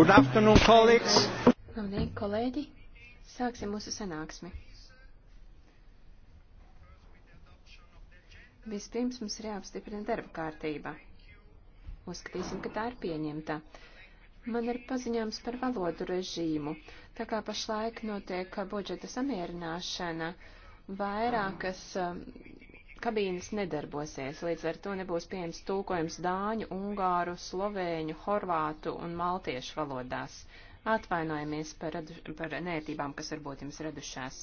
Good afternoon, colleagues. Labdien, kolēģi. Sāksim mūsu sanāksmi. Vispirms mums ir jāapstiprina darba kārtība. Uzskatīsim, ka tā ir pieņemta. Man ir paziņojums par valodu režīmu. Tā kā pašlaik notiek budžeta samierināšana, vairākas um, kabīnes nedarbosies, līdz ar to nebūs pieejams tulkojums dāņu, ungāru, slovēņu, horvātu un maltiešu valodās. Atvainojamies par, radu, par nērtībām, kas varbūt jums radušās.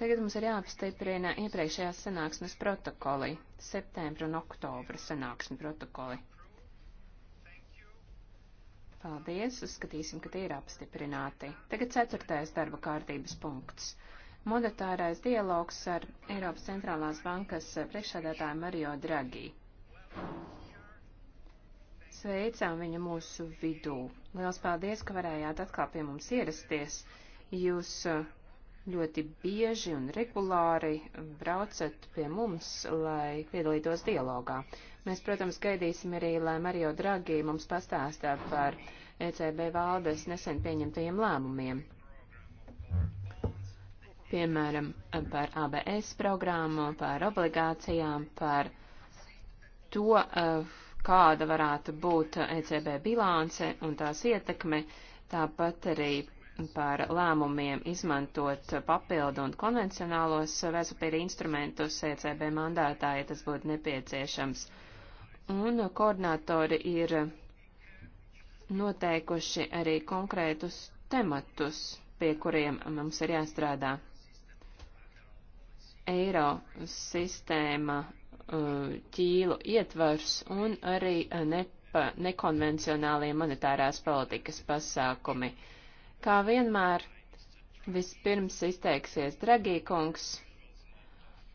Tagad mums ir jāapstiprina iepriekšējās sanāksmes protokoli, septembra un oktobra sanāksmes protokoli. Paldies, uzskatīsim, ka tie ir apstiprināti. Tagad ceturtais darba kārtības punkts monetārais dialogs ar Eiropas centrālās bankas priekšsādātāju Mario Draghi. Sveicām viņu mūsu vidū. Liels paldies, ka varējāt atkal pie mums ierasties. Jūs uh, ļoti bieži un regulāri braucat pie mums, lai piedalītos dialogā. Mēs, protams, gaidīsim arī, lai Mario Draghi mums pastāstā par ECB valdes nesen pieņemtajiem lēmumiem piemēram, par ABS programmu, par obligācijām, par to, eh, kāda varētu būt ECB bilance un tās ietekme, tāpat arī par lēmumiem izmantot papildu un konvencionālos vēstupīri instrumentus ECB mandātā, ja tas būtu nepieciešams. Un koordinātori ir noteikuši arī konkrētus tematus, pie kuriem mums ir jāstrādā eiro sistēma uh, ķīlu ietvars un arī uh, nepa, nekonvencionālie monetārās politikas pasākumi. Kā vienmēr, vispirms izteiksies Dragīkungs,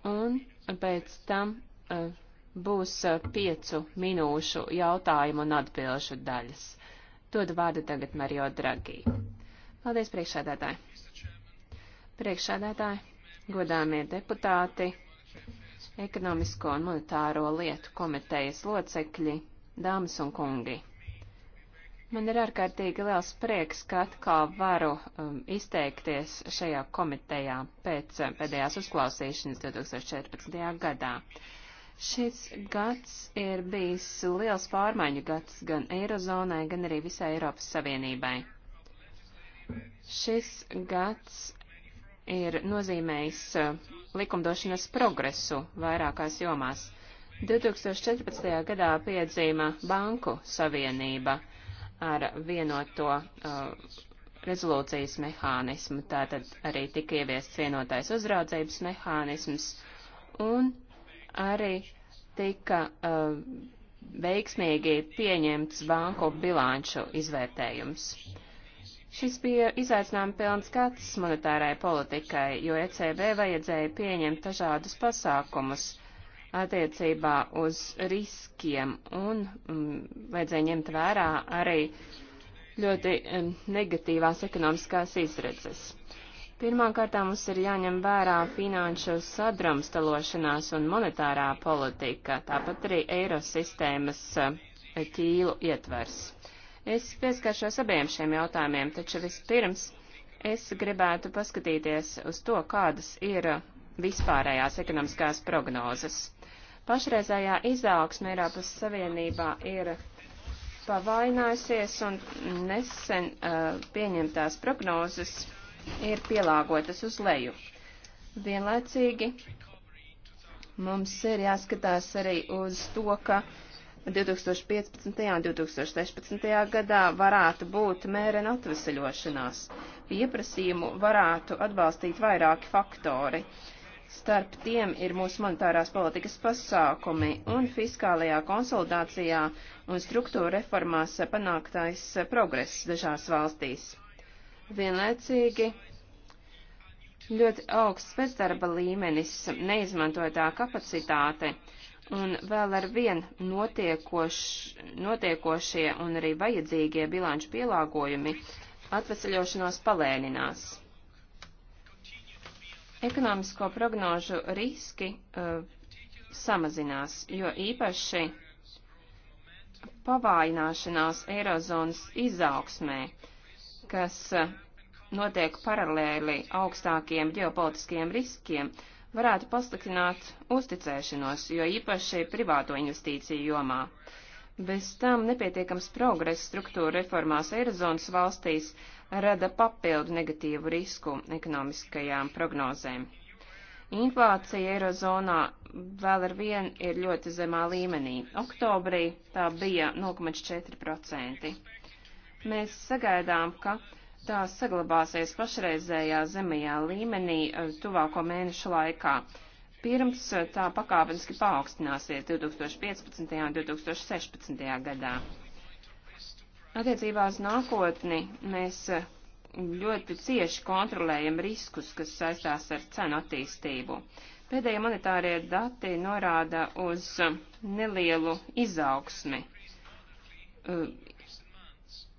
un pēc tam uh, būs uh, piecu minūšu jautājumu un atbilžu daļas. Dodu vārdu tagad Mario Dragī. Paldies, priekšādātāji. Priekšādātāji godāmie deputāti, ekonomisko un monetāro lietu komitejas locekļi, dāmas un kungi. Man ir ārkārtīgi liels prieks, ka atkal varu um, izteikties šajā komitejā pēc um, pēdējās uzklausīšanas 2014. gadā. Šis gads ir bijis liels pārmaiņu gads gan Eirozonai, gan arī visai Eiropas Savienībai. Šis gads ir nozīmējis uh, likumdošanas progresu vairākās jomās. 2014. gadā piedzīma Banku Savienība ar vienoto uh, rezolūcijas mehānismu, tātad arī tika ieviests vienotais uzraudzības mehānisms un arī tika uh, veiksmīgi pieņemts banku bilanču izvērtējums. Uh, Šis bija izaicinājums pilns gads monetārai politikai, jo ECB vajadzēja pieņemt dažādus pasākumus attiecībā uz riskiem un mm, vajadzēja ņemt vērā arī ļoti mm, negatīvās ekonomiskās izredzes. Pirmkārt, mums ir jāņem vērā finanšu sadrumstalošanās un monetārā politika, tāpat arī eirosistēmas mm, ķīlu ietvers. Es pieskaršos abiem šiem jautājumiem, taču vispirms es gribētu paskatīties uz to, kādas ir vispārējās ekonomiskās prognozes. Pašreizējā izaugsme Eiropas Savienībā ir pavainājusies un nesen uh, pieņemtās prognozes ir pielāgotas uz leju. Vienlaicīgi mums ir jāskatās arī uz to, ka uh, 2015. un 2016. gadā varētu būt mērena atveseļošanās. Pieprasījumu varētu atbalstīt vairāki faktori. Starp tiem ir mūsu monetārās politikas pasākumi un fiskālajā konsolidācijā un struktūra reformās panāktais progress dažās valstīs. Vienlaicīgi ļoti augsts bezdarba līmenis, neizmantotā kapacitāte un vēl ar vien notiekoš, notiekošie un arī vajadzīgie bilanču pielāgojumi atvesaļošanos palēninās. Ekonomisko prognožu riski uh, samazinās, jo īpaši pavājināšanās Eirozonas izaugsmē, kas uh, notiek paralēli augstākiem ģeopolitiskiem riskiem, uh, varētu pasliktināt uzticēšanos, jo īpaši privāto investīciju jomā. Bez tam nepietiekams progress struktūra reformās Eirozonas valstīs rada papildu negatīvu risku ekonomiskajām prognozēm. Inflācija Eirozonā vēl ar vien ir ļoti zemā līmenī. Oktobrī tā bija 0,4%. Mēs sagaidām, ka tā saglabāsies pašreizējā zemajā līmenī eh, tuvāko mēnešu laikā. Pirms eh, tā pakāpeniski paaugstināsies 2015. un 2016. gadā. Attiecībā uz nākotni mēs eh, ļoti cieši kontrolējam riskus, kas saistās ar cenu attīstību. Pēdējie monetārie dati norāda uz nelielu izaugsmi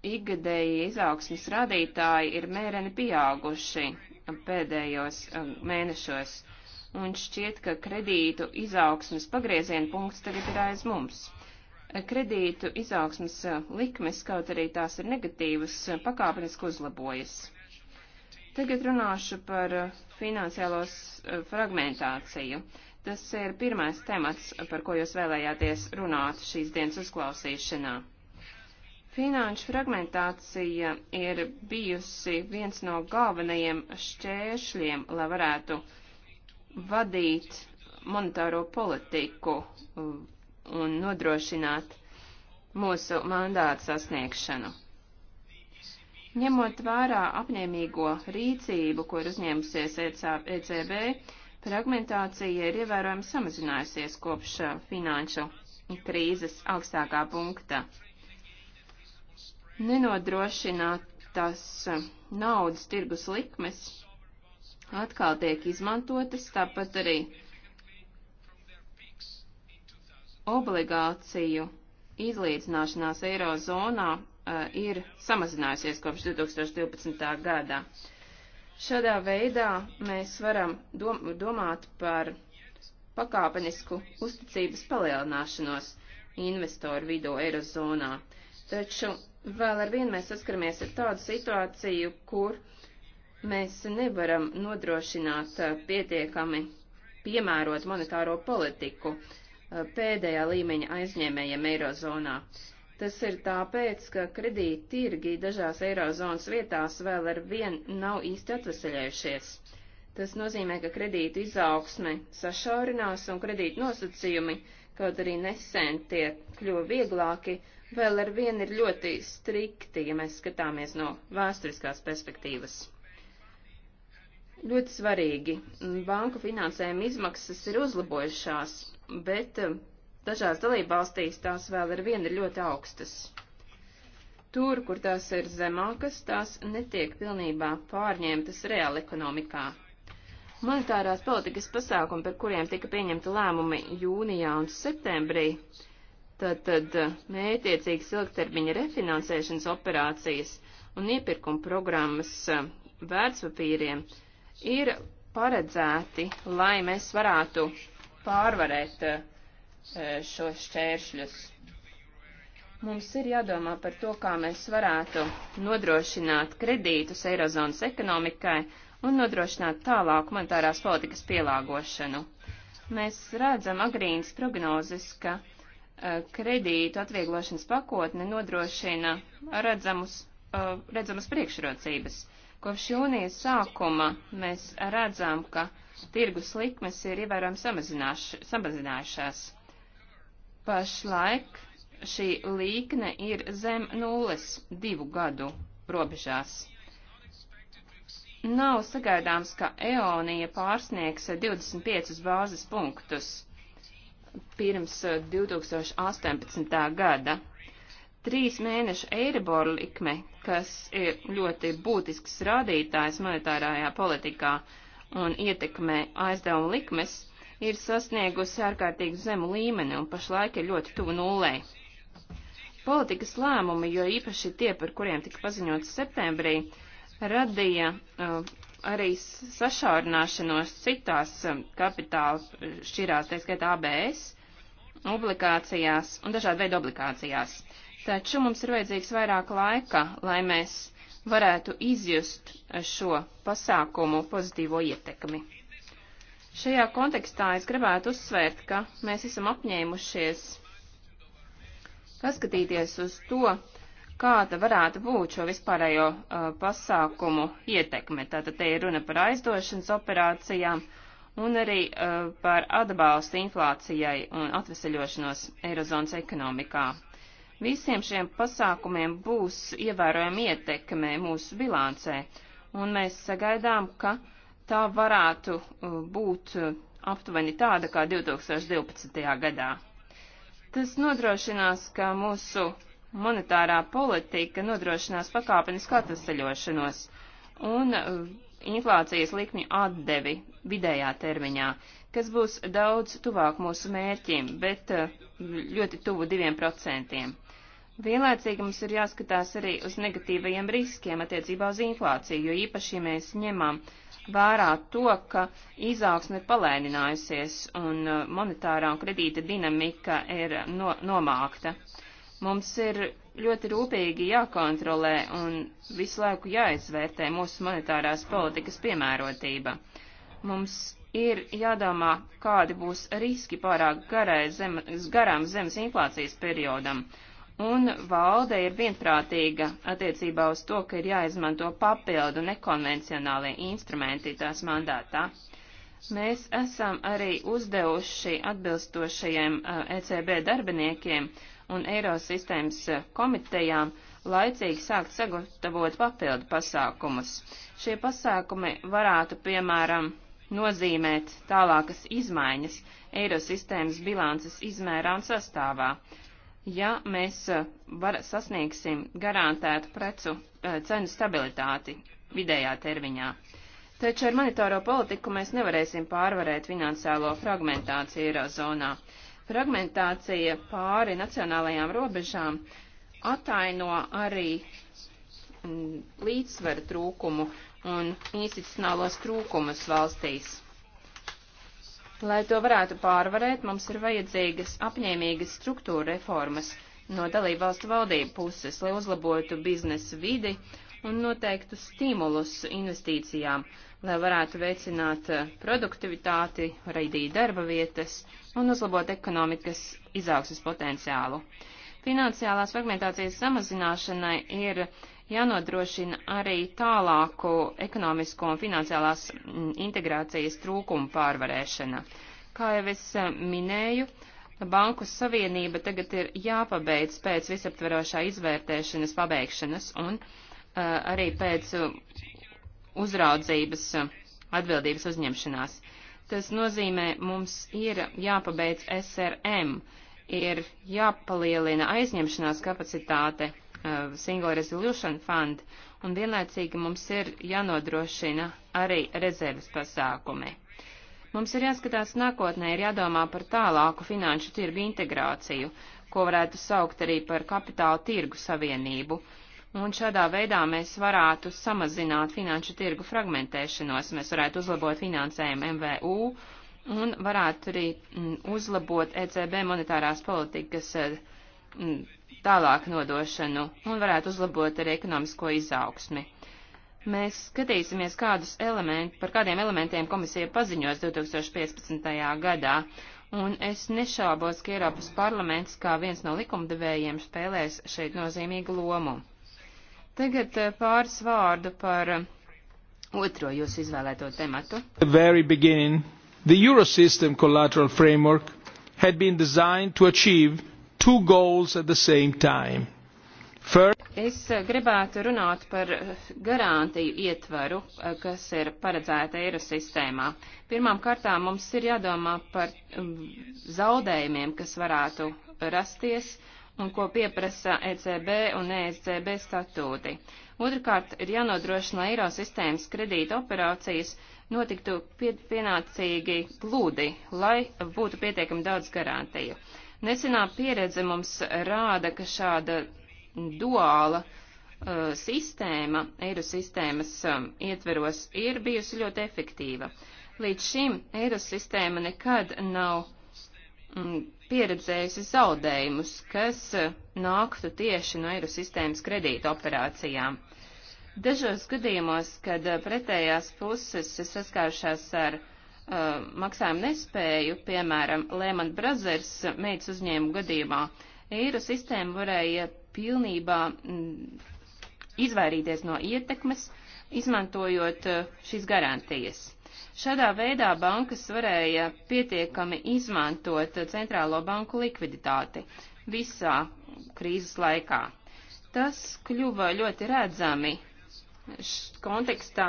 ikgadēji izaugsmas rādītāji ir mēreni pieauguši pēdējos um, mēnešos, un šķiet, ka kredītu izaugsmas pagrieziena punkts tagad ir aiz mums. Kredītu izaugsmas uh, likmes, kaut arī tās ir negatīvas, uh, pakāpeniski uzlabojas. Tagad runāšu par uh, finansiālos fragmentāciju. Tas ir pirmais temats, par ko jūs vēlējāties runāt šīs dienas uzklausīšanā. Finanšu fragmentācija ir bijusi viens no galvenajiem šķēršļiem, lai varētu vadīt monetāro politiku uh, un nodrošināt mūsu mandātu sasniegšanu. Ņemot vērā apņēmīgo rīcību, ko ir uzņēmusies ECB, e fragmentācija ir ievērojami samazinājusies kopš uh, finanšu krīzes augstākā punkta nenodrošinātas naudas tirgus likmes atkal tiek izmantotas, tāpat arī obligāciju izlīdzināšanās eirozonā uh, ir samazinājusies kopš 2012. gadā. Šādā veidā mēs varam dom domāt par pakāpenisku uzticības palielināšanos investoru vidū eirozonā. Uh, Taču vēl ar vienu mēs saskaramies ar tādu situāciju, kur mēs nevaram nodrošināt pietiekami piemērot monetāro politiku pēdējā līmeņa aizņēmējiem Eirozonā. Tas ir tāpēc, ka kredīti tirgi dažās Eirozonas vietās vēl ar vien nav īsti atvesaļējušies. Tas nozīmē, ka kredīti izaugsme sašaurinās un kredīti nosacījumi, kaut arī nesen tie kļuva vieglāki, vēl ar vienu ir ļoti strikti, ja mēs skatāmies no vēsturiskās perspektīvas. Ļoti svarīgi. Banku finansējuma izmaksas ir uzlabojušās, bet dažās dalībvalstīs tās vēl ar vienu ir ļoti augstas. Tur, kur tās ir zemākas, tās netiek pilnībā pārņemtas reāli ekonomikā. Monetārās politikas pasākumi, par kuriem tika pieņemti lēmumi jūnijā un septembrī, Tātad eh, mētiecīgas ilgtermiņa refinansēšanas operācijas un iepirkuma programmas eh, vērtspapīriem ir paredzēti, lai mēs varētu pārvarēt eh, šos šķēršļus. Mums ir jādomā par to, kā mēs varētu nodrošināt kredītus Eirozonas ekonomikai un nodrošināt tālāku monetārās politikas pielāgošanu. Mēs redzam agrīnas prognozes, ka Eh, kredītu atvieglošanas pakotne nodrošina redzamus, eh, redzamas priekšrocības. Kopš jūnijas sākuma mēs redzam, ka tirgus likmes ir ievērojami samazinājušās. Pašlaik šī līkne ir zem nulles divu gadu robežās. Nav sagaidāms, ka eonija pārsniegs 25 bāzes punktus pirms 2018. Eh, gada. Trīs mēnešu eiribor likme, kas ir ļoti būtisks rādītājs monetārajā politikā un ietekmē aizdevumu likmes, ir sasniegusi ārkārtīgi zemu līmeni un pašlaik ir ļoti tuvu nulē. Politikas lēmumi, jo īpaši tie, par kuriem tika paziņots septembrī, radīja uh, arī sašaurināšanos citās um, kapitāla šķirās, tā skaitā ABS, obligācijās un dažādu veidu obligācijās. Taču mums ir vajadzīgs vairāk laika, lai mēs varētu izjust šo pasākumu pozitīvo ietekmi. Šajā kontekstā es gribētu uzsvērt, ka mēs esam apņēmušies paskatīties uz to, kāda varētu būt šo vispārējo uh, pasākumu ietekme. Tātad te ir runa par aizdošanas operācijām un arī uh, par atbalstu inflācijai un atveseļošanos Eirozonas ekonomikā. Visiem šiem pasākumiem būs ievērojama ietekme mūsu bilancē, un mēs sagaidām, ka tā varētu uh, būt uh, aptuveni tāda kā 2012. gadā. Tas nodrošinās, ka mūsu monetārā politika nodrošinās pakāpenisku atvesaļošanos un uh, inflācijas likmju atdevi vidējā termiņā, kas būs daudz tuvāk mūsu mērķim, bet uh, ļoti tuvu diviem procentiem. Vienlaicīgi mums ir jāskatās arī uz negatīvajiem riskiem attiecībā uz inflāciju, jo īpaši, ja mēs ņemam vērā to, ka izaugsme ir palēninājusies un uh, monetārā un kredīta dinamika ir no, nomākta. Uh, Mums ir ļoti rūpīgi jākontrolē un visu laiku jāizvērtē mūsu monetārās politikas piemērotība. Mums ir jādomā, kādi būs riski pārāk garai zem, garām zemes inflācijas periodam. Un valde ir vienprātīga attiecībā uz to, ka ir jāizmanto papildu nekonvencionālie instrumenti tās mandātā. Mēs esam arī uzdevuši atbilstošajiem ECB eh, e darbiniekiem uh, un Eirosistēmas komitejām laicīgi sākt sagatavot papildu pasākumus. Šie pasākumi varētu, piemēram, nozīmēt tālākas izmaiņas Eirosistēmas bilances izmērā un sastāvā, ja mēs eh, var, sasniegsim garantētu precu eh, cenu stabilitāti vidējā termiņā. Taču ar monetāro politiku mēs nevarēsim pārvarēt finansiālo fragmentāciju Eirozonā. Fragmentācija pāri nacionālajām robežām ataino arī mm, līdzsvera trūkumu un institucionālos trūkumus valstīs. Lai to varētu pārvarēt, mums ir vajadzīgas apņēmīgas struktūra reformas no dalību valstu valdību puses, lai uzlabotu biznesa vidi un noteiktu stimulus investīcijām, lai varētu veicināt eh, produktivitāti, raidīt darba vietas un uzlabot ekonomikas izaugsmas potenciālu. Finansiālās fragmentācijas samazināšanai ir jānodrošina arī tālāku ekonomisko un finansiālās mm, integrācijas trūkumu pārvarēšana. Kā jau es eh, minēju, Banku savienība tagad ir jāpabeidz pēc visaptverošā izvērtēšanas pabeigšanas un uh, arī pēc eh, uzraudzības atbildības uzņemšanās. Tas nozīmē, mums ir jāpabeidz SRM, ir jāpalielina aizņemšanās kapacitāte uh, Single Resolution Fund, un vienlaicīgi mums ir jānodrošina arī rezerves pasākumi. Mums ir jāskatās nākotnē, ir jādomā par tālāku finanšu tirgu integrāciju, ko varētu saukt arī par kapitāla tirgu savienību. Uh, un šādā veidā mēs varētu samazināt finanšu tirgu fragmentēšanos, mēs varētu uzlabot finansējumu MVU un varētu arī mm, uzlabot ECB monetārās politikas eh, mm, tālāk nodošanu un varētu uzlabot arī ekonomisko izaugsmi. Mēs skatīsimies, kādus elementi, par kādiem elementiem komisija paziņos 2015. gadā, un es nešaubos, ka Eiropas parlaments kā viens no likumdevējiem spēlēs šeit nozīmīgu lomu. Tagad eh, pāris vārdu par eh, otro jūsu izvēlēto tematu. The very beginning, the Eurosystem collateral framework had been designed to achieve two goals at the same time. First, Es eh, gribētu runāt par garantiju ietvaru, kas ir paredzēta eiro sistēmā. Pirmām kārtām mums ir jādomā par mm, zaudējumiem, kas varētu rasties uh, un ko pieprasa ECB un ESCB statūti. Otrakārt, ir jānodrošina eiro sistēmas kredīta operācijas notiktu pienācīgi glūdi, lai būtu pietiekami daudz garantiju. Nesenā pieredze mums rāda, ka šāda duāla uh, sistēma, eiro sistēmas um, ietveros, ir bijusi ļoti efektīva. Līdz šim eiro sistēma nekad nav mm, pieredzējusi zaudējumus, kas eh, nāktu tieši no eirosistēmas kredīta operācijām. Dažos gadījumos, kad eh, pretējās puses ir saskārušās ar uh, maksājumu nespēju, piemēram, Lehman Brothers meitas uzņēmu gadījumā, eirosistēma varēja pilnībā m, mm, izvairīties no ietekmes, izmantojot uh, šīs garantijas. Šādā veidā bankas varēja pietiekami izmantot centrālo banku likviditāti visā krīzes laikā. Tas kļuva ļoti redzami kontekstā,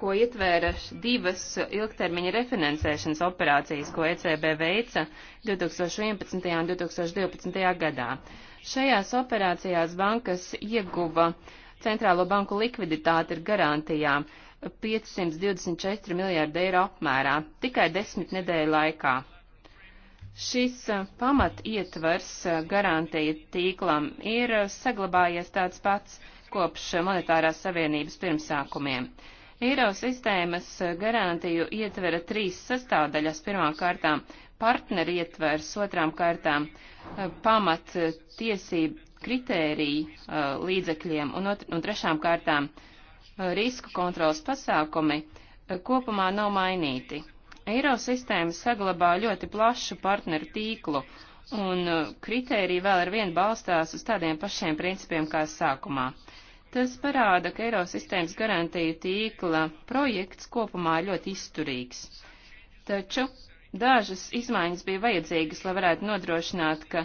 ko ietvēra divas ilgtermiņa refinansēšanas operācijas, ko ECB veica 2011. un 2012. gadā. Šajās operācijās bankas ieguva centrālo banku likviditāti ar garantijām, 524 miljārdu eiro apmērā tikai desmit nedēļu laikā. Šis uh, pamat ietvers uh, garantija tīklam ir uh, saglabājies tāds pats kopš monetārās savienības pirmsākumiem. Eiro sistēmas garantiju ietvera trīs sastāvdaļas pirmām kārtām - partneri ietvers, otrām kārtām - pamat tiesību kritēriju līdzekļiem un, otr, un trešām kārtām - Eh, risku kontrolas pasākumi eh, kopumā nav mainīti. Eirosistēma saglabā ļoti plašu partneru tīklu, un eh, kritērija vēl ar vienu balstās uz tādiem pašiem principiem kā sākumā. Tas parāda, ka Eirosistēmas garantija tīkla projekts kopumā ir ļoti izturīgs. Taču dažas izmaiņas bija vajadzīgas, lai varētu nodrošināt, ka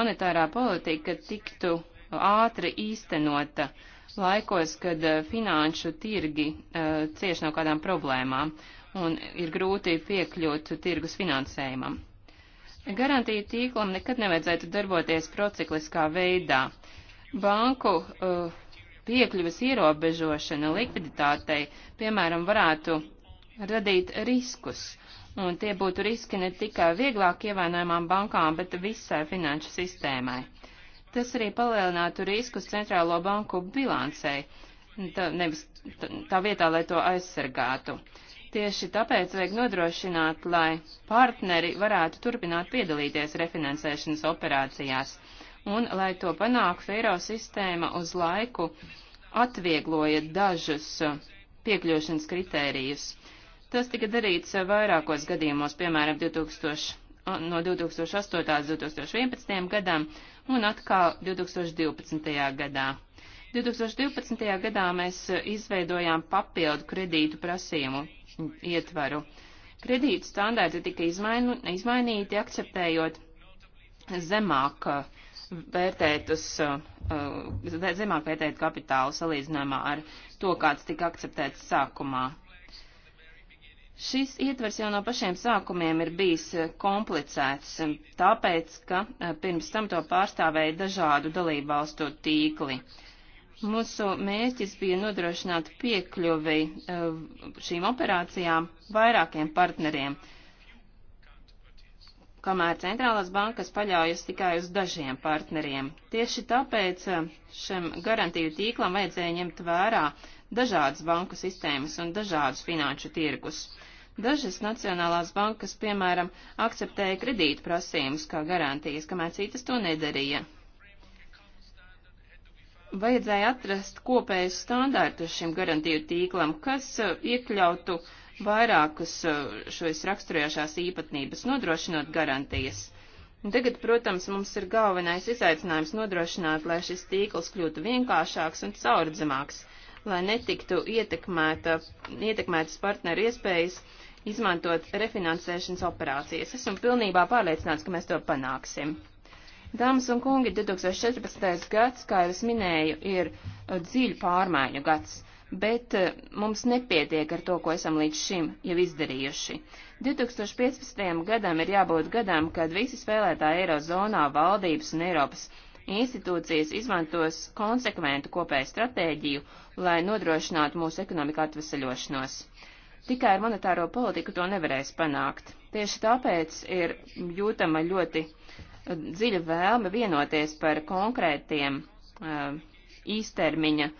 monetārā politika tiktu ātri īstenota. Uh, laikos, kad eh, finanšu tirgi uh, cieš no kādām problēmām un ir grūti piekļūt tirgus finansējumam. Garantiju tīklam nekad nevajadzētu darboties procikliskā veidā. Banku uh, eh, piekļuves ierobežošana likviditātei, piemēram, varētu radīt riskus, un tie būtu riski ne tikai vieglāk ievainojumām bankām, bet visai finanšu sistēmai. Tas arī palielinātu riskus centrālo banku bilancei, tā, nevis tā vietā, lai to aizsargātu. Tieši tāpēc vajag nodrošināt, lai partneri varētu turpināt piedalīties refinansēšanas operācijās, un, lai to panāktu, eiro sistēma uz laiku atviegloja dažus piekļūšanas kritērijus. Tas tika darīts vairākos gadījumos, piemēram, 2000, no 2008. līdz 2011. gadam, un atkal 2012. gadā. 2012. gadā mēs izveidojām papildu kredītu prasījumu ietvaru. Kredītu standarti tika izmainu, izmainīti, akceptējot zemāk uh, vērtētus, uh, uh, zemāk vērtēt kapitālu salīdzinājumā ar to, kāds tika akceptēts sākumā. Šis ietvers jau no pašiem sākumiem ir bijis eh, komplicēts, eh, tāpēc, ka eh, pirms tam to pārstāvēja dažādu dalību valstu tīkli. Mūsu mērķis bija nodrošināt piekļuvi šīm operācijām vairākiem partneriem, kamēr centrālās bankas paļaujas tikai uz dažiem partneriem. Tieši tāpēc šim garantiju tīklam vajadzēja ņemt vērā dažādas banku sistēmas un dažādus finanšu tirgus. Dažas Nacionālās bankas, piemēram, akceptēja kredītu prasījumus kā garantijas, kamēr citas to nedarīja. Vajadzēja atrast kopējus standārtus šim garantiju tīklam, kas uh, iekļautu vairākus uh, šos raksturojošās īpatnības, nodrošinot garantijas. Un tagad, protams, mums ir galvenais izaicinājums nodrošināt, lai šis tīkls kļūtu vienkāršāks un caurdzamāks lai netiktu ietekmēta, ietekmētas partneru iespējas izmantot refinansēšanas operācijas. Esmu pilnībā pārliecināts, ka mēs to panāksim. Dāmas un kungi, 2014. gads, kā jau es minēju, ir uh, dziļu pārmaiņu gads bet uh, mums nepietiek ar to, ko esam līdz šim jau izdarījuši. 2015. gadam ir jābūt gadam, kad visi spēlētāji Eirozonā, valdības un Eiropas institūcijas izmantos konsekventu kopēju stratēģiju, lai nodrošinātu mūsu ekonomiku atvesaļošanos. Tikai ar monetāro politiku to nevarēs panākt. Tieši tāpēc ir jūtama ļoti uh, dziļa vēlme vienoties par konkrētiem uh, īstermiņa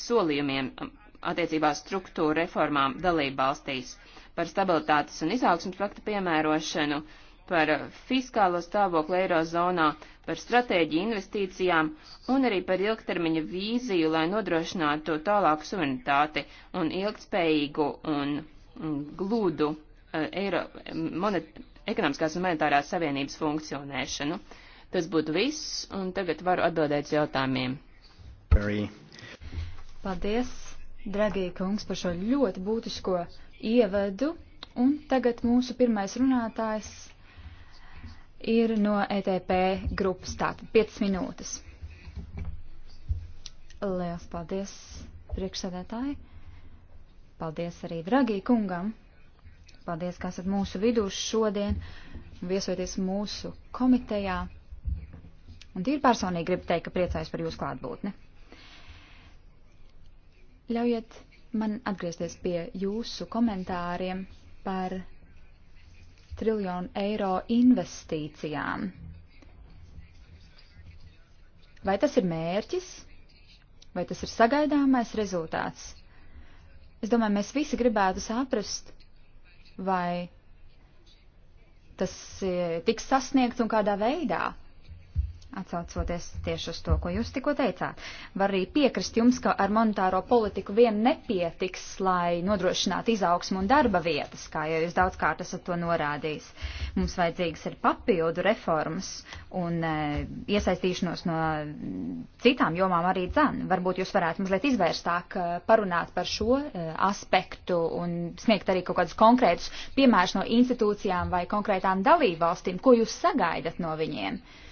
solījumiem um, attiecībā struktūra reformām dalība valstīs, par stabilitātes un izaugsmas pakta piemērošanu, uh, par fiskālo stāvokli eirozonā, par stratēģiju investīcijām un arī par ilgtermiņa vīziju, lai nodrošinātu tālāku suverenitāti un ilgtspējīgu un glūdu eh, eiro, monet, ekonomiskās un monetārās savienības funkcionēšanu. Tas būtu viss, un tagad varu atbildēt uz jautājumiem. Paldies, dragie kungs, par šo ļoti būtisko ievadu. Un tagad mūsu pirmais runātājs ir no ETP grupas. Tātad 5 minūtes. Lielas paldies priekšsēdētāji. Paldies arī Dragī kungam. Paldies, ka esat mūsu vidū šodien un viesoties mūsu komitejā. Un tīri personīgi gribu teikt, ka priecājos par jūsu klātbūtni. Ļaujiet man atgriezties pie jūsu komentāriem par triljonu eiro investīcijām. Vai tas ir mērķis? Vai tas ir sagaidāmais rezultāts? Es domāju, mēs visi gribētu saprast, vai tas eh, tiks sasniegts un kādā veidā. Atsaucoties tieši uz to, ko jūs tikko teicāt, var arī piekrist jums, ka ar monetāro politiku vien nepietiks, lai nodrošinātu izaugsmu un darba vietas, kā jau jūs daudzkārt esat to norādījis. Mums vajadzīgas ir papildu reformas un e, iesaistīšanos no citām jomām arī dzan. Varbūt jūs varētu mazliet izvērstāk e, parunāt par šo e, aspektu un sniegt arī kaut kādus konkrētus piemērus no institūcijām vai konkrētām dalībvalstīm, ko jūs sagaidat no viņiem. Thank you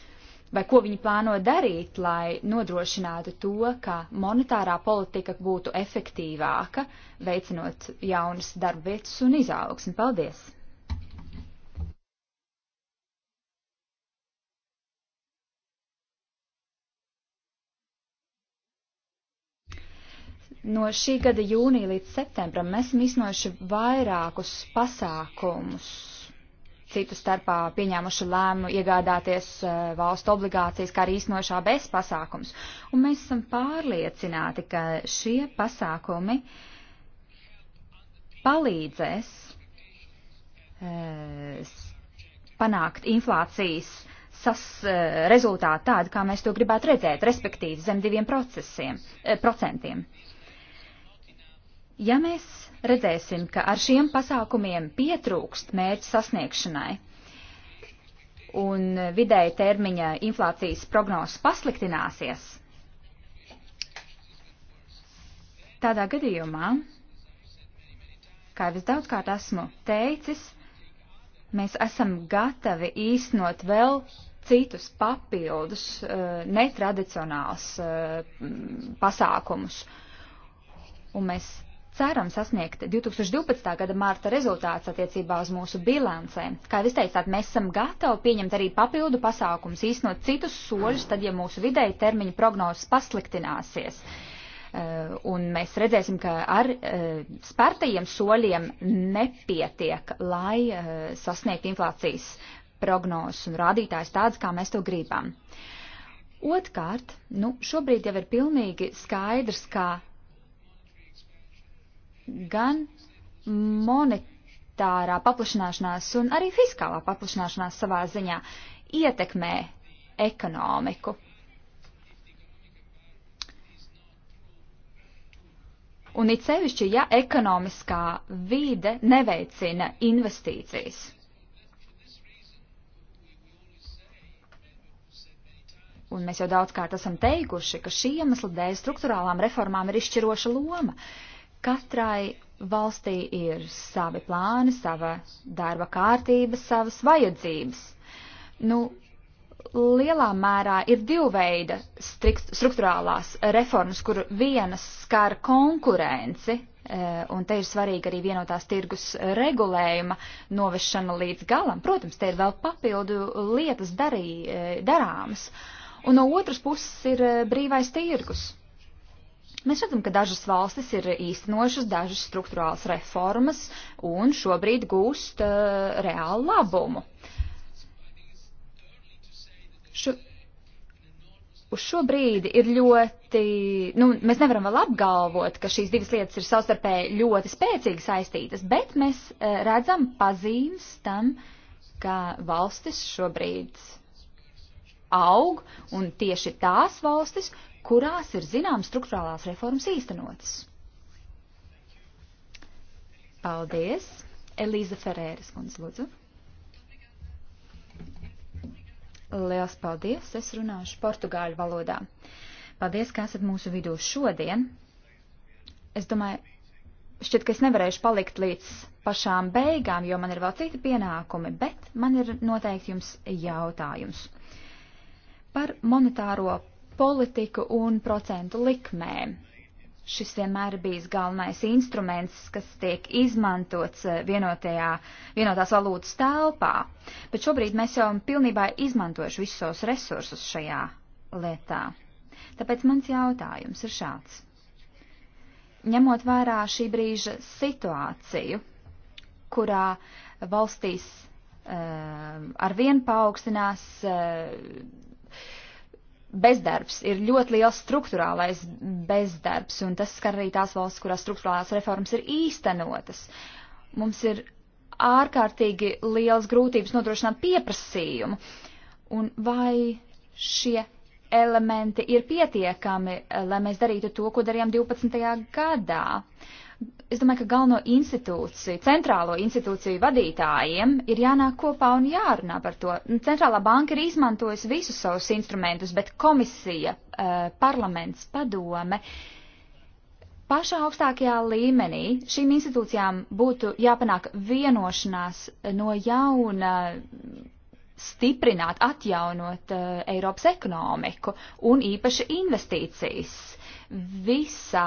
vai ko viņi plāno darīt, lai nodrošinātu to, ka monetārā politika būtu efektīvāka, veicinot jaunas darba vietas un izaugsmi. Paldies! No šī gada jūnija līdz septembram mēs esam iznojuši vairākus pasākumus citu starpā pieņēmuši lēmu iegādāties eh, valstu obligācijas, kā arī īstenojuši ABS pasākums. Un mēs esam pārliecināti, ka šie pasākumi palīdzēs eh, panākt inflācijas sas, eh, rezultātu tādu, kā mēs to gribētu redzēt, respektīvi zem diviem procesiem, procentiem. Ja mēs redzēsim, ka ar šiem pasākumiem pietrūkst mērķu sasniegšanai un vidēja termiņa inflācijas prognozes pasliktināsies, tādā gadījumā, kā jau es daudzkārt esmu teicis, mēs esam gatavi īstenot vēl citus papildus eh, netradicionāls eh, pasākumus. Un mēs ceram sasniegt 2012. gada mārta rezultāts attiecībā uz mūsu bilancēm. Kā jūs teicāt, mēs esam gatavi pieņemt arī papildu pasākums, īstenot citus soļus, tad, ja mūsu vidēji termiņa prognozes pasliktināsies. Eh, un mēs redzēsim, ka ar eh, spērtajiem soļiem nepietiek, lai eh, sasniegtu inflācijas prognozes un rādītājs tāds, kā mēs to gribam. Otkārt, nu, šobrīd jau ir pilnīgi skaidrs, ka gan monetārā paplašināšanās un arī fiskālā paplašināšanās savā ziņā ietekmē ekonomiku. Un it sevišķi, ja ekonomiskā vīde neveicina investīcijas. Un mēs jau daudzkārt esam teikuši, ka šī iemesla dēļ struktūrālām reformām ir izšķiroša loma. Uh, Katrai valstī ir savi plāni, sava darba kārtība, savas vajadzības. Nu, lielā mērā ir divu veida struktūrālās reformas, kur vienas skar konkurenci, e, un te ir svarīgi arī vienotās tirgus regulējuma novešana līdz galam. Protams, te ir vēl papildu lietas darī, e, darāmas. Un no otras puses ir e, brīvais tirgus. Mēs redzam, ka dažas valstis ir īstenojušas dažas struktūrālas reformas un šobrīd gūst uh, reālu labumu. Šo, uz šo brīdi ir ļoti, nu, mēs nevaram vēl apgalvot, ka šīs divas lietas ir savstarpēji ļoti spēcīgi saistītas, bet mēs eh, redzam pazīmes tam, ka valstis šobrīd aug, un tieši tās valstis, kurās ir zināmas struktūrālās reformas īstenotas. Paldies! Elīza Ferēras kundze, lūdzu. Liels paldies! Es runāšu portugāļu valodā. Paldies, ka esat mūsu vidū šodien. Es domāju, šķiet, ka es nevarēšu palikt līdz pašām beigām, jo man ir vēl citi pienākumi, bet man ir noteikti jums jautājums par monetāro politiku un procentu likmēm. Šis vienmēr ir bijis galvenais instruments, kas tiek izmantots eh, vienotajā, vienotās valūtas telpā, bet šobrīd mēs jau pilnībā izmantojuši visus savus resursus šajā lietā. Tāpēc mans jautājums ir šāds. Ņemot vērā šī brīža situāciju, kurā valstīs uh, arvien paaugstinās uh, bezdarbs ir ļoti liels struktūrālais bezdarbs, un tas skar arī tās valsts, kurās struktūrālās reformas ir īstenotas. Mums ir ārkārtīgi liels grūtības nodrošināt pieprasījumu, un vai šie elementi ir pietiekami, lai mēs darītu to, ko darījām 12. gadā es domāju, ka galveno institūciju, centrālo institūciju vadītājiem ir jānāk kopā un jārunā par to. Centrālā banka ir izmantojusi visus savus instrumentus, bet komisija, eh, parlaments, padome. Pašā augstākajā līmenī šīm institūcijām būtu jāpanāk vienošanās no jauna stiprināt, atjaunot uh, Eiropas ekonomiku un īpaši investīcijas visā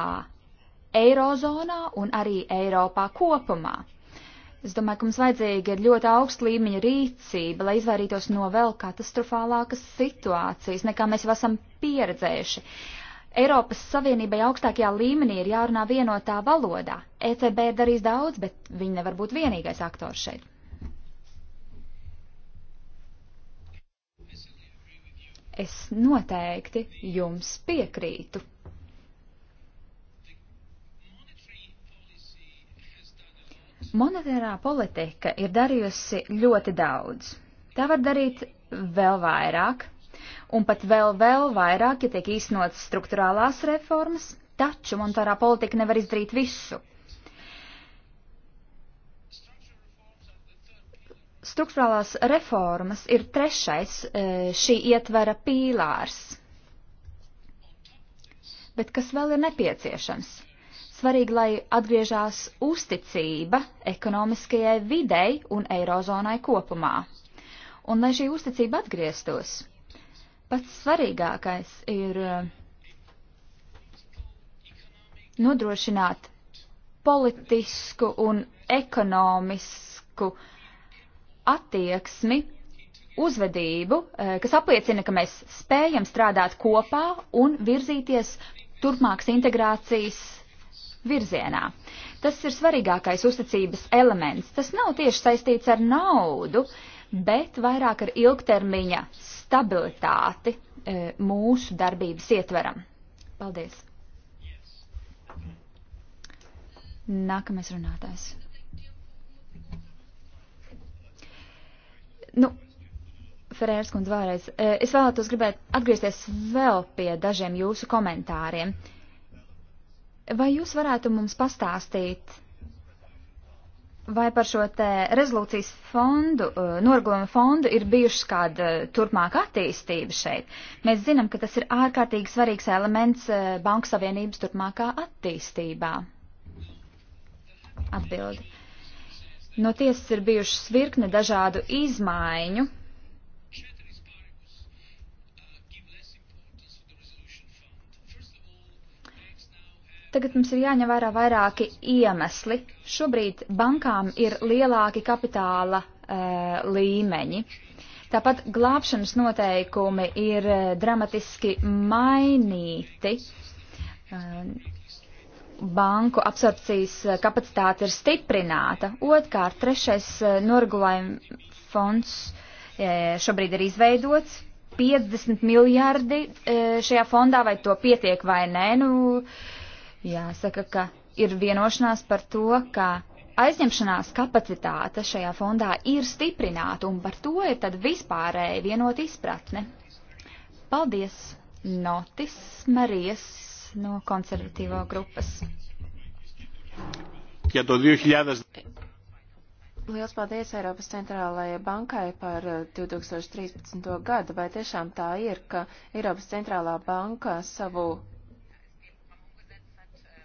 Eirozonā un arī Eiropā kopumā. Es domāju, ka mums vajadzīga ir ļoti augsta līmeņa rīcība, lai izvairītos no vēl katastrofālākas situācijas, nekā mēs jau esam pieredzējuši. Eiropas Savienībai augstākajā līmenī ir jārunā vienotā valodā. ECB ir darījis daudz, bet viņi nevar būt vienīgais aktors šeit. Es noteikti jums piekrītu. Monetārā politika ir darījusi ļoti daudz. Tā var darīt vēl vairāk, un pat vēl, vēl vairāk, ja tiek īstenotas struktūrālās reformas, taču monetārā politika nevar izdarīt visu. Struktūrālās reformas ir trešais e, šī ietvera pīlārs. Bet kas vēl ir nepieciešams? Svarīgi, lai atgriežās uzticība ekonomiskajai videi un eirozonai kopumā. Un lai šī uzticība atgrieztos, pats svarīgākais ir uh, nodrošināt politisku un ekonomisku attieksmi, uzvedību, uh, kas apliecina, ka mēs spējam strādāt kopā un virzīties turpmākas integrācijas virzienā. Tas ir svarīgākais uzticības elements. Tas nav tieši saistīts ar naudu, bet vairāk ar ilgtermiņa stabilitāti e, mūsu darbības ietveram. Paldies! Nākamais runātājs. Nu, Ferērs kundze vēlreiz. E, es vēlētos gribēt atgriezties vēl pie dažiem jūsu komentāriem. Uh, Vai jūs varētu mums pastāstīt, vai par šo te rezolūcijas fondu, uh, norgojuma fondu ir bijušas kāda turpmāka attīstība šeit? Mēs zinām, ka tas ir ārkārtīgi svarīgs elements uh, Banku Savienības turpmākā attīstībā. Atbildi. No tiesas ir bijušas virkne dažādu izmaiņu Tagad mums ir jāņem vērā vairāki iemesli. Šobrīd bankām ir lielāki kapitāla e, līmeņi. Tāpat glābšanas noteikumi ir e, dramatiski mainīti. E, banku absorpcijas kapacitāte ir stiprināta. Otkārt, trešais e, noregulējuma fonds e, šobrīd ir izveidots. 50 miljardi e, šajā fondā, vai to pietiek vai nē, nu, e, Jāsaka, ka ir vienošanās par to, ka aizņemšanās kapacitāte šajā fondā ir stiprināta, un par to ir tad vispārēji vienot izpratne. Paldies, Notis Marijas no konservatīvo grupas. Ja to 2000... Liels paldies Eiropas centrālajai bankai par 2013. Eh, gadu. Vai tiešām tā ir, ka Eiropas centrālā banka savu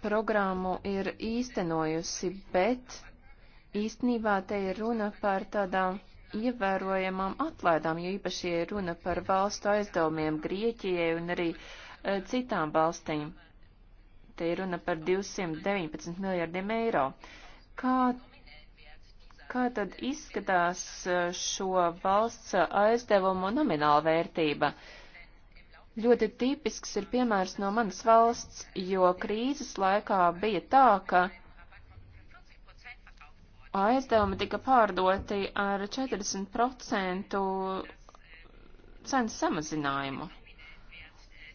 programmu ir īstenojusi, bet īstenībā te ir runa par tādām ievērojamām atlaidām, jo īpaši ir runa par valstu aizdevumiem Grieķijai un arī e, citām valstīm. Te ir runa par 219 miljardiem eiro. Kā, kā tad izskatās e, šo valsts aizdevumu nomināla vērtība? Uh, Ļoti tipisks ir piemērs no manas valsts, jo krīzes laikā bija tā, ka aizdevumi tika pārdoti ar 40% cenu samazinājumu.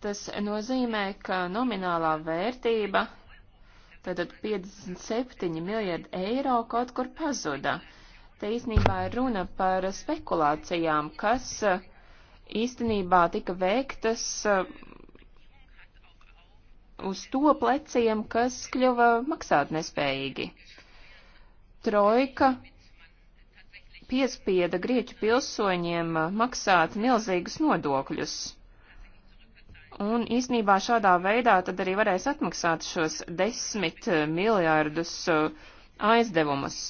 Tas nozīmē, ka nominālā vērtība, tātad 57 miljardi eiro, kaut kur pazuda. Te īsnībā ir runa par spekulācijām, kas uh, īstenībā tika veiktas uh, uz to pleciem, kas kļuva maksāt nespējīgi. Trojka piespieda grieķu pilsoņiem uh, maksāt milzīgus nodokļus. Un īsnībā šādā veidā tad arī varēs atmaksāt šos desmit miljārdus uh, aizdevumus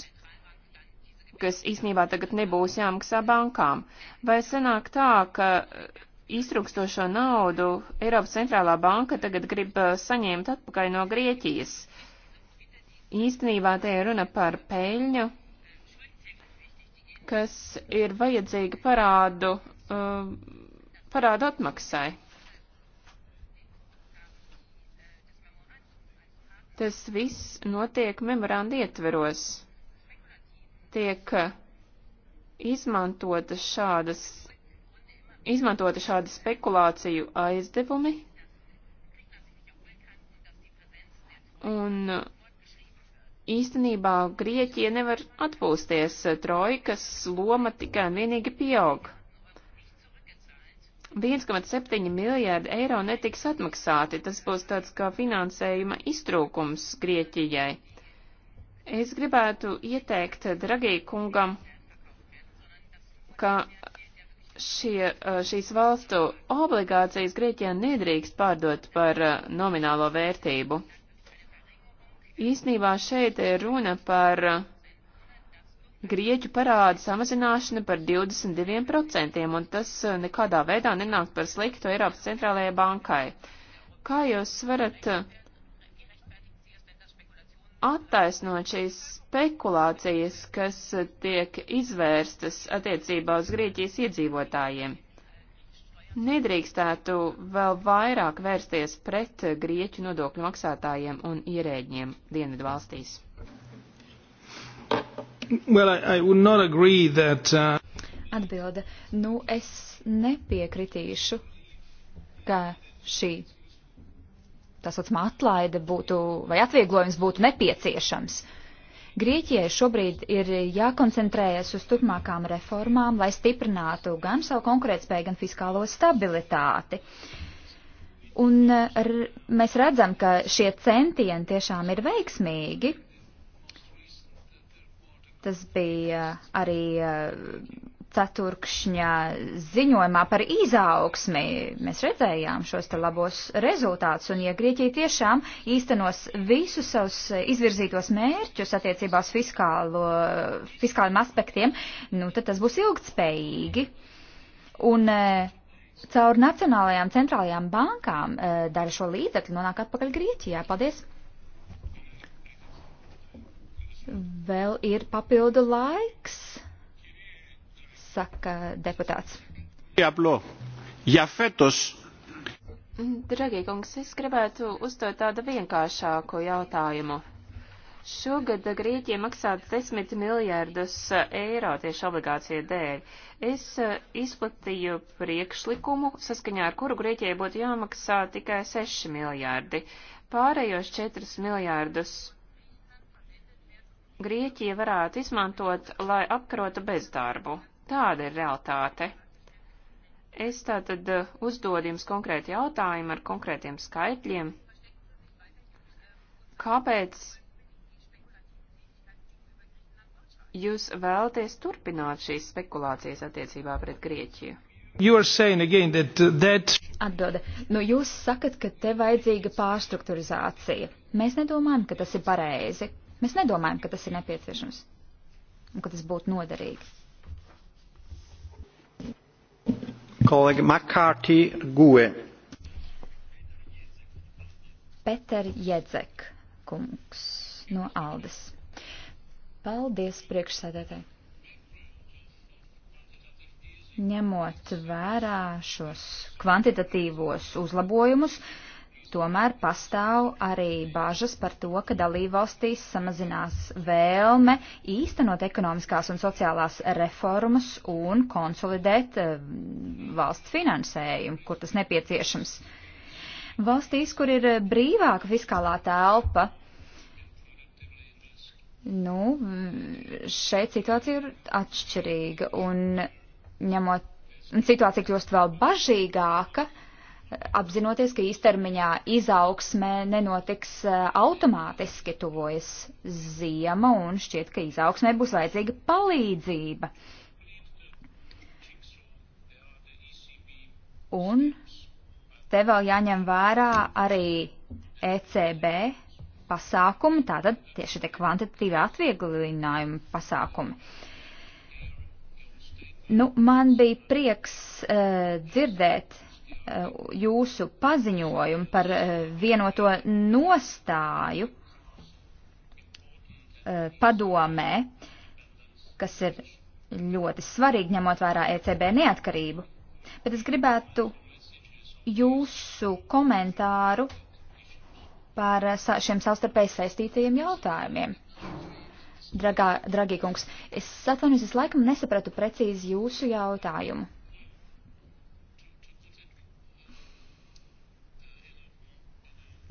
kas īsnībā tagad nebūs jāmaksā bankām? Vai sanāk tā, ka iztrukstošo naudu Eiropas centrālā banka tagad grib uh, saņemt atpakaļ no Grieķijas? Īstenībā te ir runa par peļņu, kas ir vajadzīga parādu, um, parādu atmaksai. Tas viss notiek memoranda ietveros tiek eh, izmantota šādas, izmantota šādi spekulāciju aizdevumi, un eh, īstenībā Grieķija nevar atpūsties, trojkas loma tikai un vienīgi pieaug. 1,7 miljārdi eiro netiks atmaksāti, tas būs tāds kā finansējuma iztrūkums Grieķijai. Es gribētu ieteikt Dragī kungam, ka šie, eh, šīs valstu obligācijas Grieķijā nedrīkst pārdot par eh, nominālo vērtību. Īsnībā šeit ir runa par eh, Grieķu parādu samazināšanu par 22%, un tas nekādā veidā nenāk par sliktu Eiropas centrālajai bankai. Kā jūs varat uh, attaisnot šīs spekulācijas, kas tiek izvērstas attiecībā uz Grieķijas iedzīvotājiem. Nedrīkstētu vēl vairāk vērsties pret Grieķu nodokļu maksātājiem un ierēģiem Dienvidu valstīs. Well, I, I would not agree that, uh... Atbilde. Nu, es nepiekritīšu, ka šī tā saucamā atlaide būtu vai atvieglojums būtu nepieciešams. Grieķijai šobrīd ir jākoncentrējas uz turpmākām reformām, lai stiprinātu gan savu konkurētspēju, gan fiskālo stabilitāti. Un mēs redzam, ka šie centieni tiešām ir veiksmīgi. Tas bija arī ceturkšņa ziņojumā par izaugsmi mēs redzējām šos te labos rezultātus, un ja Grieķija tiešām īstenos visus savus izvirzītos mērķus attiecībā uz fiskālo, fiskāliem aspektiem, nu tad tas būs ilgtspējīgi. Un e, caur nacionālajām centrālajām bankām e, daļa šo līdzekļu nonāk atpakaļ Grieķijā. Paldies! Vēl ir papildu laiks saka deputāts. Jāplo, ja fetus. Dragie kungs, es gribētu uzdot tādu vienkāršāku jautājumu. Šogad Grieķija maksā 10 miljārdus eiro tieši obligāciju dēļ. Es eh, izplatīju priekšlikumu, saskaņā ar kuru Grieķijai būtu jāmaksā tikai 6 miljārdi. Pārējos 4 miljārdus Grieķija varētu izmantot, lai apkarotu bezdarbu. Tāda ir realitāte. Es tātad eh, uzdodu jums konkrēti jautājumi ar konkrētiem skaitļiem. Kāpēc jūs vēlaties turpināt šīs spekulācijas attiecībā pret Grieķiju? That, uh, that... Atbilde. Nu, jūs sakat, ka te vajadzīga pārstrukturizācija. Mēs nedomājam, ka tas ir pareizi. Mēs nedomājam, ka tas ir nepieciešams un ka tas būtu noderīgi. kolēģi McCarthy Gue. Peter Jedzek, kungs no Aldes. Paldies priekšsēdētāji. Ņemot vērā šos kvantitatīvos uzlabojumus, uh, Tomēr pastāv arī bažas par to, ka dalībvalstīs samazinās vēlme īstenot ekonomiskās un sociālās reformas un konsolidēt eh, valsts finansējumu, kur tas nepieciešams. Valstīs, kur ir eh, brīvāka fiskālā telpa, nu, šeit situācija ir atšķirīga un ņemot situācija kļūst vēl bažīgāka, uh, apzinoties, ka īstermiņā izaugsme nenotiks eh, automātiski, tuvojas ziema un šķiet, ka izaugsmē būs vajadzīga palīdzība. Un te vēl jāņem vērā arī ECB pasākumi, tātad tieši te kvantitīvi atvieglinājumi pasākumi. Nu, man bija prieks uh, dzirdēt Eh, jūsu paziņojumu par eh, vienoto nostāju eh, padomē, kas ir ļoti svarīgi ņemot vērā ECB neatkarību. Bet es gribētu jūsu komentāru par šiem savstarpēji saistītajiem jautājumiem. Dragā, dragī kungs, es atvainojos, es laikam nesapratu precīzi jūsu jautājumu.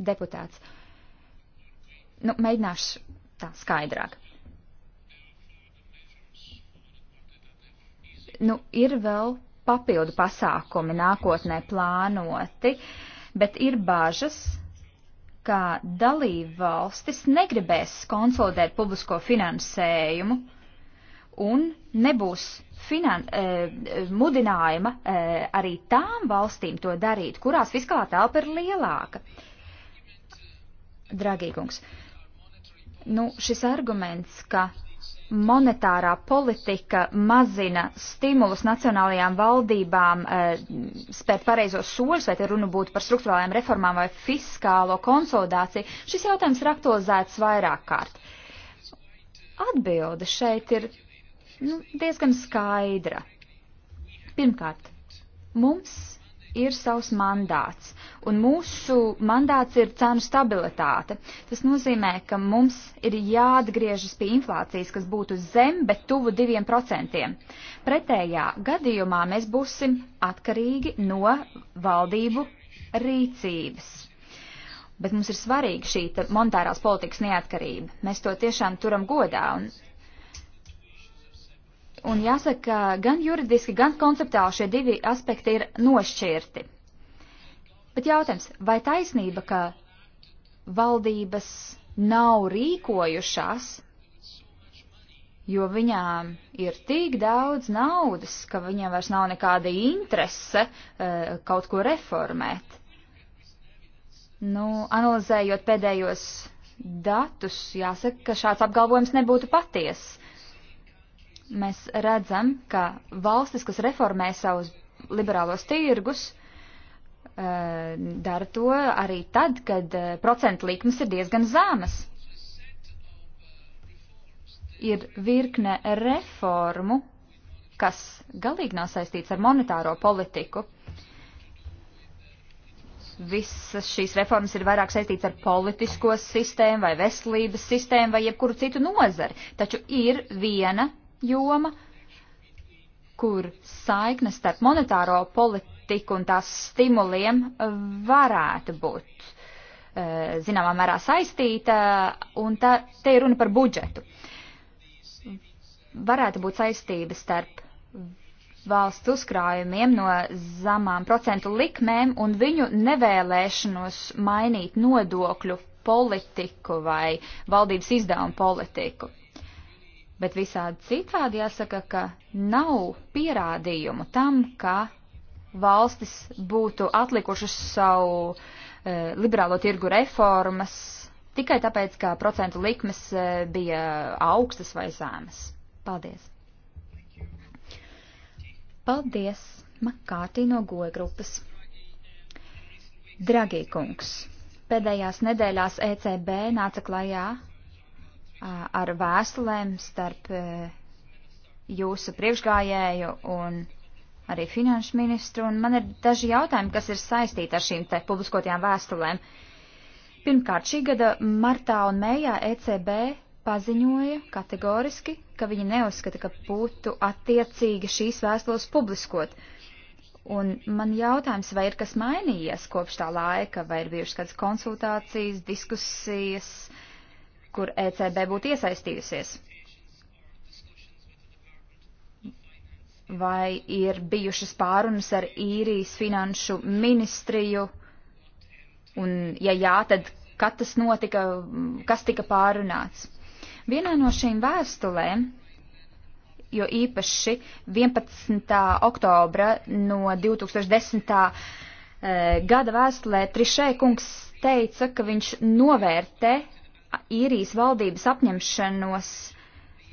deputāts. Nu, mēģināšu tā skaidrāk. Nu, ir vēl papildu pasākumi nākotnē plānoti, bet ir bažas, ka dalība valstis negribēs konsolidēt publisko finansējumu un nebūs finan e, mudinājuma e, arī tām valstīm to darīt, kurās fiskālā telpa ir lielāka. E, Dragīgungs. Nu, šis arguments, ka monetārā politika mazina stimulus nacionālajām valdībām eh, spērt pareizos soļus, vai te runa būtu par struktūrālajām reformām vai fiskālo konsolidāciju, šis jautājums ir aktualizēts vairāk kārt. Atbilde šeit ir nu, diezgan skaidra. Pirmkārt, mums ir savs mandāts un mūsu mandāts ir cenu stabilitāte. Tas nozīmē, ka mums ir jāatgriežas pie inflācijas, kas būtu zem, bet tuvu diviem procentiem. Pretējā gadījumā mēs būsim atkarīgi no valdību rīcības. Bet mums ir svarīga šī monetārās politikas neatkarība. Mēs to tiešām turam godā un un jāsaka, gan juridiski, gan konceptuāli šie divi aspekti ir nošķirti. Bet jautājums, vai taisnība, ka valdības nav rīkojušās, jo viņām ir tik daudz naudas, ka viņiem vairs nav nekāda interese eh, kaut ko reformēt? Nu, analizējot pēdējos datus, jāsaka, ka šāds apgalvojums nebūtu patiess. Mēs redzam, ka valstis, kas reformē savus liberālos tirgus, Eh, dara to arī tad, kad eh, procentu likmes ir diezgan zemas. Ir virkne reformu, kas galīgi nav saistīts ar monetāro politiku. Visas šīs reformas ir vairāk saistīts ar politisko sistēmu vai veselības sistēmu vai jebkuru citu nozari. Taču ir viena joma, kur saiknes starp monetāro politiku politiku un tās stimuliem varētu būt eh, zināmā mērā saistīta, un tā, te ir runa par budžetu. Varētu būt saistība starp valsts uzkrājumiem no zamām procentu likmēm un viņu nevēlēšanos mainīt nodokļu politiku vai valdības izdevumu politiku. Bet visādi citādi jāsaka, ka nav pierādījumu tam, ka valstis būtu atlikušas savu e, liberālo tirgu reformas tikai tāpēc, ka procentu likmes e, bija augstas vai zēmas. Paldies! Paldies, Makārtī no goja grupas. Dragī kungs, pēdējās nedēļās ECB nāca klajā ar vēstulēm starp e, jūsu priekšgājēju un arī finanšu ministru, un man ir daži jautājumi, kas ir saistīti ar šīm te publiskotajām vēstulēm. Pirmkārt, šī gada martā un mējā ECB paziņoja kategoriski, ka viņi neuzskata, ka būtu attiecīgi šīs vēstules publiskot. Un man jautājums, vai ir kas mainījies kopš tā laika, vai ir bijušas kādas konsultācijas, diskusijas, kur ECB būtu iesaistījusies? vai ir bijušas pārunas ar īrijas finanšu ministriju, un ja jā, tad kad tas notika, kas tika pārunāts. Vienā no šīm vēstulēm, jo īpaši 11. oktobra no 2010. Eh, gada vēstulē Trišē kungs teica, ka viņš novērtē īrijas valdības apņemšanos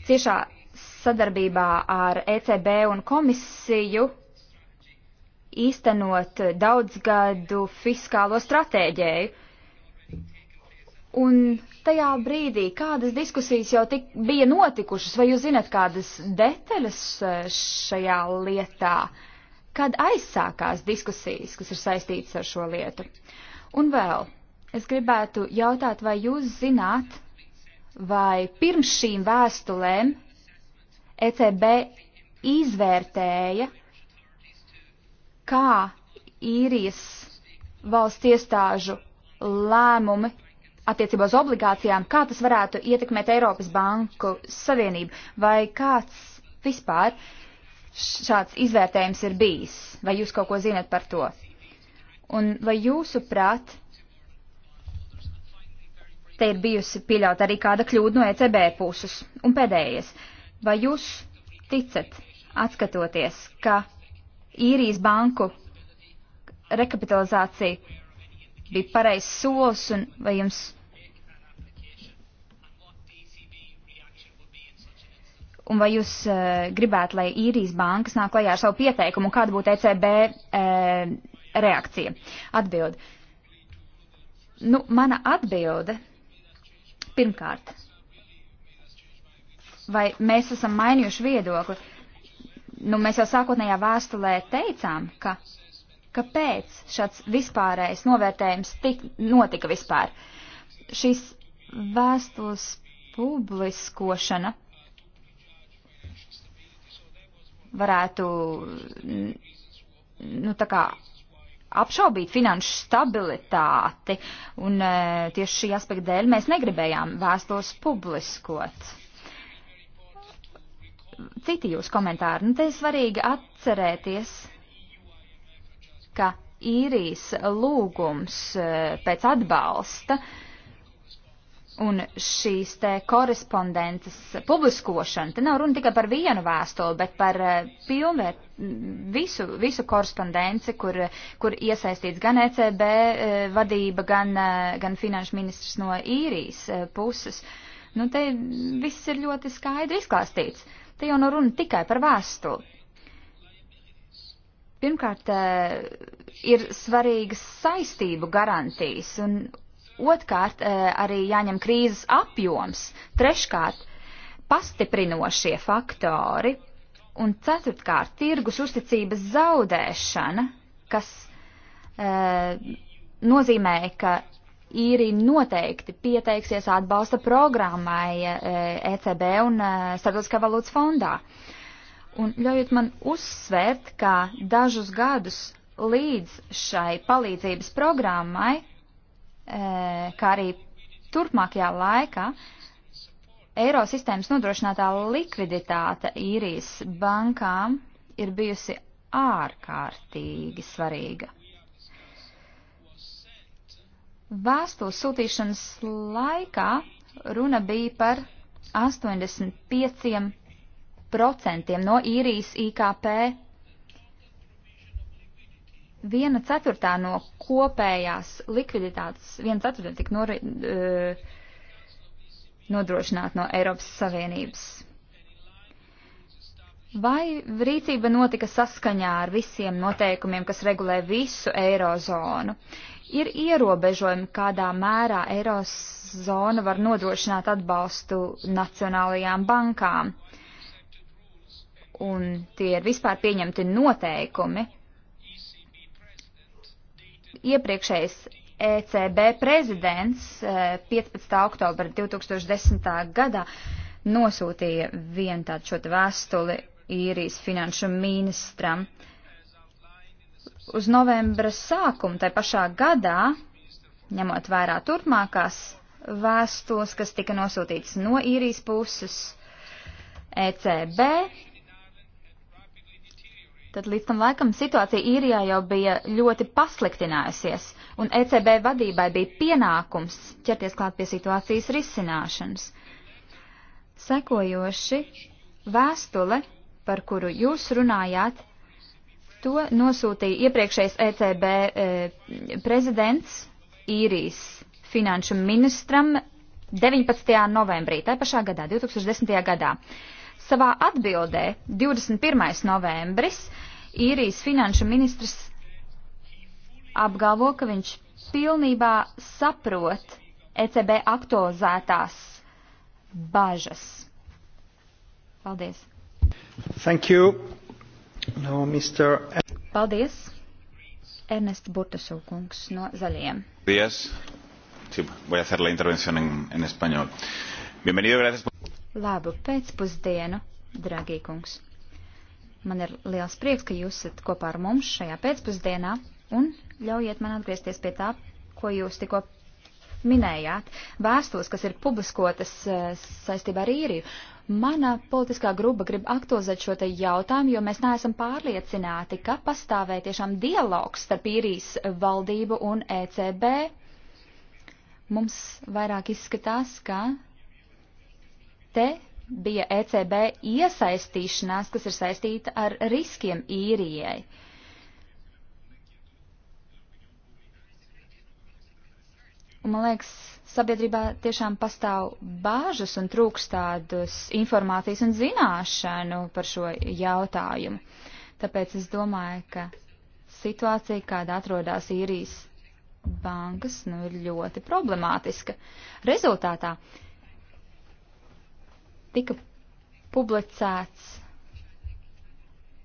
ciešā sadarbībā ar ECB un komisiju īstenot daudzgadu fiskālo stratēģēju. Un tajā brīdī, kādas diskusijas jau tik, bija notikušas, vai jūs zinat kādas detaļas e, šajā lietā, kad aizsākās diskusijas, kas ir saistītas ar šo lietu? Un vēl, es gribētu jautāt, vai jūs zināt, vai pirms šīm vēstulēm ECB izvērtēja, kā īrijas valsts iestāžu lēmumi attiecībā uz obligācijām, kā tas varētu ietekmēt Eiropas Banku Savienību, vai kāds vispār šāds izvērtējums ir bijis, vai jūs kaut ko zinat par to? Un vai jūsu prāt, te ir bijusi pieļaut arī kāda kļūda no ECB puses? Un pēdējais, Vai jūs ticat, atskatoties, ka īrijas banku rekapitalizācija bija pareizs solis un vai jums. Un vai jūs uh, gribētu, lai īrijas bankas nāk klajā ar savu pieteikumu, kāda būtu ECB uh, eh, reakcija? Atbild. Nu, mana atbilde pirmkārt vai mēs esam mainījuši viedokli. Nu, mēs jau sākotnējā vēstulē teicām, ka kāpēc šāds vispārējais novērtējums tik, notika vispār. Šīs vēstules publiskošana varētu nu, tā kā apšaubīt finanšu stabilitāti, un e, tieši šī aspekta dēļ mēs negribējām vēstos publiskot citi jūs komentāri. Nu, te ir svarīgi atcerēties, ka īrijas lūgums e, pēc atbalsta un šīs te korespondences publiskošana, te nav runa tikai par vienu vēstuli, bet par e, pilnvērt visu, visu korespondenci, kur, kur iesaistīts gan ECB e, vadība, gan, gan finanšu ministrs no īrijas puses. Nu, te viss ir ļoti skaidri izklāstīts. Uh, Te jau nav nu runa tikai par vēstuli. Pirmkārt, e, ir svarīgas saistību garantijas, un otrkārt, e, arī jāņem krīzes apjoms, treškārt, pastiprinošie faktori, un ceturtkārt, tirgus uzticības zaudēšana, kas e, nozīmē, ka īrija noteikti pieteiksies atbalsta programmai ECB eh, e un eh, Starptautiskā valūtas fondā. Un ļaujiet man uzsvērt, ka dažus gadus līdz šai palīdzības programmai, eh, kā arī turpmākajā laikā, eiro sistēmas nodrošinātā likviditāte īrijas bankām ir bijusi ārkārtīgi svarīga. Vēstules sūtīšanas laikā runa bija par 85% no īrijas IKP. Viena ceturtā no kopējās likviditātes, viena ceturtā tika nor, uh, e, nodrošināta no Eiropas Savienības. Vai rīcība notika saskaņā ar visiem noteikumiem, kas regulē visu eirozonu? Ir ierobežojumi, kādā mērā Eirozona var nodrošināt atbalstu nacionālajām bankām. Un tie ir vispār pieņemti noteikumi. Iepriekšējais ECB prezidents 15. Eh, oktobra 2010. gadā nosūtīja vienu tādu šo vēstuli īrijas finanšu ministram. Uh, uz novembra sākumu tai pašā gadā, ņemot vērā turpmākās vēstules, kas tika nosūtītas no īrijas puses ECB, tad līdz tam laikam situācija īrijā jau bija ļoti pasliktinājusies, un ECB vadībai bija pienākums ķerties klāt pie situācijas risināšanas. Sekojoši vēstule, par kuru jūs runājāt, To nosūtīja iepriekšējais ECB e, eh, prezidents īrijas finanšu ministram 19. novembrī, tā pašā gadā, 2010. gadā. Savā atbildē 21. novembris īrijas finanšu ministrs apgalvo, ka viņš pilnībā saprot ECB aktualizētās bažas. Paldies! Thank you. No, Mr. E- Paldies. Ernest Burtasūkungs no Zaļiem. Paldies. Sí, voy a hacer la intervención en, en español. Bienvenido, gracias. Labu pēcpusdienu, dragī kungs. Man ir liels prieks, ka jūs esat kopā ar mums šajā pēcpusdienā un ļaujiet man atgriezties pie tā, ko jūs tikko minējāt, vēstules, kas ir publiskotas e, saistībā ar īriju. Mana politiskā grupa grib aktualizēt šo te jautājumu, jo mēs neesam pārliecināti, ka pastāvē tiešām dialogs starp īrijas valdību un ECB. Mums vairāk izskatās, ka te bija ECB iesaistīšanās, kas ir saistīta ar riskiem īrijai. Uh, Un, man liekas, sabiedrībā tiešām pastāv bāžas un trūkst tādas informācijas un zināšanu par šo jautājumu. Tāpēc es domāju, ka situācija, kāda atrodas īrijas bankas, nu, ir ļoti problemātiska. Rezultātā tika publicēts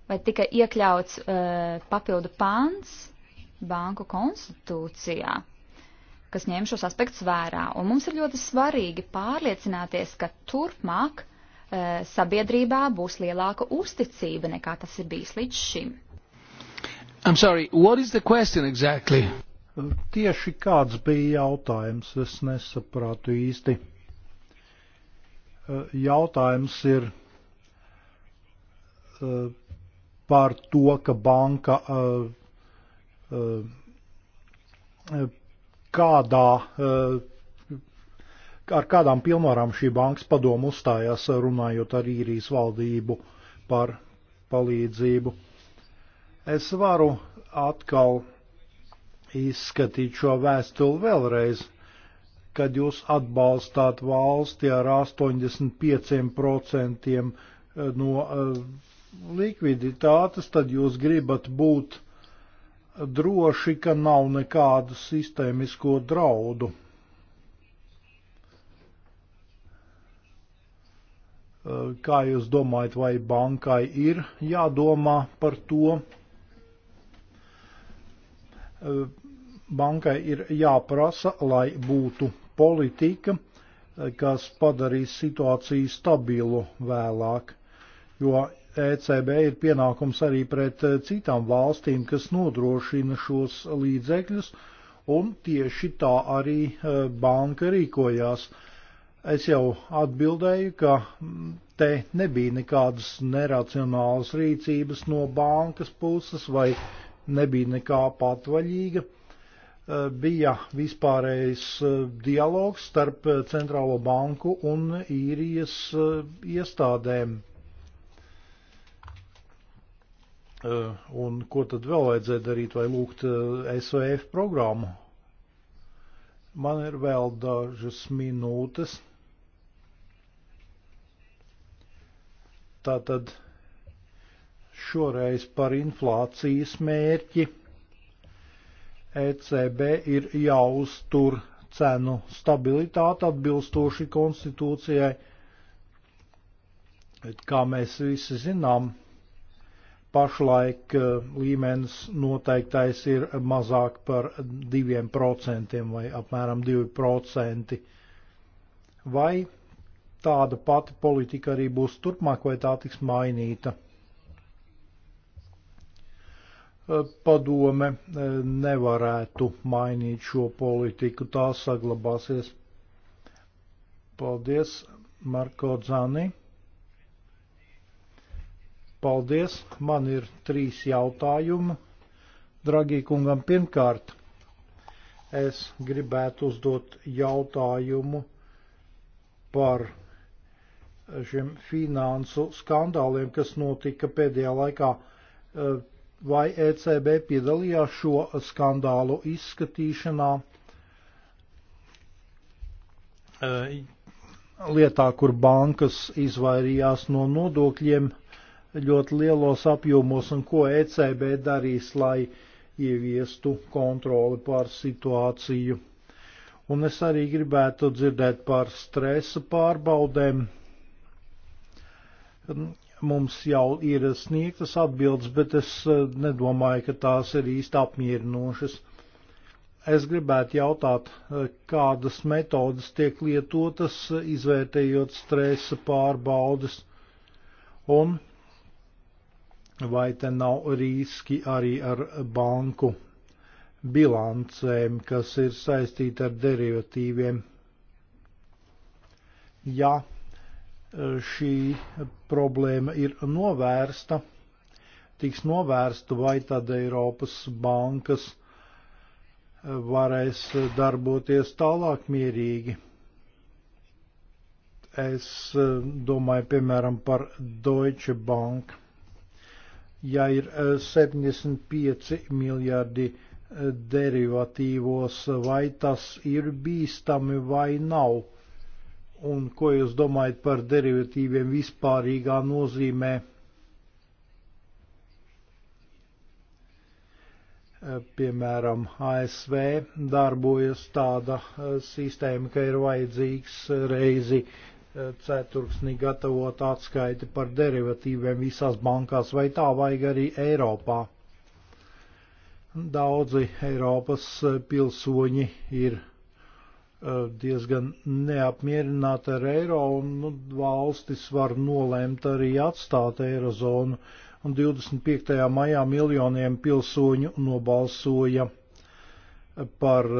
vai tika iekļauts uh, papildu pāns banku konstitūcijā kas ņem šos aspektus vērā. Un mums ir ļoti svarīgi pārliecināties, ka turpmāk e, sabiedrībā būs lielāka uzticība nekā tas ir bijis līdz šim. I'm sorry, what is the question exactly? Tieši kāds bija jautājums, es nesaprātu īsti. E, jautājums ir e, par to, ka banka e, kādā, eh, ar kādām pilnvarām šī bankas padoma uzstājās runājot ar īrijas valdību par palīdzību. Es varu atkal izskatīt šo vēstuli vēlreiz, kad jūs atbalstāt valsti ar 85% eh, no eh, likviditātes, tad jūs gribat būt uh, droši, ka nav nekādu sistēmisko draudu. Kā jūs domājat, vai bankai ir jādomā par to? Bankai ir jāprasa, lai būtu politika, kas padarīs situāciju stabilu vēlāk, jo ECB ir pienākums arī pret eh, citām valstīm, kas nodrošina šos līdzekļus, un tieši tā arī eh, banka rīkojās. Es jau atbildēju, ka mm, te nebija nekādas neracionālas rīcības no bankas puses vai nebija nekā patvaļīga eh, bija vispārējais dialogs starp Centrālo banku un īrijas iestādēm. Eh, un ko tad vēl vajadzēja darīt vai lūgt eh, SOF programmu? Man ir vēl dažas minūtes. Tātad šoreiz par inflācijas mērķi. ECB ir jāuztur cenu stabilitāte atbilstoši konstitūcijai. Bet, kā mēs visi zinām, pašlaik eh, līmenis noteiktais ir mazāk par 2% vai apmēram 2%. Vai tāda pati politika arī būs turpmāk, vai tā tiks mainīta? Eh, padome eh, nevarētu mainīt šo politiku, tā saglabāsies. Paldies, Marko Dzani. Paldies. Man ir trīs jautājumi. Dragī kungam, pirmkārt, es gribētu uzdot jautājumu par šiem finansu skandāliem, kas notika pēdējā laikā. Vai ECB piedalījās šo skandālu izskatīšanā lietā, kur bankas izvairījās no nodokļiem? ļoti lielos apjomos un ko ECB darīs, lai ieviestu kontroli pār situāciju. Un es arī gribētu dzirdēt par stresa pārbaudēm. Mums jau ir sniegtas atbildes, bet es eh, nedomāju, ka tās ir īsti apmierinošas. Es gribētu jautāt, eh, kādas metodas tiek lietotas, izvērtējot stresa pārbaudas, un vai te nav riski arī ar banku bilancēm, kas ir saistīti ar derivatīviem. Ja e, šī problēma ir novērsta, tiks novērsta, vai tad Eiropas bankas e, varēs darboties tālāk mierīgi. Es e, domāju, piemēram, par Deutsche Bank ja ir 75 eh, miljardi eh, derivatīvos, vai tas ir bīstami vai nav. Un ko jūs domājat par derivatīviem vispārīgā nozīmē? Eh, piemēram, ASV darbojas tāda sistēma, ka ir vajadzīgs reizi Eh, ceturksnī gatavot atskaiti par derivatīviem visās bankās, vai tā vajag arī Eiropā. Daudzi Eiropas eh, pilsoņi ir eh, diezgan neapmierināti ar eiro, un nu, valstis var nolēmt arī atstāt eirozonu, un 25. maijā miljoniem pilsoņu nobalsoja par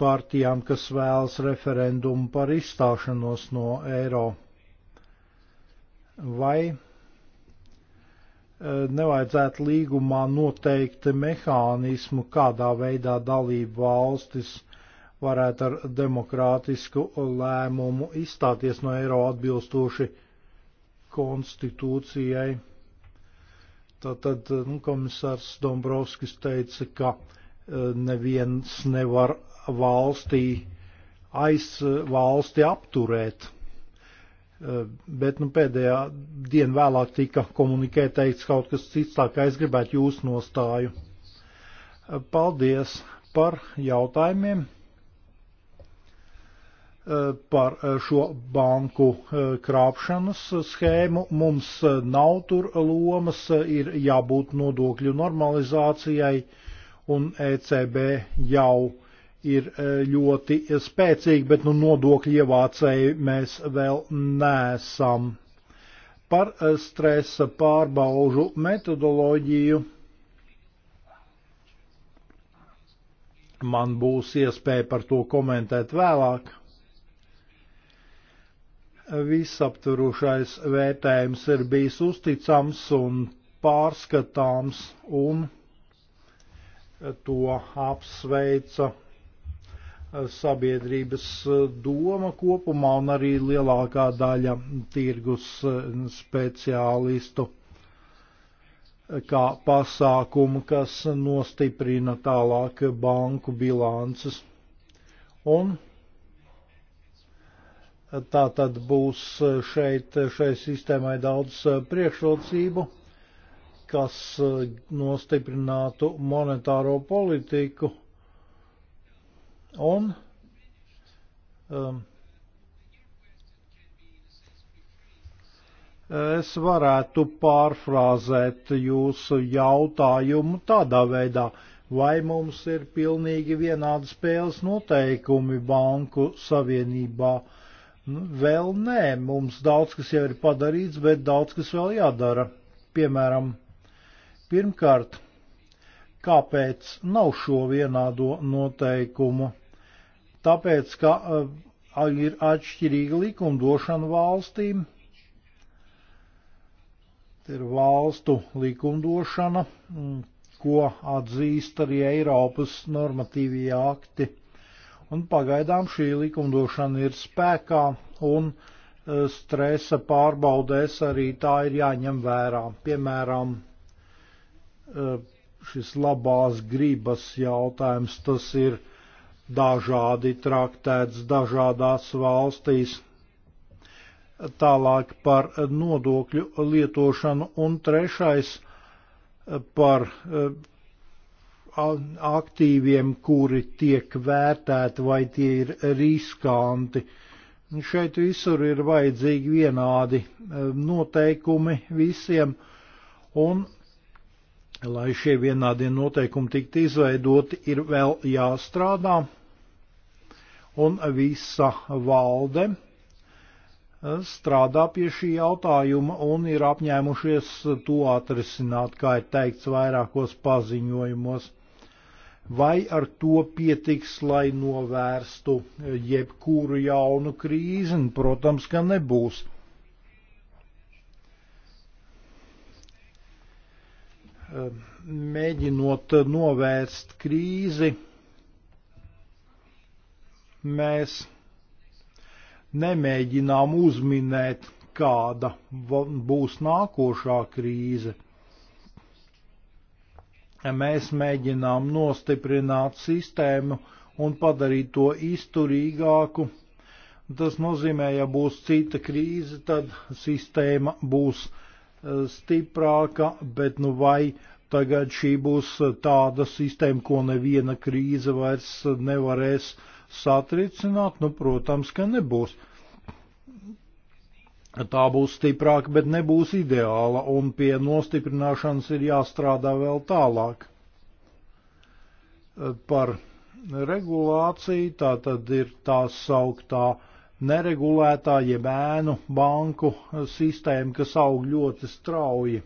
partijām, kas vēlas referendumu par izstāšanos no eiro. Vai eh, nevajadzētu līgumā noteikti mehānismu, kādā veidā dalību valstis varētu ar demokrātisku lēmumu izstāties no eiro atbilstoši konstitūcijai. Tātad eh, nu, komisārs Dombrovskis teica, ka eh, neviens nevar valstī aiz eh, valsti apturēt. Eh, bet nu, pēdējā diena vēlāk tika komunikē teikts kaut kas cits, tā kā es gribētu jūs nostāju. Eh, paldies par jautājumiem par šo banku krāpšanas schēmu. Mums nav tur lomas, ir jābūt nodokļu normalizācijai, un ECB jau ir e, ļoti spēcīgi, bet nu, nodokļu ievācēji mēs vēl nesam. Par e, stresa pārbaužu metodoloģiju man būs iespēja par to komentēt vēlāk. Visaptvarošais vērtējums ir bijis uzticams un pārskatāms, un to apsveica sabiedrības eh, doma kopumā un arī lielākā daļa tirgus eh, speciālistu eh, kā pasākumu, kas nostiprina tālāk banku bilances. Un tā tad būs šeit šai sistēmai daudz priekšrocību, kas nostiprinātu monetāro politiku Un um, es varētu pārfrāzēt jūsu jautājumu tādā veidā, vai mums ir pilnīgi vienādi spēles noteikumi banku savienībā. Nu, vēl nē, mums daudz kas jau ir padarīts, bet daudz kas vēl jādara. Piemēram, pirmkārt, kāpēc nav šo vienādo noteikumu? tāpēc, ka eh, ir atšķirīga likumdošana valstīm. Te ir valstu likumdošana, mm, ko atzīst arī Eiropas normatīvie akti. Un pagaidām šī likumdošana ir spēkā un eh, stresa pārbaudēs arī tā ir jāņem vērā. Piemēram, eh, šis labās gribas jautājums, tas ir dažādi traktēts dažādās valstīs. Tālāk par nodokļu lietošanu un trešais par eh, aktīviem, kuri tiek vērtēti vai tie ir riskanti. Šeit visur ir vajadzīgi vienādi eh, noteikumi visiem, un lai šie vienādie noteikumi tiktu izveidoti, ir vēl jāstrādā. Un visa valde eh, strādā pie šī jautājuma un ir apņēmušies to atrisināt, kā ir teikts vairākos paziņojumos. Vai ar to pietiks, lai novērstu jebkuru jaunu krīzi? Protams, ka nebūs mēģinot novērst krīzi, mēs nemēģinām uzminēt, kāda būs nākošā krīze. Mēs mēģinām nostiprināt sistēmu un padarīt to izturīgāku. Tas nozīmē, ja būs cita krīze, tad sistēma būs izturīgāka stiprāka, bet nu vai tagad šī būs tāda sistēma, ko neviena krīze vairs nevarēs satricināt? Nu, protams, ka nebūs. Tā būs stiprāka, bet nebūs ideāla, un pie nostiprināšanas ir jāstrādā vēl tālāk. Par regulāciju tā tad ir tā sauktā uh, neregulētā jeb ēnu banku sistēma, kas aug ļoti strauji.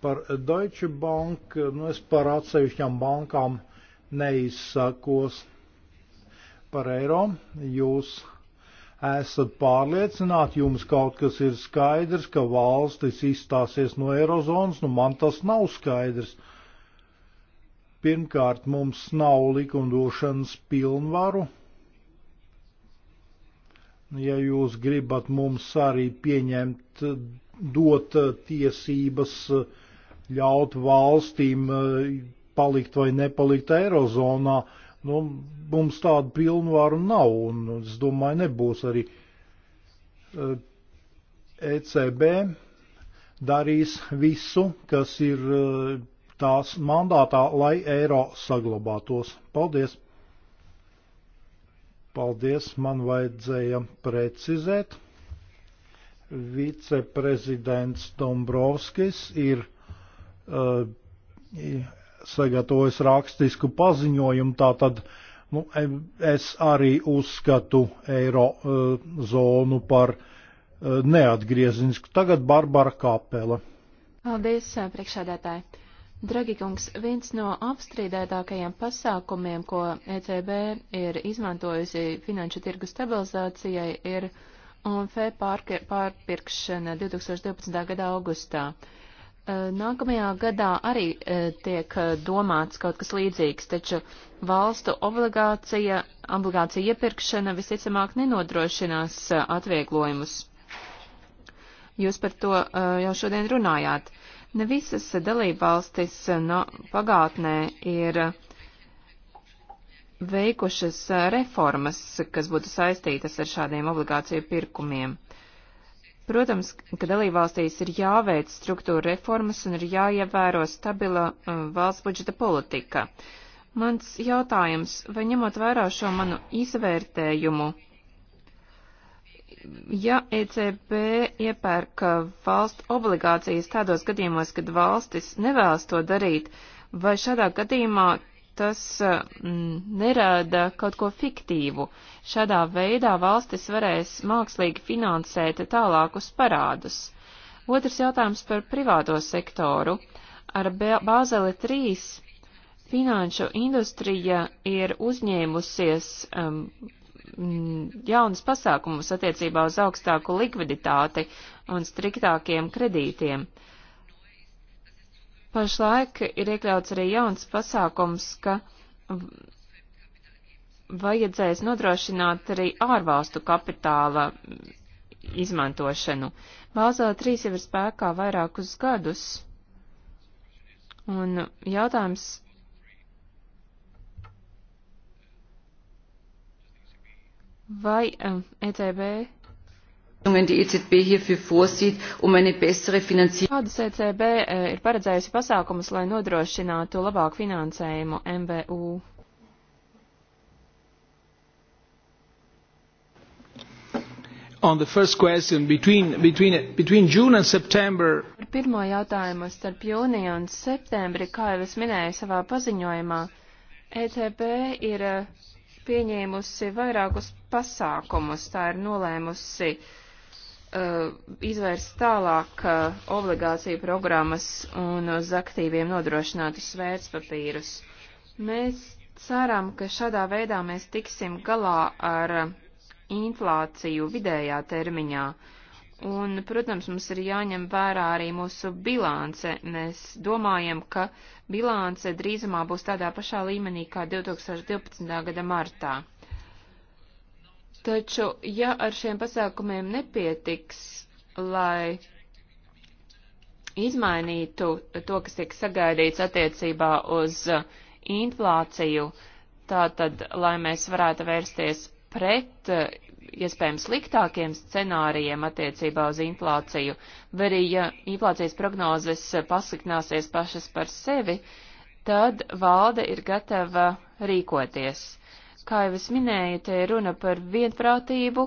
Par Deutsche Bank, nu es par atsevišķām bankām neizsakos par eiro. Jūs esat pārliecināti, jums kaut kas ir skaidrs, ka valstis izstāsies no eirozonas, nu man tas nav skaidrs. Pirmkārt, mums nav likumdošanas pilnvaru ja jūs gribat mums arī pieņemt, dot tiesības ļaut valstīm eh, palikt vai nepalikt Eirozonā, nu, mums tādu pilnvaru nav, un es domāju, nebūs arī ECB eh, e darīs visu, kas ir eh, tās mandātā, lai eiro saglabātos. Paldies! Paldies, man vajadzēja precizēt. Viceprezidents Dombrovskis ir uh, sagatavojis rakstisku paziņojumu, tātad nu, es arī uzskatu eiro uh, zonu par uh, neatgriezinisku. Tagad Barbara Kapela. Paldies, uh, priekšādētāji. Dragikungs, viens no apstrīdētākajiem pasākumiem, ko ECB ir izmantojusi finanšu tirgu stabilizācijai, ir OMF pārpirkšana 2012. gada augustā. E, nākamajā gadā arī e, tiek e, domāts kaut kas līdzīgs, taču valstu obligācija, obligācija iepirkšana visticamāk nenodrošinās atvieglojumus. Jūs par to jau šodien runājāt. Uh, Ne visas dalībvalstis eh, no pagātnē ir eh, veikušas eh, reformas, kas būtu saistītas ar šādiem obligāciju pirkumiem. Protams, ka dalībvalstīs ir jāveic struktūra reformas un ir jāievēro stabila valsts budžeta politika. Mans jautājums, vai ņemot vērā šo manu izvērtējumu, Ja ECB iepērk uh, valstu obligācijas tādos gadījumos, kad valstis nevēlas to darīt, vai šādā gadījumā tas mm, uh, nerada kaut ko fiktīvu? Šādā veidā valstis varēs mākslīgi finansēt tālākus parādus. Otrs jautājums par privāto sektoru. Ar Bāzeli 3 finanšu industrija ir uzņēmusies um, Mm, jaunas pasākumus attiecībā uz augstāku likviditāti un striktākiem kredītiem. Pašlaik ir iekļauts arī jauns pasākums, ka vajadzēs nodrošināt arī ārvalstu kapitāla izmantošanu. Bāzēla 3 jau ir spēkā vairākus gadus, un jautājums Vai um, eh, ECB die EZB hierfür vorsieht, um eine bessere Finanzierung. Kādas ECB eh, ir paredzējusi pasākumus, lai nodrošinātu labāku finansējumu MBU? On the first question, between, between, between June and September. Par pirmo jautājumu starp jūniju un septembri, kā jau es minēju savā paziņojumā, ECB ir eh, pieņēmusi vairākus pasākumus. Tā ir nolēmusi uh, izvērst tālāk uh, obligāciju programmas un uz aktīviem nodrošinātus vērtspapīrus. Mēs ceram, ka šādā veidā mēs tiksim galā ar inflāciju vidējā termiņā. Un, protams, mums ir jāņem vērā arī mūsu bilance. Mēs domājam, ka bilance drīzumā būs tādā pašā līmenī kā 2012. gada martā. Taču, ja ar šiem pasākumiem nepietiks, lai izmainītu to, kas tiek sagaidīts attiecībā uz uh, inflāciju, tātad, lai mēs varētu vērsties pret uh, iespējams sliktākiem scenārijiem attiecībā uz inflāciju, vai arī, ja inflācijas prognozes uh, pasliktināsies pašas par sevi, tad valde ir gatava rīkoties. Kā jau es minēju, te ir runa par vienprātību,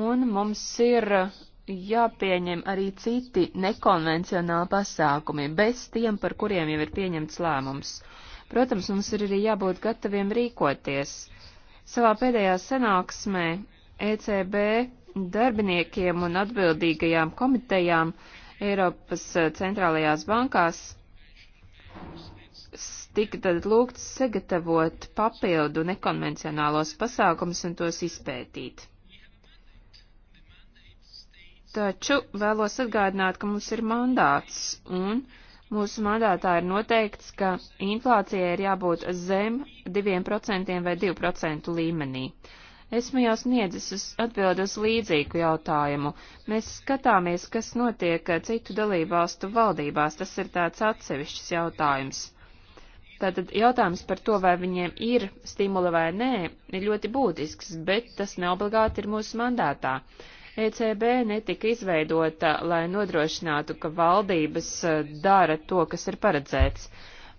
un mums ir jāpieņem arī citi nekonvencionāli pasākumi, bez tiem, par kuriem jau ir pieņemts lēmums. Protams, mums ir arī jābūt gataviem rīkoties. Savā pēdējā sanāksmē ECB darbiniekiem un atbildīgajām komitejām Eiropas centrālajās bankās tika tad lūgts sagatavot papildu nekonvencionālos pasākumus un tos izpētīt. Taču vēlos atgādināt, ka mums ir mandāts, un mūsu mandātā ir noteikts, ka inflācijai ir jābūt zem 2% vai 2% līmenī. Esmu jau sniedzis uz atbildes līdzīgu jautājumu. Mēs skatāmies, kas notiek citu dalībvalstu valdībās, tas ir tāds atsevišķs jautājums. Tātad jautājums par to, vai viņiem ir stimuli vai nē, ir ļoti būtisks, bet tas neobligāti ir mūsu mandātā. ECB netika izveidota, lai nodrošinātu, ka valdības eh, dara to, kas ir paredzēts.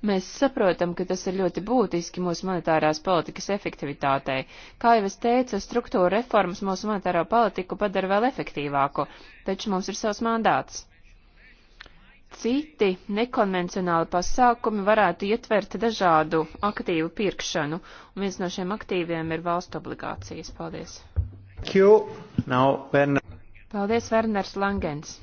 Mēs saprotam, ka tas ir ļoti būtiski mūsu monetārās politikas efektivitātei. Kā jau es teicu, struktūra reformas mūsu monetāro politiku padara vēl efektīvāku, taču mums ir savs mandāts citi nekonvencionāli pasākumi varētu ietvert dažādu aktīvu pirkšanu, un viens no šiem aktīviem ir valstu obligācijas. Paldies! Paldies, Werners Langens!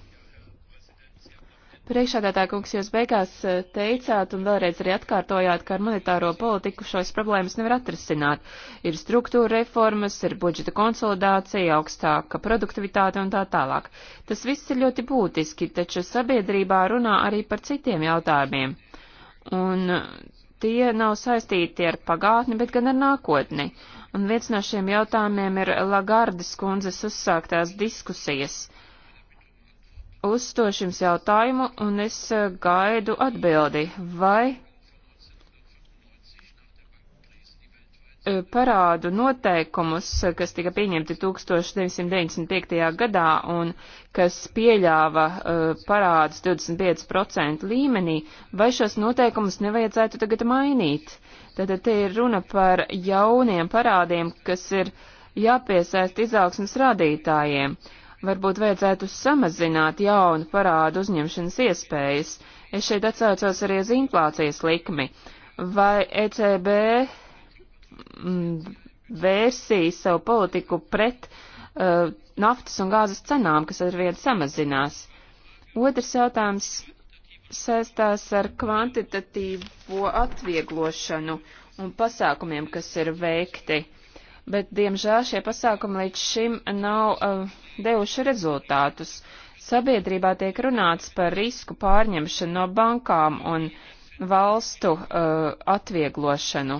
Priekšādātā kungs, jūs beigās eh, teicāt un vēlreiz arī atkārtojāt, ka ar monetāro politiku šos problēmas nevar atrisināt. Ir struktūra reformas, ir budžeta konsolidācija, augstāka produktivitāte un tā tālāk. Tas viss ir ļoti būtiski, taču sabiedrībā runā arī par citiem jautājumiem. Un eh, tie nav saistīti ar pagātni, bet gan ar nākotni. Un viens no šiem jautājumiem ir Lagardes kundzes uzsāktās diskusijas. Uh, uzstot šim jautājumu, un es eh, gaidu atbildi, vai eh, parādu noteikumus, eh, kas tika pieņemti 1995. gadā un kas pieļāva uh, parādus 25% līmenī, vai šos noteikumus nevajadzētu tagad mainīt? Tātad te ir runa par jauniem parādiem, kas ir jāpiesaist izaugsmas rādītājiem. Uh, varbūt vajadzētu samazināt jaunu parādu uzņemšanas iespējas. Es šeit atsaucos arī uz inflācijas likmi. Vai ECB mm, vērsīs savu politiku pret uh, naftas un gāzes cenām, kas arvien samazinās? Otrs jautājums saistās ar kvantitatīvo atvieglošanu un pasākumiem, kas ir veikti. Uh, bet diemžēl šie pasākumi līdz šim nav uh, devuši rezultātus. Sabiedrībā tiek runāts par risku pārņemšanu no bankām un valstu uh, atvieglošanu.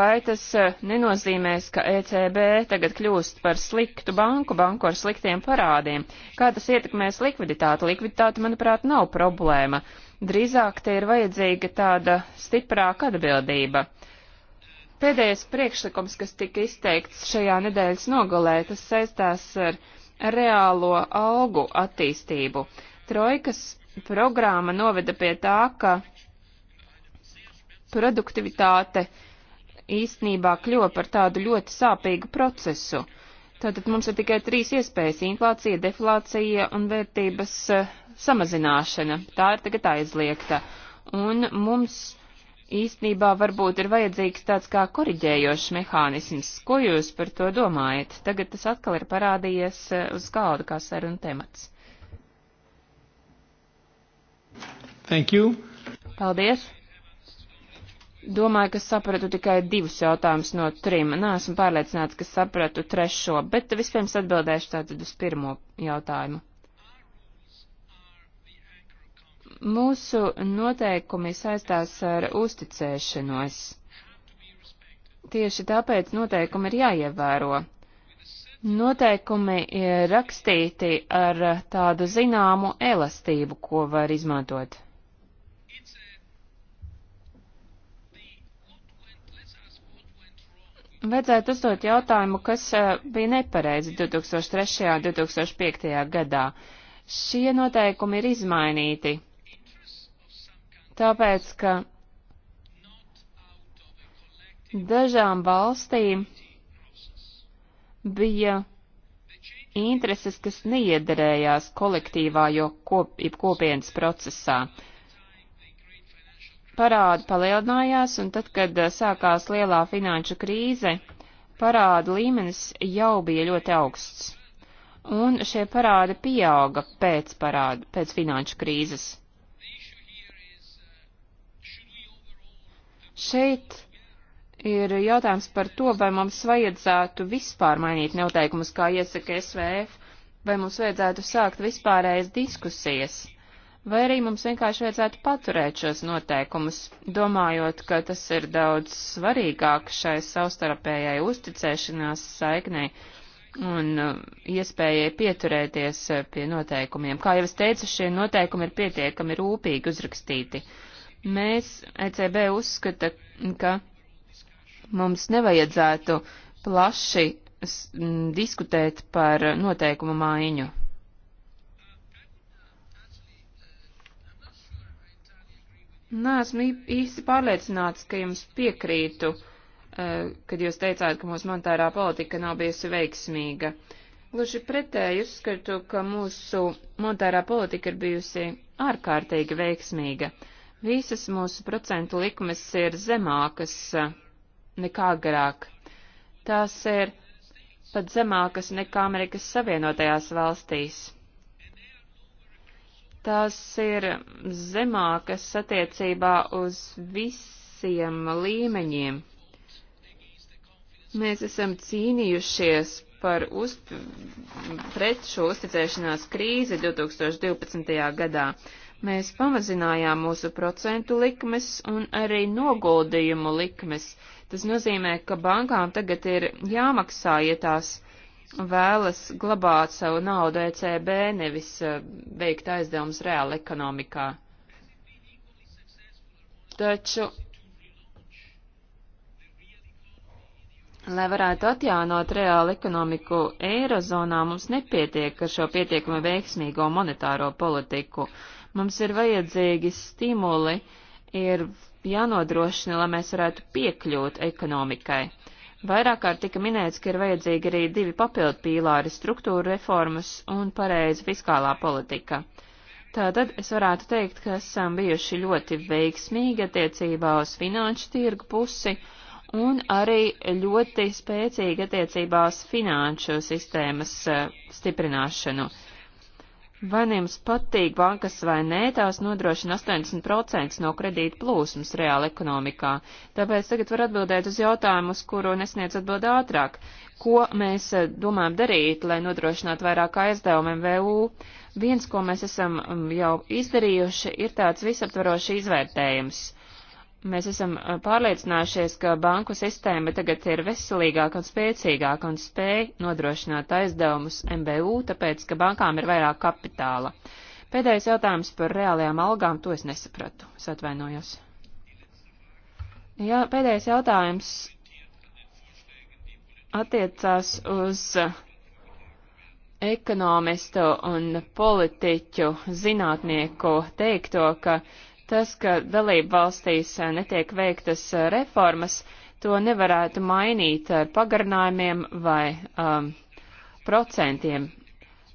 Vai tas uh, nenozīmēs, ka ECB tagad kļūst par sliktu banku, banku ar sliktiem parādiem? Kā tas ietekmēs likviditāti? Likviditāte, manuprāt, nav problēma. Drīzāk te ir vajadzīga tāda stiprāka atbildība. Uh, Pēdējais priekšlikums, kas tika izteikts šajā nedēļas nogalē, tas saistās ar reālo algu attīstību. Trojkas programma noveda pie tā, ka produktivitāte īstenībā kļuva par tādu ļoti sāpīgu procesu. Tātad mums ir tikai trīs iespējas - inflācija, deflācija un vērtības eh, samazināšana. Tā ir tagad aizliegta. Un mums īstenībā varbūt ir vajadzīgs tāds kā koriģējošs mehānisms. Ko jūs par to domājat? Tagad tas atkal ir parādījies eh, uz galda kā saruna temats. Thank you. Paldies. Domāju, ka sapratu tikai divus jautājumus no trim. Nāsmu pārliecināts, ka sapratu trešo, bet vispirms atbildēšu tātad uz pirmo jautājumu. Mūsu noteikumi saistās ar uzticēšanos. Tieši tāpēc noteikumi ir jāievēro. Noteikumi ir rakstīti ar tādu zināmu elastību, ko var izmantot. Vajadzētu uzdot jautājumu, kas e, bija nepareizi 2003. un 2005. gadā. Šie noteikumi ir izmainīti tāpēc, ka dažām valstīm bija intereses, kas neiederējās kolektīvā, jo kop, kopienas procesā. Parādi palielinājās, un tad, kad eh, sākās lielā finanšu krīze, parāda līmenis jau bija ļoti augsts. Un šie parādi pieauga pēc parāda, pēc finanšu krīzes. Šeit ir jautājums par to, vai mums vajadzētu vispār mainīt noteikumus, kā iesaka SVF, vai mums vajadzētu sākt vispārējas diskusijas, vai arī mums vienkārši vajadzētu paturēt šos noteikumus, domājot, ka tas ir daudz svarīgāk šai savstarpējai uzticēšanās saiknei un uh, iespējai pieturēties uh, pie noteikumiem. Kā jau es teicu, šie noteikumi ir pietiekami rūpīgi uzrakstīti. Uh, Mēs, ECB, uzskata, ka mums nevajadzētu plaši diskutēt par noteikumu mājiņu. Nē, esmu īsti pārliecināts, ka jums piekrītu, e, kad jūs teicāt, ka mūsu monetārā politika nav bijusi veiksmīga. Gluži pretēji uzskatu, ka mūsu monetārā politika ir bijusi ārkārtīgi veiksmīga. Visas mūsu procentu likmes ir zemākas eh, nekā agrāk. Tās ir pat zemākas nekā Amerikas Savienotajās valstīs. Tās ir zemākas attiecībā uz visiem līmeņiem. Mēs esam cīnījušies par uz, pret šo uzticēšanās krīzi 2012. gadā. Mēs pamazinājām mūsu procentu likmes un arī noguldījumu likmes. Tas nozīmē, ka bankām tagad ir jāmaksā, ja tās vēlas glabāt savu naudu ECB, nevis eh, veikt aizdevumus reāli ekonomikā. Taču Lai varētu atjaunot reālu ekonomiku Eirozonā, mums nepietiek ar šo pietiekami veiksmīgo monetāro politiku. Mums ir vajadzīgi stimuli, ir jānodrošina, lai mēs varētu piekļūt ekonomikai. Vairāk kārt tika minēts, ka ir vajadzīgi arī divi papildu pīlāri - struktūra reformas un pareiza fiskālā politika. Tātad es varētu teikt, ka esam bijuši ļoti veiksmīgi attiecībā uz finanšu tirgu pusi un arī ļoti spēcīgi attiecībā uz finanšu sistēmas uh, stiprināšanu. Vai jums patīk bankas vai nē, tās nodrošina 80% no kredīta plūsmas reāla ekonomikā. Tāpēc tagad var atbildēt uz jautājumu, uz kuru nesniedz atbild ātrāk. Ko mēs eh, domājam darīt, lai nodrošinātu vairāk aizdevumu MVU? Viens, ko mēs esam mm, jau izdarījuši, ir tāds visaptvarošs izvērtējums. Mēs esam pārliecinājušies, ka banku sistēma tagad ir veselīgāka un spēcīgāka un spēj nodrošināt aizdevumus MBU, tāpēc, ka bankām ir vairāk kapitāla. Pēdējais jautājums par reālajām algām, to es nesapratu, es atvainojos. Jā, pēdējais jautājums attiecās uz ekonomistu un politiķu zinātnieku teikto, ka Tas, ka dalību valstīs eh, netiek veiktas eh, reformas, to nevarētu mainīt ar pagarinājumiem vai um, procentiem.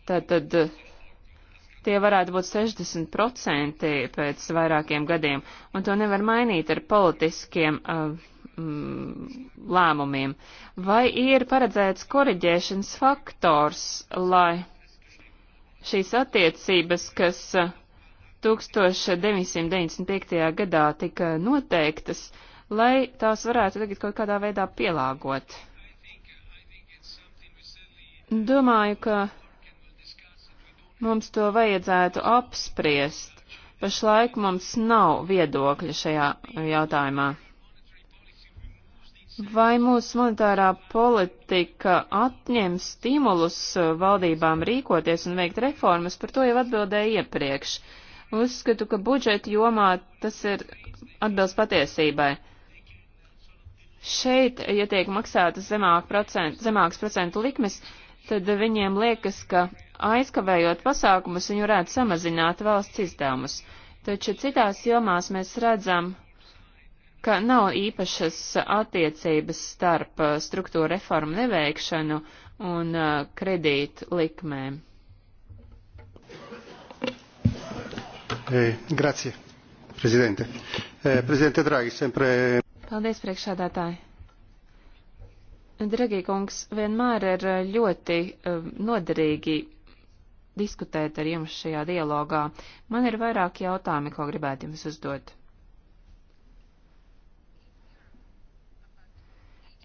Tad, tad eh, tie varētu būt 60% pēc vairākiem gadiem, un to nevar mainīt ar politiskiem uh, mm, lēmumiem. Vai ir paredzēts koriģēšanas faktors, lai šīs attiecības, kas uh, 1995. gadā tika noteiktas, lai tās varētu tagad kaut kādā veidā pielāgot. Domāju, ka mums to vajadzētu apspriest. Pašlaik mums nav viedokļa šajā jautājumā. Vai mūsu monetārā politika atņem stimulus valdībām rīkoties un veikt reformas, par to jau atbildēju iepriekš. Uh, Uzskatu, ka budžeta jomā tas ir atbilst patiesībai. Šeit, ja tiek maksātas zemāk procent, zemāks procentu likmes, tad viņiem liekas, ka aizkavējot pasākumus, viņi varētu samazināt valsts izdevumus. Taču citās jomās mēs redzam, ka nav īpašas attiecības starp uh, struktūra reformu neveikšanu un uh, kredīt likmēm. E, grazie, prezidente. E, eh, prezidente Dragi, sempre. Paldies, priekšādātāji. Dragie kungs, vienmēr ir ļoti eh, noderīgi diskutēt ar jums šajā dialogā. Man ir vairāki jautājumi, ko gribētu jums uzdot.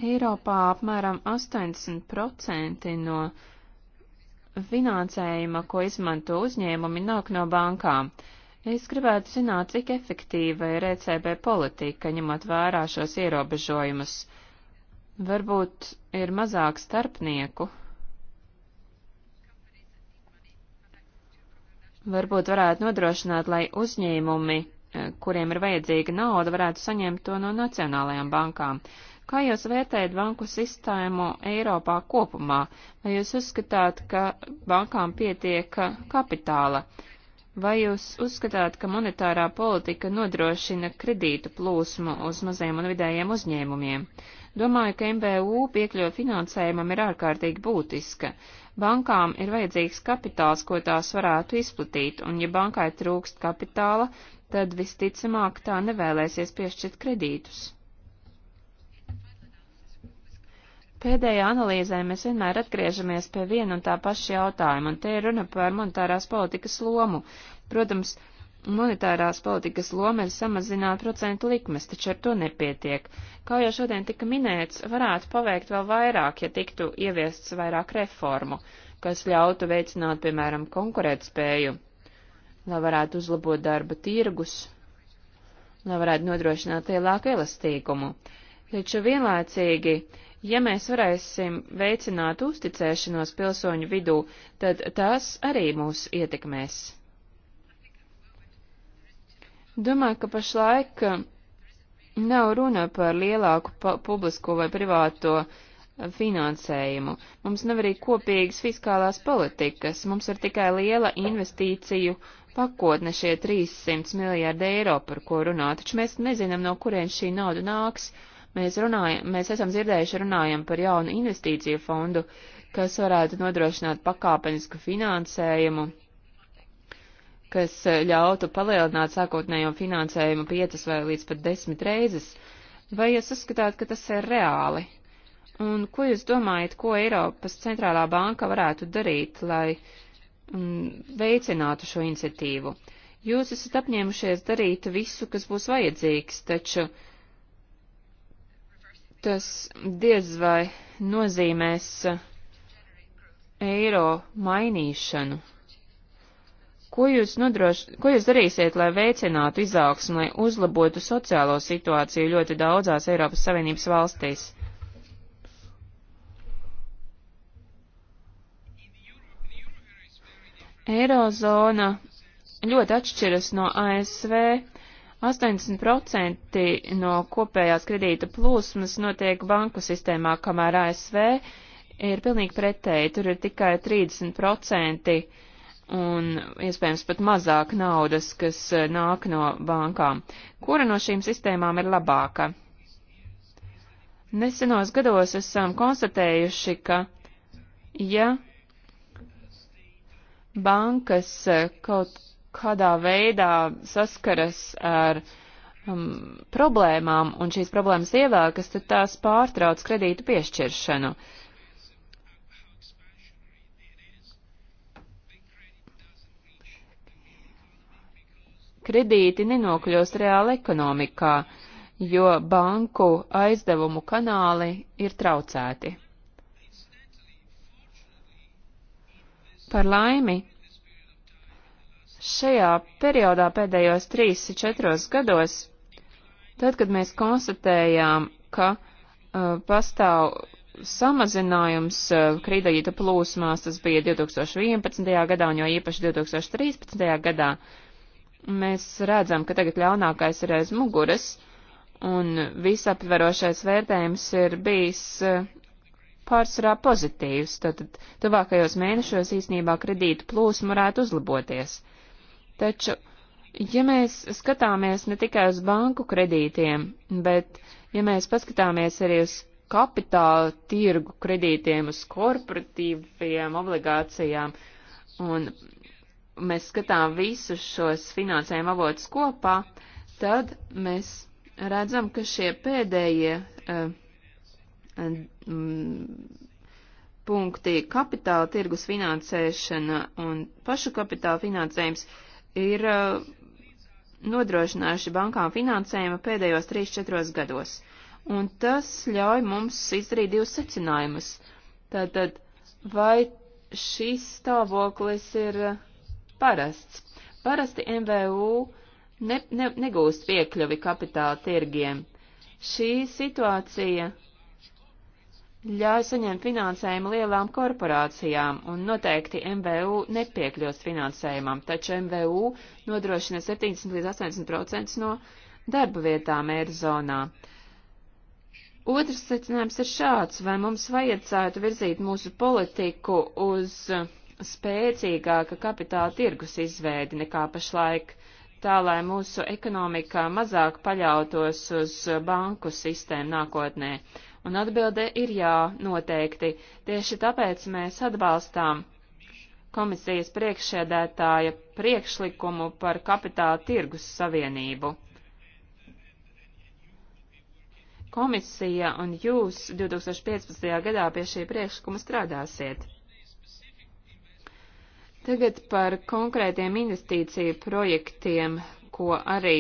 Eiropā apmēram 80% no finansējuma, ko izmanto uzņēmumi, nāk no bankām. Uh, Es gribētu zināt, cik efektīva ir ECB politika, ņemot vērā šos ierobežojumus. Varbūt ir mazāk starpnieku. Varbūt varētu nodrošināt, lai uzņēmumi, eh, kuriem ir vajadzīga nauda, varētu saņemt to no nacionālajām bankām. Kā jūs vērtējat banku sistēmu Eiropā kopumā? Vai jūs uzskatāt, ka bankām pietiek eh, kapitāla? Vai jūs uzskatāt, ka monetārā politika nodrošina kredītu plūsmu uz mazajiem un vidējiem uzņēmumiem? Domāju, ka MBU piekļuva finansējumam ir ārkārtīgi būtiska. Bankām ir vajadzīgs kapitāls, ko tās varētu izplatīt, un ja bankai trūkst kapitāla, tad visticamāk tā nevēlēsies piešķirt kredītus. Pēdējā analīzē mēs vienmēr atgriežamies pie viena un tā paša jautājuma, un te ir runa par monetārās politikas lomu. Protams, monetārās politikas loma ir samazināt procentu likmes, taču ar to nepietiek. Kā jau šodien tika minēts, varētu paveikt vēl vairāk, ja tiktu ieviests vairāk reformu, kas ļautu veicināt, piemēram, konkurētspēju, lai varētu uzlabot darba tirgus, lai varētu nodrošināt lielāku elastīgumu. Taču vienlaicīgi Ja mēs varēsim veicināt uzticēšanos pilsoņu vidū, tad tas arī mūs ietekmēs. Domāju, ka pašlaik uh, nav runa par lielāku publisko vai privāto uh, finansējumu. Mums nav arī kopīgas fiskālās politikas, mums ir tikai liela investīciju pakotne šie 300 miljārdi eiro, par ko runā, taču mēs nezinām, no kurien šī nauda nāks Mēs, runājam, mēs esam dzirdējuši runājam par jaunu investīciju fondu, kas varētu nodrošināt pakāpenisku finansējumu, kas eh, ļautu palielināt sākotnējo finansējumu piecas vai līdz pat desmit reizes. Vai jūs uzskatāt, ka tas ir reāli? Un ko jūs domājat, ko Eiropas centrālā banka varētu darīt, lai mm, veicinātu šo iniciatīvu? Jūs esat apņēmušies darīt visu, kas būs vajadzīgs, taču tas diez vai nozīmēs eiro mainīšanu. Ko jūs, nodroš, ko jūs darīsiet, lai veicinātu izaugsmu, lai uzlabotu sociālo situāciju ļoti daudzās Eiropas Savienības valstīs? Eirozona ļoti atšķiras no ASV 80% no kopējās kredīta plūsmas notiek banku sistēmā, kamēr ASV ir pilnīgi pretēji, tur ir tikai 30% un iespējams pat mazāk naudas, kas eh, nāk no bankām. Kura no šīm sistēmām ir labāka? Nesenos gados esam konstatējuši, ka ja bankas eh, kaut kādā veidā saskaras ar um, problēmām un šīs problēmas ievēkas, tad tās pārtrauc kredītu piešķiršanu. Kredīti nenokļūst reāli ekonomikā, jo banku aizdevumu kanāli ir traucēti. Par laimi, Šajā periodā pēdējos 3-4 gados, tad, kad mēs konstatējām, ka uh, pastāv samazinājums uh, kredīta plūsmās, tas bija 2011. gadā un jau īpaši 2013. gadā, mēs redzam, ka tagad ļaunākais ir aiz muguras, un visaptverošais vērtējums ir bijis uh, pārsvarā pozitīvs, tad tuvākajos mēnešos īsnībā kredītu plūsma varētu uzlaboties. Taču, ja mēs skatāmies ne tikai uz banku kredītiem, bet ja mēs paskatāmies arī uz kapitāla tirgu kredītiem, uz korporatīvajām obligācijām, un mēs skatām visus šos finansējuma avotus kopā, tad mēs redzam, ka šie pēdējie uh, punkti - kapitāla tirgus finansēšana un pašu kapitāla finansējums ir uh, nodrošinājuši bankām finansējumu pēdējos 3-4 gados. Un tas ļauj mums izdarīt divus secinājumus. Tātad, vai šis stāvoklis ir uh, parasts? Parasti MVU ne, ne, negūst piekļuvi kapitāla tirgiem. Šī situācija ļauj saņemt finansējumu lielām korporācijām, un noteikti MVU nepiekļūst finansējumam, taču MVU nodrošina 70 līdz 80% no darba vietām Eirozonā. Otrs secinājums ir šāds, vai mums vajadzētu virzīt mūsu politiku uz spēcīgāka kapitāla tirgus izveidi nekā pašlaik, tā lai mūsu ekonomika mazāk paļautos uz banku sistēmu nākotnē Un atbilde ir jā, noteikti. Tieši tāpēc mēs atbalstām komisijas priekšsēdētāja priekšlikumu par kapitāla tirgus savienību. Komisija un jūs 2015. gadā pie šī priekšlikuma strādāsiet. Tagad par konkrētiem investīciju projektiem, ko arī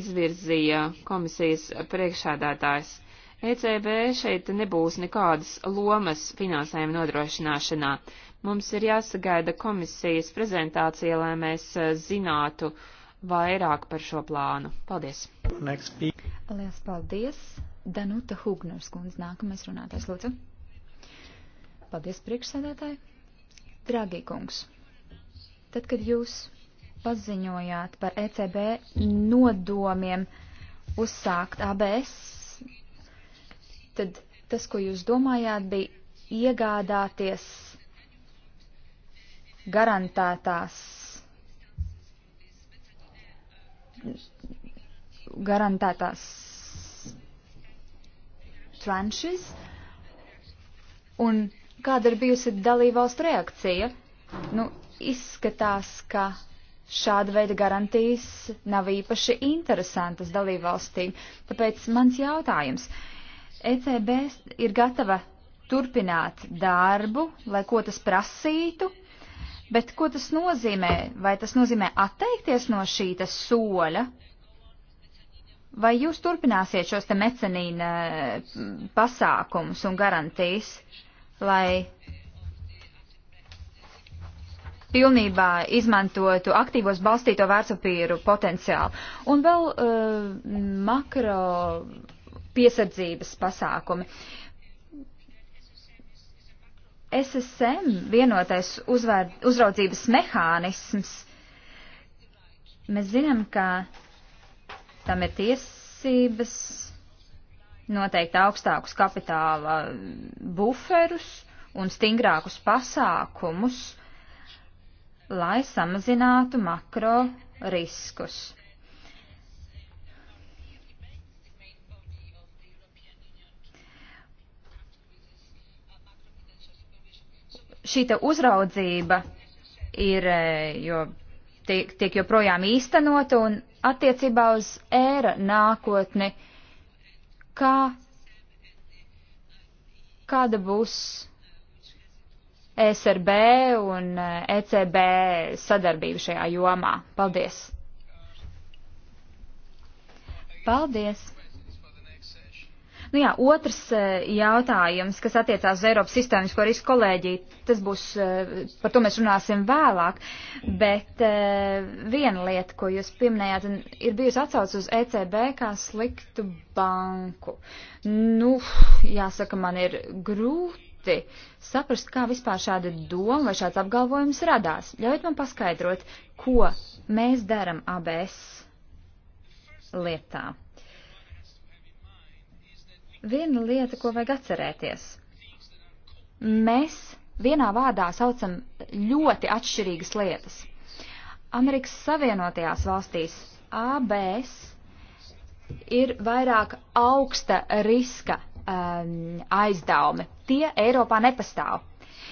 izvirzīja komisijas priekšādātājs. ECB šeit nebūs nekādas lomas finansējuma nodrošināšanā. Mums ir jāsagaida komisijas prezentācija, lai mēs e, zinātu vairāk par šo plānu. Paldies! Lielas paldies! Danuta Hugners kundze, nākamais runātājs, lūdzu. Paldies, priekšsēdētāji! Dragi kungs, tad, kad jūs paziņojāt par ECB nodomiem uzsākt ABS tad tas, ko jūs domājāt, bija iegādāties garantētās, garantētās tranšas, un kāda ir bijusi dalībvalstu reakcija? Nu, izskatās, ka šāda veida garantijas nav īpaši interesantas dalībvalstīm, tāpēc mans jautājums, ECB ir gatava turpināt darbu, lai ko tas prasītu, bet ko tas nozīmē? Vai tas nozīmē atteikties no šīta soļa? Vai jūs turpināsiet šos te mecenīna mm, pasākumus un garantīs, lai pilnībā izmantotu aktīvos balstīto vērtspapīru potenciālu? Un vēl uh, makro piesardzības pasākumi. SSM vienotais uzvēr, uzraudzības mehānisms. Mēs zinām, ka tam ir tiesības noteikt augstākus kapitāla buferus un stingrākus pasākumus, lai samazinātu makro riskus. šī te uzraudzība ir, e, jo tiek, tiek joprojām īstenota un attiecībā uz ēra nākotni, kā, kāda būs SRB un ECB e sadarbība šajā jomā. Paldies! Paldies! Nu jā, otrs eh, jautājums, kas attiecās uz Eiropas sistēmisko risku kolēģiju, tas būs, eh, par to mēs runāsim vēlāk, bet eh, viena lieta, ko jūs pieminējāt, ir bijusi atsauc uz ECB kā sliktu banku. Nu, jāsaka, man ir grūti grūti saprast, kā vispār šāda doma vai šāds apgalvojums radās. Ļaujiet man paskaidrot, ko mēs daram ABS lietā. Viena lieta, ko vajag atcerēties. Mēs vienā vārdā saucam ļoti atšķirīgas lietas. Amerikas Savienotajās valstīs ABS ir vairāk augsta riska um, aizdevumi. Tie Eiropā nepastāv.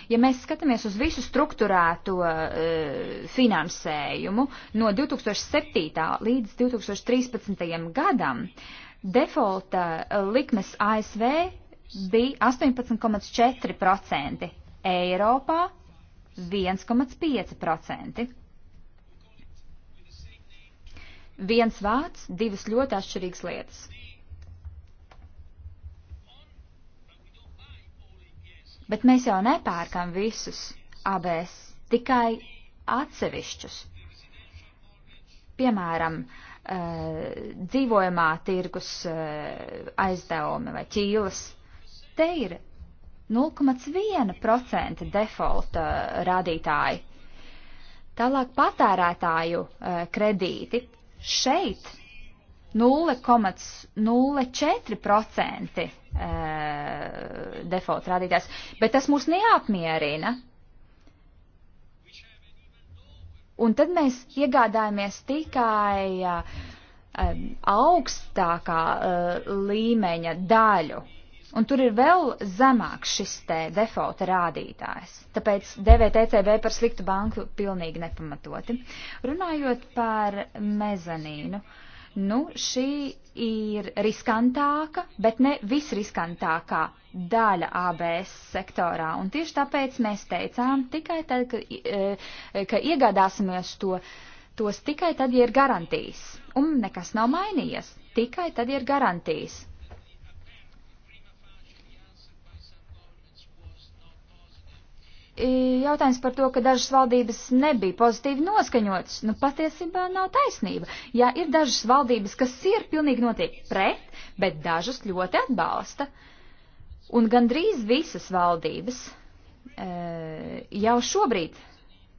Ja mēs skatāmies uz visu struktūrēto uh, finansējumu no 2007. līdz 2013. gadam, uh, defaulta eh, likmes ASV bija 18,4%, Eiropā 1,5%. Viens vārds, divas ļoti atšķirīgas lietas. Bet mēs jau nepērkam visus ABS, tikai atsevišķus. Piemēram, uh, Eh, dzīvojamā tirgus eh, aizdevumi vai ķīlas. Te ir 0,1% defaulta eh, rādītāji. Tālāk patērētāju kredīti. Šeit 0,04% default rādītājs, bet tas mūs neapmierina. Un tad mēs iegādājamies tikai um, augstākā uh, līmeņa daļu. Un tur ir vēl zemāks šis te defaulta rādītājs. Tāpēc dēvēt ECB par sliktu banku pilnīgi nepamatoti. Runājot par mezanīnu. Uh, Nu, šī ir riskantāka, bet ne visriskantākā daļa ABS sektorā. Un tieši tāpēc mēs teicām tikai tad, ka, e, ka iegādāsimies to, tos tikai tad, ja ir garantijas. Un nekas nav mainījies. Tikai tad, ja ir garantijas. jautājums par to, ka dažas valdības nebija pozitīvi noskaņotas, nu patiesībā nav taisnība. Jā, ir dažas valdības, kas ir pilnīgi notiek pret, bet dažas ļoti atbalsta. Un gandrīz visas valdības e, jau šobrīd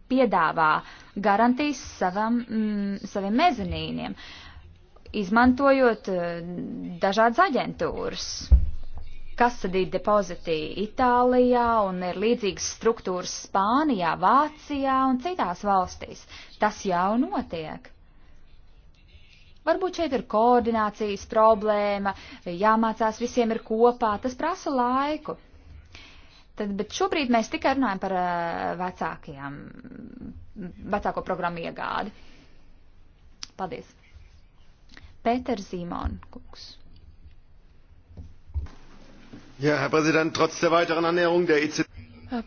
piedāvā garantijas savam, mm, saviem mezenīniem, izmantojot e, dažādas aģentūras kasadī depozitī Itālijā un ir līdzīgas struktūras Spānijā, Vācijā un citās valstīs. Tas jau notiek. Varbūt šeit ir koordinācijas problēma, jāmācās visiem ir kopā, tas prasa laiku. Tad, bet šobrīd mēs tikai runājam par eh, vecākajām, vecāko programmu iegādi. Paldies. Pēters Zīmon, kungs. Jā, Herr Präsident, trotz der weiteren Annäherung der ECB.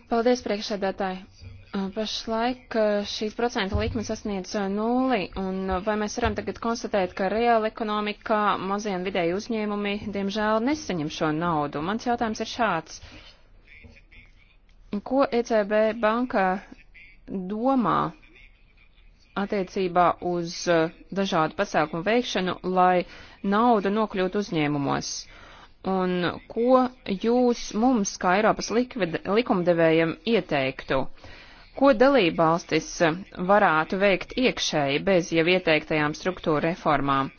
Paldies, priekšsēdētāji. Pašlaik šīs procentu likmes sasniedz nulli, un vai mēs varam tagad konstatēt, ka reāla ekonomika, mazie un vidēji uzņēmumi, diemžēl nesaņem šo naudu? Mans jautājums ir šāds. Ko ECB banka domā attiecībā uz dažādu pasākumu veikšanu, lai nauda nokļūtu uzņēmumos? Uh, un ko jūs mums, kā Eiropas likumdevējiem, ieteiktu? Ko dalībvalstis varētu veikt iekšēji bez jau ieteiktajām struktūra reformām,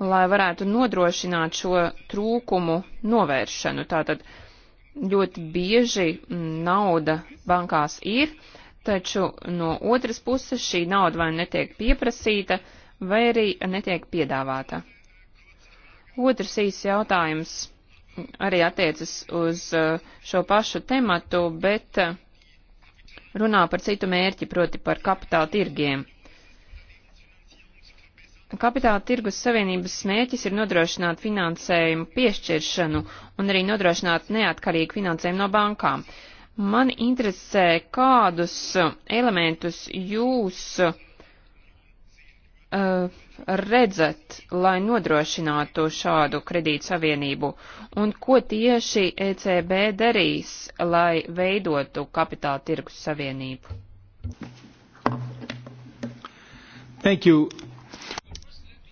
lai varētu nodrošināt šo trūkumu novēršanu? Tātad ļoti bieži nauda bankās ir, taču no otras puses šī nauda vai nu netiek pieprasīta, vai arī netiek piedāvāta. Otrs īsts jautājums arī attiecas uz uh, šo pašu tematu, bet uh, runā par citu mērķi, proti par kapitāla tirgiem. Kapitāla tirgus savienības mērķis ir nodrošināt finansējumu piešķiršanu un arī nodrošināt neatkarīgu finansējumu no bankām. Man interesē, kādus uh, elementus jūs uh, redzat, lai nodrošinātu šādu kredītu savienību, un ko tieši ECB darīs, lai veidotu kapitāla tirgus savienību? Thank you.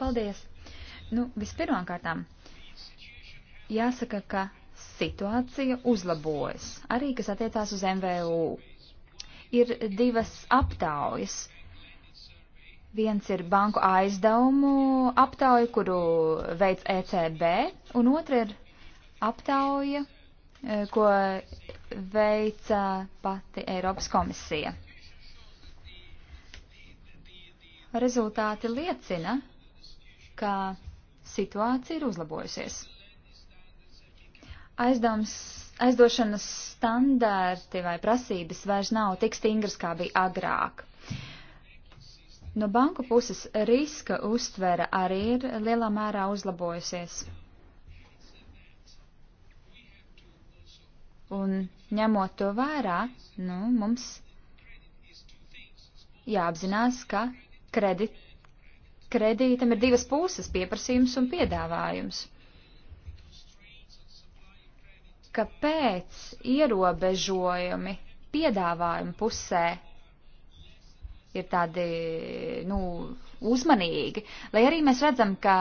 Paldies. Nu, vispirmkārtām, jāsaka, ka situācija uzlabojas, arī kas attiecās uz MVU. Ir divas aptaujas, Viens ir banku aizdevumu aptauja, kuru veids ECB, un otra ir aptauja, e, ko veica pati Eiropas komisija. Rezultāti liecina, ka situācija ir uzlabojusies. Aizdevums, aizdošanas standārti vai prasības vairs nav tik stingras, kā bija agrāk. No banku puses riska uztvere arī ir lielā mērā uzlabojusies. Un ņemot to vērā, nu, mums jāapzinās, ka kredit, kredītam ir divas puses - pieprasījums un piedāvājums. Kāpēc ierobežojumi piedāvājuma pusē ir tādi, nu, uzmanīgi, lai arī mēs redzam, ka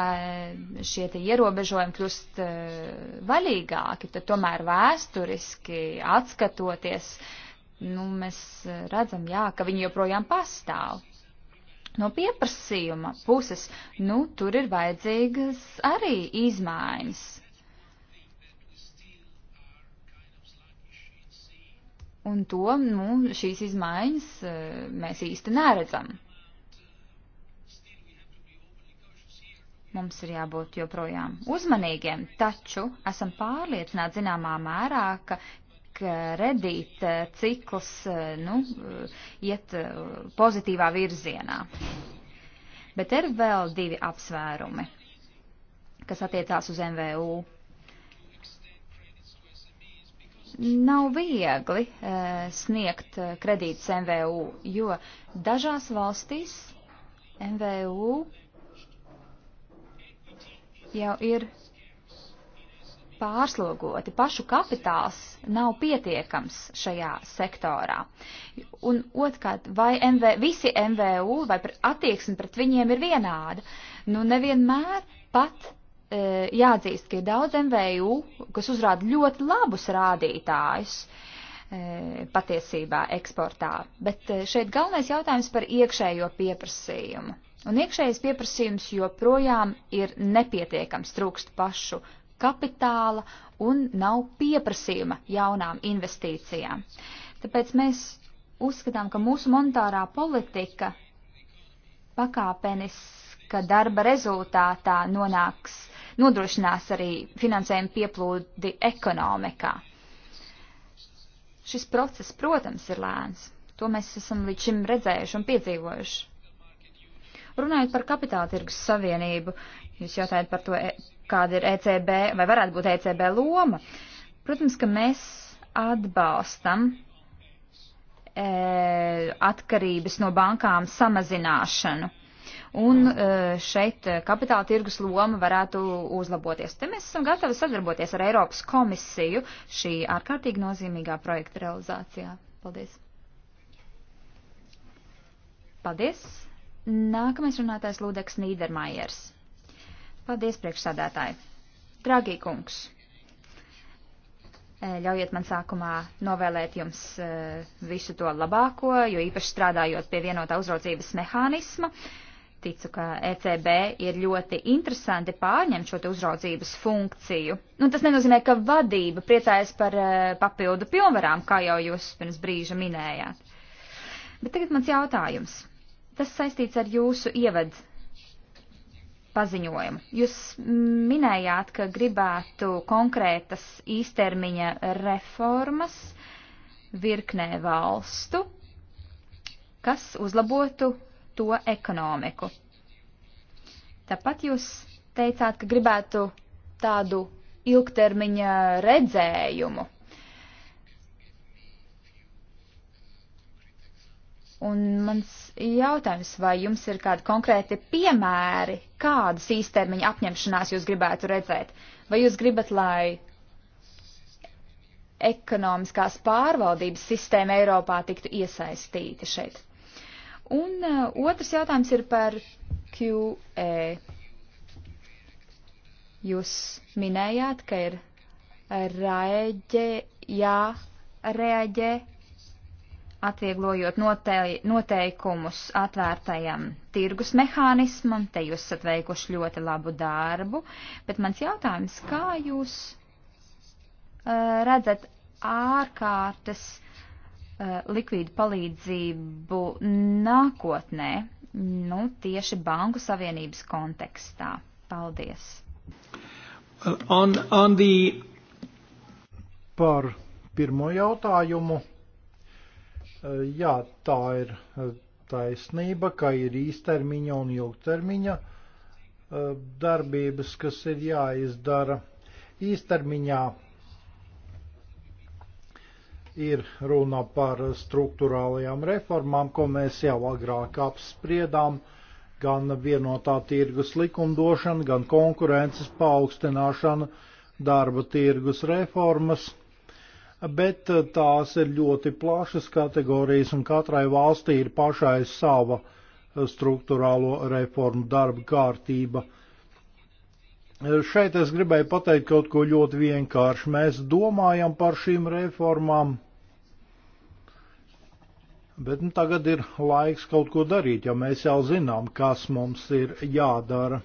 šie te ierobežojumi kļūst e, vaļīgāki, tad tomēr vēsturiski atskatoties, nu, mēs redzam, jā, ka viņi joprojām pastāv. No pieprasījuma puses, nu, tur ir vajadzīgas arī izmaiņas. Un to nu, šīs izmaiņas e, mēs īsti neredzam. Mums ir jābūt joprojām uzmanīgiem, taču esam pārliecināti zināmā mērā, ka kredīt e, cikls e, nu, iet pozitīvā virzienā. Bet ir vēl divi apsvērumi, kas attiecās uz MVU Nav viegli eh, sniegt eh, kredītus MVU, jo dažās valstīs MVU jau ir pārslogoti, pašu kapitāls nav pietiekams šajā sektorā. Un otrkārt, vai MV, visi MVU vai attieksme pret viņiem ir vienāda? Nu, nevienmēr pat E, jāatzīst, ka ir daudz MVU, kas uzrāda ļoti labus rādītājus e, patiesībā eksportā. Bet e, šeit galvenais jautājums par iekšējo pieprasījumu. Un iekšējais pieprasījums joprojām ir nepietiekams, trūkst pašu kapitāla un nav pieprasījuma jaunām investīcijām. Tāpēc mēs uzskatām, ka mūsu monetārā politika pakāpeniski ka darba rezultātā nonāks, nodrošinās arī finansējumu pieplūdi ekonomikā. Šis process, protams, ir lēns. To mēs esam līdz šim redzējuši un piedzīvojuši. Runājot par kapitāla tirgus savienību, jūs jautājat par to, e, kāda ir ECB vai varētu būt ECB loma. Protams, ka mēs atbalstam e, atkarības no bankām samazināšanu un e, šeit e, kapitāla tirgus loma varētu uzlaboties. Te mēs esam gatavi sadarboties ar Eiropas komisiju šī ārkārtīgi nozīmīgā projekta realizācijā. Paldies! Paldies! Nākamais runātājs Lūdeks Nīdermājers. Paldies, priekšsādātāji! Dragī kungs! E, ļaujiet man sākumā novēlēt jums visu to labāko, jo īpaši strādājot pie vienotā uzraudzības mehānisma. Uh, ticu, ka ECB ir ļoti interesanti pārņemt šo uzraudzības funkciju. Nu, tas nenozīmē, ka vadība priecājas par uh, papildu pilnvarām, kā jau jūs pirms brīža minējāt. Bet tagad mans jautājums. Tas saistīts ar jūsu ievadu paziņojumu. Jūs minējāt, ka gribētu konkrētas īstermiņa reformas virknē valstu, kas uzlabotu to ekonomiku. Tāpat jūs teicāt, ka gribētu tādu ilgtermiņa redzējumu. Un mans jautājums, vai jums ir kādi konkrēti piemēri, kādas īstermiņa apņemšanās jūs gribētu redzēt? Vai jūs gribat, lai ekonomiskās pārvaldības sistēma Eiropā tiktu iesaistīta šeit? Un uh, otrs jautājums ir par QE. Jūs minējāt, ka ir rēģē, jāreaģē, atvieglojot notei, noteikumus atvērtajam tirgus mehānismam. Te jūs esat veikuši ļoti labu darbu, bet mans jautājums, kā jūs uh, redzat ārkārtas Uh, likvīdu palīdzību nākotnē, nu, tieši Banku Savienības kontekstā? Paldies! Uh, on, on the... Par pirmo jautājumu. Uh, jā, tā ir taisnība, ka ir īstermiņa un ilgtermiņa darbības, kas ir jāizdara. Īstermiņā ir runa par struktūrālajām reformām, ko mēs jau agrāk apspriedām, gan vienotā tirgus likumdošana, gan konkurences paaugstināšana, darba tirgus reformas, bet tās ir ļoti plašas kategorijas un katrai valstī ir pašai sava struktūrālo reformu darba kārtība. Šeit es gribēju pateikt kaut ko ļoti vienkārši. Mēs domājam par šīm reformām Bet nu, tagad ir laiks kaut ko darīt, jo mēs jau zinām, kas mums ir jādara.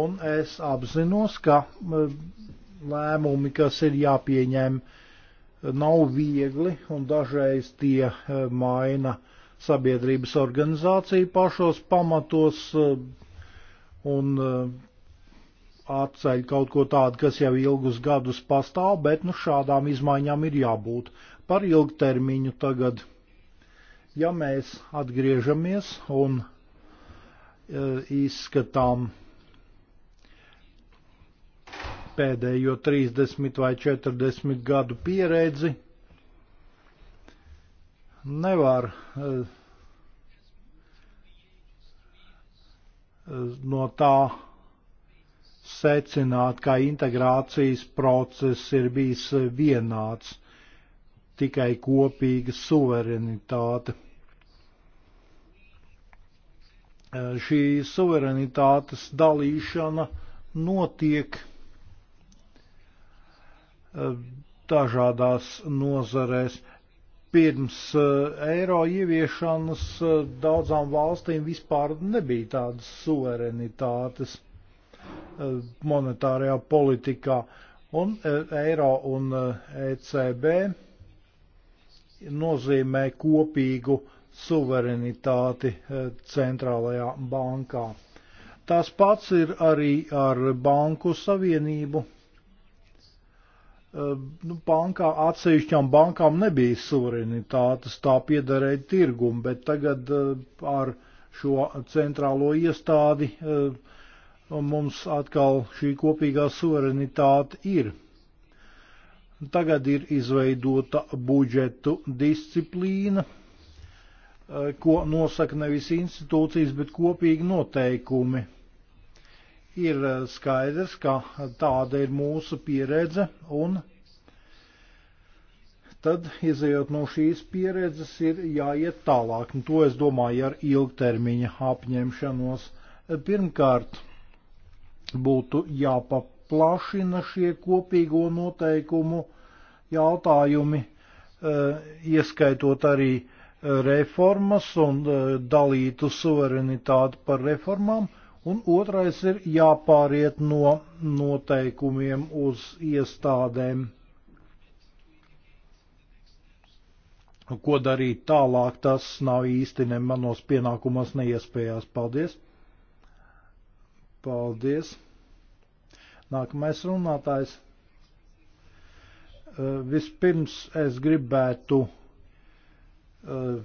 Un es apzinos, ka lēmumi, kas ir jāpieņem, nav viegli un dažreiz tie e, maina sabiedrības organizāciju pašos pamatos e, un e, atceļ kaut ko tādu, kas jau ilgus gadus pastāv, bet nu šādām izmaiņām ir jābūt par ilgtermiņu tagad. Ja mēs atgriežamies un e, izskatām pēdējo 30 vai 40 gadu pieredzi, nevar e, e, no tā secināt, ka integrācijas process ir bijis vienāds tikai kopīga suverenitāte. Eh, šī suverenitātes dalīšana notiek eh, dažādās nozarēs. Pirms eh, eiro ieviešanas daudzām valstīm vispār nebija tādas suverenitātes monetārajā politikā, un eiro un ECB e nozīmē kopīgu suverenitāti eh, centrālajā bankā. Tas pats ir arī ar banku savienību. Eh, nu, bankā atsevišķām bankām nebija suverenitātes, tā piederēja tirgumu, bet tagad eh, ar šo centrālo iestādi mums atkal šī kopīgā suverenitāte ir. Tagad ir izveidota budžetu disciplīna, eh, ko nosaka nevis institūcijas, bet kopīgi noteikumi. Ir eh, skaidrs, ka tāda ir mūsu pieredze un tad, izējot no šīs pieredzes, ir jāiet tālāk. Un to es domāju ar ilgtermiņa apņemšanos. Pirmkārt, būtu jāpapildina plašina šie kopīgo noteikumu jautājumi, eh, ieskaitot arī eh, reformas un eh, dalītu suverenitāti par reformām, un otrais ir jāpāriet no noteikumiem uz iestādēm. Ko darīt tālāk, tas nav īsti ne manos pienākumos neiespējās. Paldies! Paldies! Nākamais runātājs. Eh, vispirms es gribētu eh,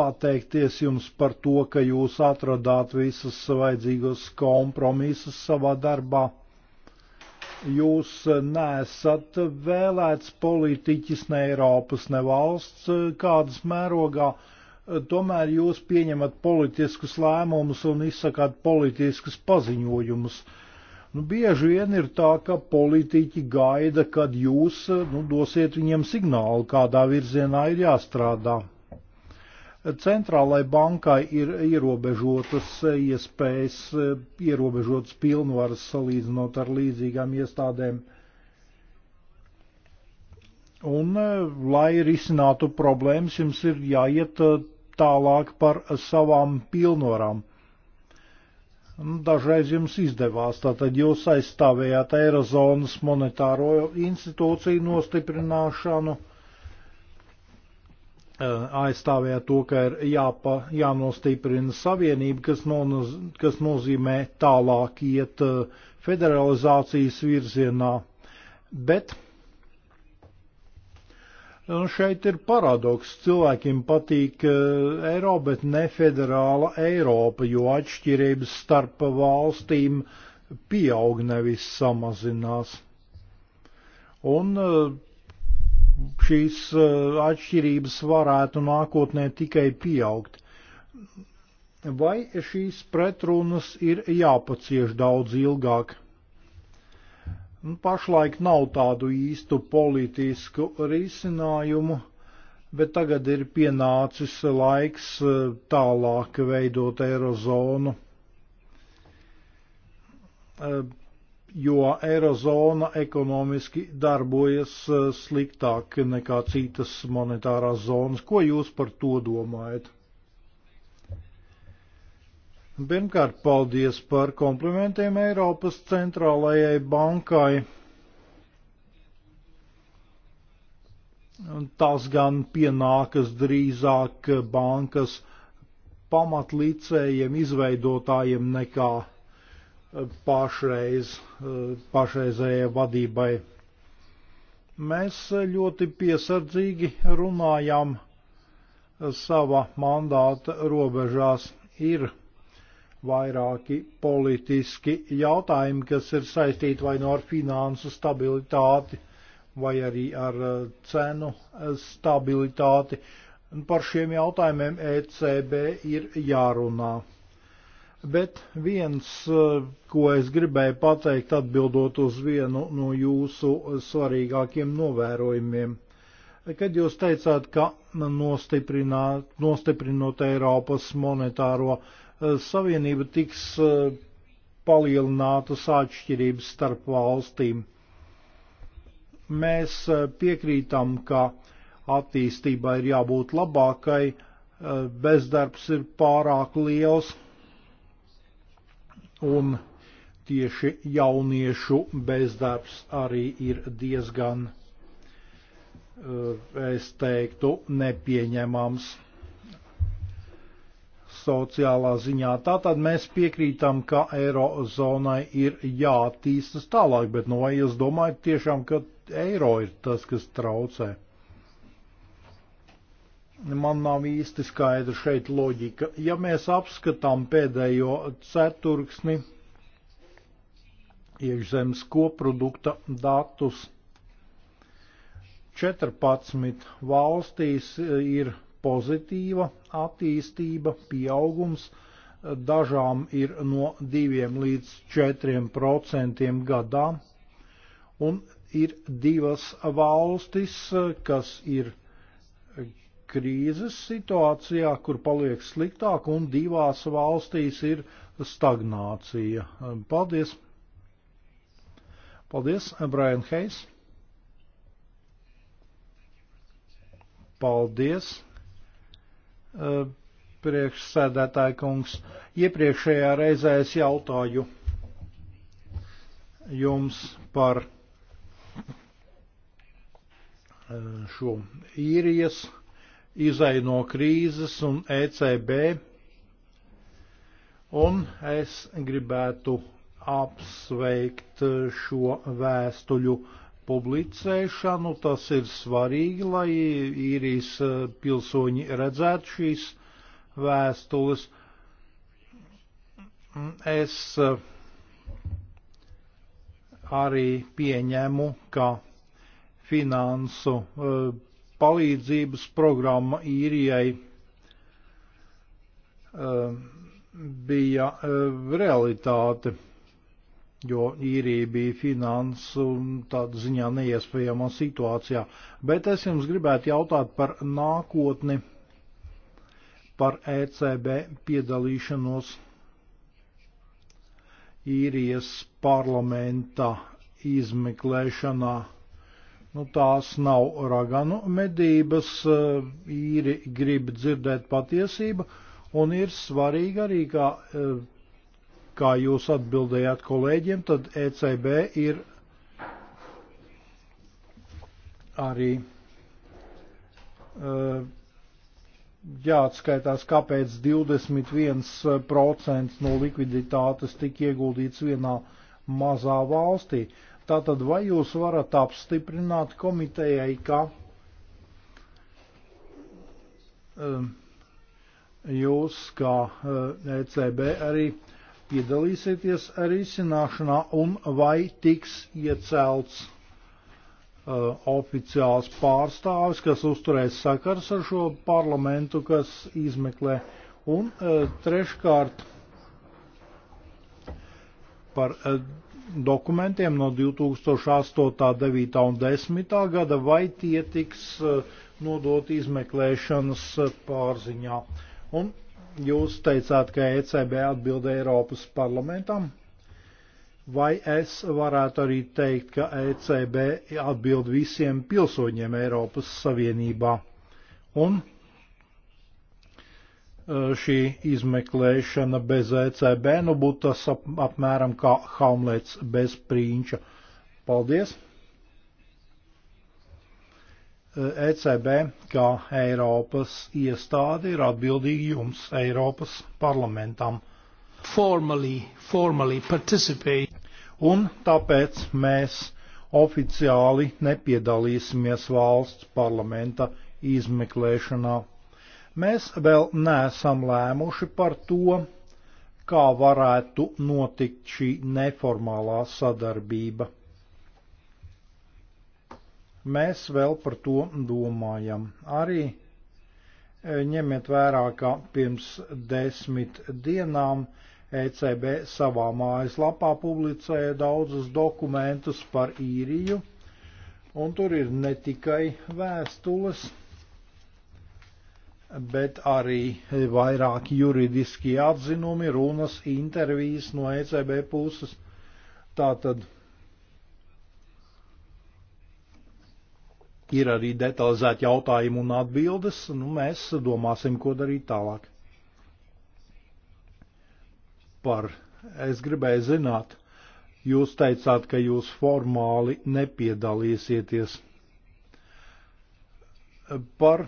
pateikties jums par to, ka jūs atradāt visas vajadzīgos kompromisus savā darbā. Jūs eh, nesat vēlēts politiķis ne Eiropas, ne valsts kādas mērogā, tomēr jūs pieņemat politiskus lēmumus un izsakāt politiskus paziņojumus. Uh, Nu, bieži vien ir tā, ka politiķi gaida, kad jūs nu, dosiet viņiem signālu, kādā virzienā ir jāstrādā. Centrālai bankai ir ierobežotas iespējas, ierobežotas pilnvaras salīdzinot ar līdzīgām iestādēm. Un, lai risinātu problēmas, jums ir jāiet uh, tālāk par savām pilnvarām. Nu, dažreiz jums izdevās, tātad jūs aizstāvējāt Eirozonas monetāro institūciju nostiprināšanu, eh, aizstāvējāt to, ka ir jāpa, jānostiprina savienība, kas, noz, kas nozīmē tālāk iet eh, federalizācijas virzienā, bet Un šeit ir paradoks. Cilvēkiem patīk eh, eiro, bet ne federāla Eiropa, jo atšķirības starp valstīm pieaug nevis samazinās. Un eh, šīs eh, atšķirības varētu nākotnē tikai pieaugt. Vai šīs pretrunas ir jāpacieš daudz ilgāk? Nu, pašlaik nav tādu īstu politisku risinājumu, bet tagad ir pienācis laiks eh, tālāk veidot eirozonu. Eh, jo eirozona ekonomiski darbojas eh, sliktāk nekā citas monetārās zonas. Ko jūs par to domājat? Pirmkārt, paldies par komplimentiem Eiropas centrālajai bankai. Tas gan pienākas drīzāk bankas pamatlicējiem, izveidotājiem nekā eh, pašreiz, eh, pašreizējai vadībai. Mēs ļoti piesardzīgi runājam sava mandāta robežās. Ir vairāki politiski jautājumi, kas ir saistīti vai nu no ar finansu stabilitāti, vai arī ar eh, cenu eh, stabilitāti. Un par šiem jautājumiem ECB ir jārunā. Bet viens, eh, ko es gribēju pateikt, atbildot uz vienu no jūsu svarīgākiem novērojumiem. Kad jūs teicāt, ka nostiprinot Eiropas monetāro Eh, savienība tiks eh, palielinātas atšķirības starp valstīm. Mēs eh, piekrītam, ka attīstībai ir jābūt labākai, bezdarbs ir pārāk liels un tieši jauniešu bezdarbs arī ir diezgan, es teiktu, nepieņemams sociālā ziņā. Tātad mēs piekrītam, ka eirozonai ir jātīstas tālāk, bet no nu, vai jūs domājat tiešām, ka eiro ir tas, kas traucē? Man nav īsti skaidra šeit loģika. Ja mēs apskatām pēdējo ceturksni iekšzemes koprodukta datus, 14 valstīs e, ir pozitīva attīstība, pieaugums. Eh, dažām ir no 2 līdz 4 procentiem gadā. Un ir divas valstis, eh, kas ir eh, krīzes situācijā, kur paliek sliktāk, un divās valstīs ir stagnācija. Paldies! Paldies, Brian Heis! Paldies! Eh, priekšsēdētāja kungs. Iepriekšējā reizē es jautāju jums par eh, šo īrijas izai no krīzes un ECB, un es gribētu apsveikt eh, šo vēstuļu uh, publicēšanu. Tas ir svarīgi, lai īrijas e, pilsoņi redzētu šīs vēstules. Mm, es e, arī pieņemu, ka finansu e, palīdzības programma īrijai bija realitāte jo īrija bija finansu tādā ziņā neiespējamā situācijā. Bet es jums gribētu jautāt par nākotni, par ECB piedalīšanos īrijas parlamenta izmeklēšanā. Nu, tās nav raganu medības, īri grib dzirdēt patiesību, un ir svarīgi arī, kā kā jūs atbildējāt kolēģiem, tad ECB ir arī uh, jāatskaitās, kāpēc 21% no likviditātes tika ieguldīts vienā mazā valstī. Tātad vai jūs varat apstiprināt komitejai, ka uh, jūs kā uh, eh, ECB arī uh, piedalīsieties arī sināšanā un vai tiks iecelts uh, oficiāls pārstāvis, kas uzturēs sakars ar šo parlamentu, kas izmeklē. Un uh, treškārt par uh, dokumentiem no 2008, 9 un 10 gada, vai tie tiks uh, nodot izmeklēšanas uh, pārziņā. Un Jūs teicāt, ka ECB atbild Eiropas parlamentam. Vai es varētu arī teikt, ka ECB atbild visiem pilsoņiem Eiropas Savienībā? Un e, šī izmeklēšana bez ECB, nu būtu tas ap, apmēram kā Hamlets bez prīņķa. Paldies! ECB eh, e kā Eiropas iestāde ir atbildīga jums, Eiropas parlamentam. Formally, formally participate. Un tāpēc mēs oficiāli nepiedalīsimies valsts parlamenta izmeklēšanā. Mēs vēl neesam lēmuši par to, kā varētu notikt šī neformālā sadarbība. Mēs vēl par to domājam. Arī e, ņemiet vērā, ka pirms desmit dienām ECB savā mājaslapā publicēja daudzus dokumentus par īriju, un tur ir ne tikai vēstules, bet arī vairāki juridiski atzinumi, runas, intervijas no ECB puses. Tātad Ir arī detalizēti jautājumi un atbildes. Nu, mēs domāsim, ko darīt tālāk. Par es gribēju zināt, jūs teicāt, ka jūs formāli nepiedalīsieties par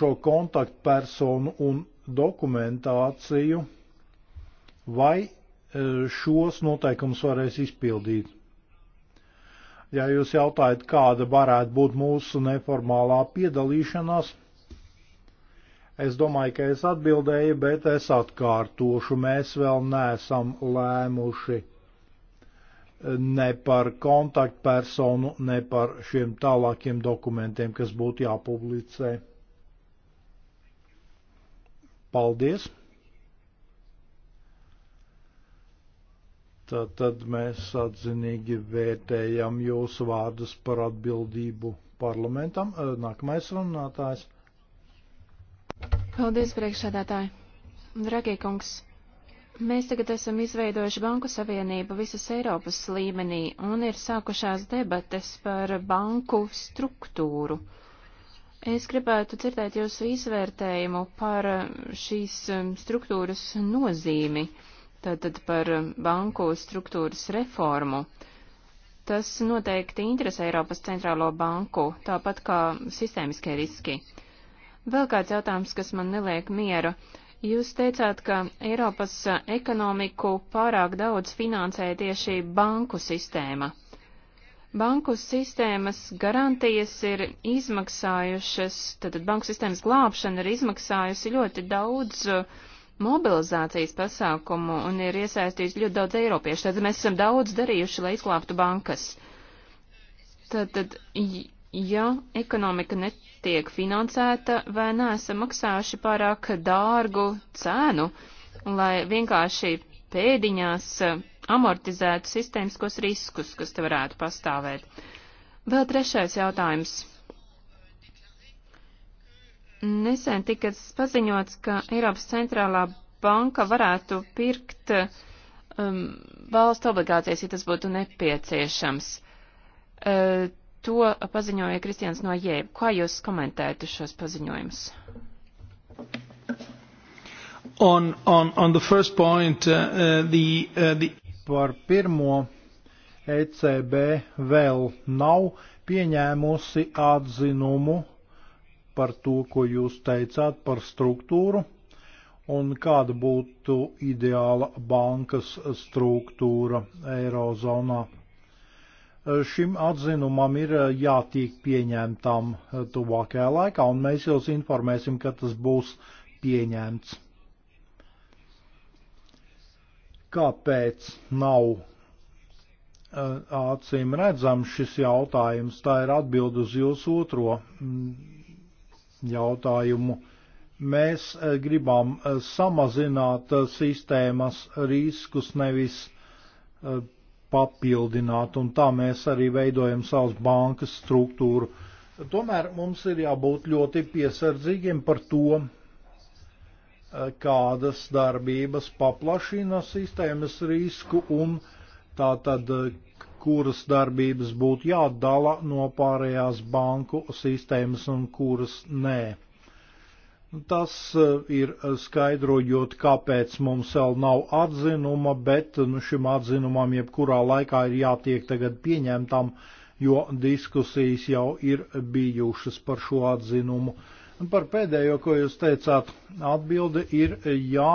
šo kontaktpersonu un dokumentāciju, vai eh, šos noteikums varēs izpildīt. Ja jūs jautājat, kāda varētu būt mūsu neformālā piedalīšanās, es domāju, ka es atbildēju, bet es atkārtošu, mēs vēl neesam lēmuši ne par kontaktpersonu, ne par šiem tālākiem dokumentiem, kas būtu jāpublicē. Paldies! Tad mēs atzinīgi vērtējam jūsu vārdus par atbildību parlamentam. Nākamais runātājs. Paldies, priekšsēdētāji. Dragie kungs, mēs tagad esam izveidojuši Banku Savienību visas Eiropas līmenī un ir sākušās debates par banku struktūru. Es gribētu dzirdēt jūsu izvērtējumu par šīs struktūras nozīmi. Uh, tātad par um, banku struktūras reformu. Tas noteikti interesē Eiropas centrālo banku, tāpat kā sistēmiskie riski. Vēl kāds jautājums, kas man neliek mieru. Jūs teicāt, ka Eiropas uh, ekonomiku pārāk daudz finansē tieši banku sistēma. Banku sistēmas garantijas ir izmaksājušas, tātad banku sistēmas glābšana ir izmaksājusi ļoti daudz uh, mobilizācijas pasākumu un ir iesaistīts ļoti daudz eiropiešu. Tad mēs esam daudz darījuši, lai izglābtu bankas. Tad, tad ja ekonomika netiek finansēta vai neesam maksājuši pārāk dārgu cēnu, lai vienkārši pēdiņās amortizētu sistēmiskos riskus, kas te varētu pastāvēt. Vēl trešais jautājums Nesen tika paziņots, ka Eiropas centrālā banka varētu pirkt um, valsts obligācijas, ja tas būtu nepieciešams. Uh, to paziņoja Kristians no Jēb. Kā jūs komentētu šos paziņojumus? On, on, on the first point, uh, uh the, uh, the... Par pirmo ECB vēl nav pieņēmusi atzinumu par to, ko jūs teicāt par struktūru un kāda būtu ideāla bankas struktūra Eirozonā. Šim atzinumam ir eh, jātiek pieņemtam eh, tuvākajā laikā, un mēs jūs informēsim, ka tas būs pieņemts. Kāpēc nav eh, acīm redzams šis jautājums? Tā ir atbild uz jūsu otro mm, jautājumu. Mēs eh, gribam eh, samazināt eh, sistēmas riskus, nevis papildināt, un tā mēs arī veidojam savas bankas struktūru. Tomēr mums ir jābūt ļoti piesardzīgiem par to, kādas darbības paplašina sistēmas risku un tā tad kuras darbības būtu jādala no pārējās banku sistēmas un kuras nē. Tas eh, ir skaidrojot, kāpēc mums vēl nav atzinuma, bet nu, šim atzinumam jebkurā laikā ir jātiek tagad pieņemtam, jo diskusijas jau ir bijušas par šo atzinumu. Un par pēdējo, ko jūs teicāt, atbilde ir jā. Ja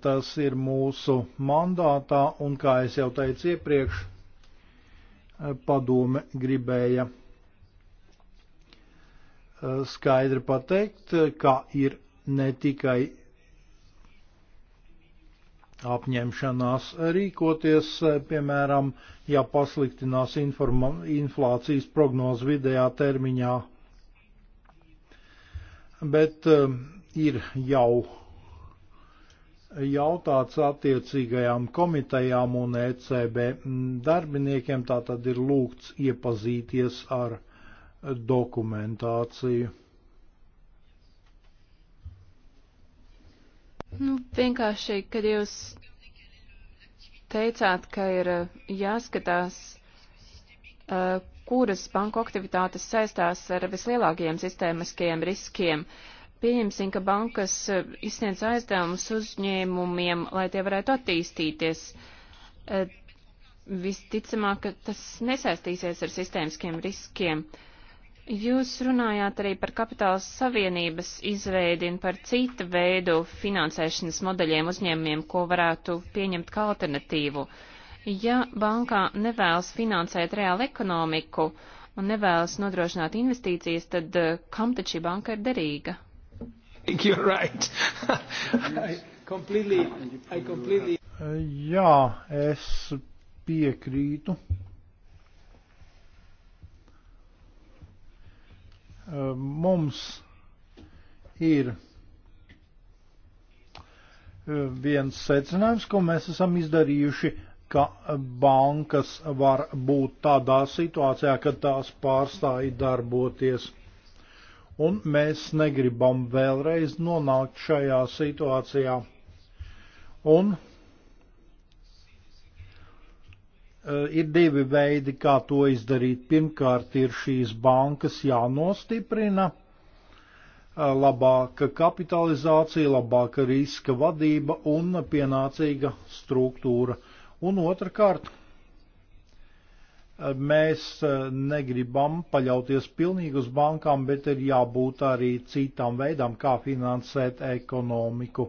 Tas ir mūsu mandātā, un, kā es jau teicu iepriekš, eh, padome gribēja eh, skaidri pateikt, ka ir ne tikai apņemšanās rīkoties, eh, piemēram, ja pasliktinās informa, inflācijas prognoze vidējā termiņā, bet ir jau jautāts attiecīgajām komitejām un ECB darbiniekiem, tā tad ir lūgts iepazīties ar dokumentāciju. Nu, vienkārši, kad jūs teicāt, ka ir uh, jāskatās, uh, kuras banku aktivitātes saistās ar vislielākajiem sistēmiskajiem riskiem, uh, Pieņemsim, ka bankas eh, izsniedz aizdevumus uzņēmumiem, lai tie varētu attīstīties. Eh, visticamāk, ka tas nesaistīsies ar sistēmiskiem riskiem. Jūs runājāt arī par kapitāla savienības izveidi un par citu veidu finansēšanas modeļiem uzņēmumiem, ko varētu pieņemt kā alternatīvu. Ja bankā nevēlas finansēt reālu ekonomiku un nevēlas nodrošināt investīcijas, tad eh, kam tad šī banka ir derīga? You're right. I completely, I completely... Jā, es piekrītu. Mums ir viens secinājums, ko mēs esam izdarījuši, ka bankas var būt tādā situācijā, ka tās pārstāja darboties un mēs negribam vēlreiz nonākt šajā situācijā. Un e, ir divi veidi, kā to izdarīt. Pirmkārt, ir šīs bankas jānostiprina, e, labāka kapitalizācija, labāka riska vadība un pienācīga struktūra. Un otrkārt, Mēs eh, negribam paļauties pilnīgi uz bankām, bet ir jābūt arī citām veidām, kā finansēt ekonomiku.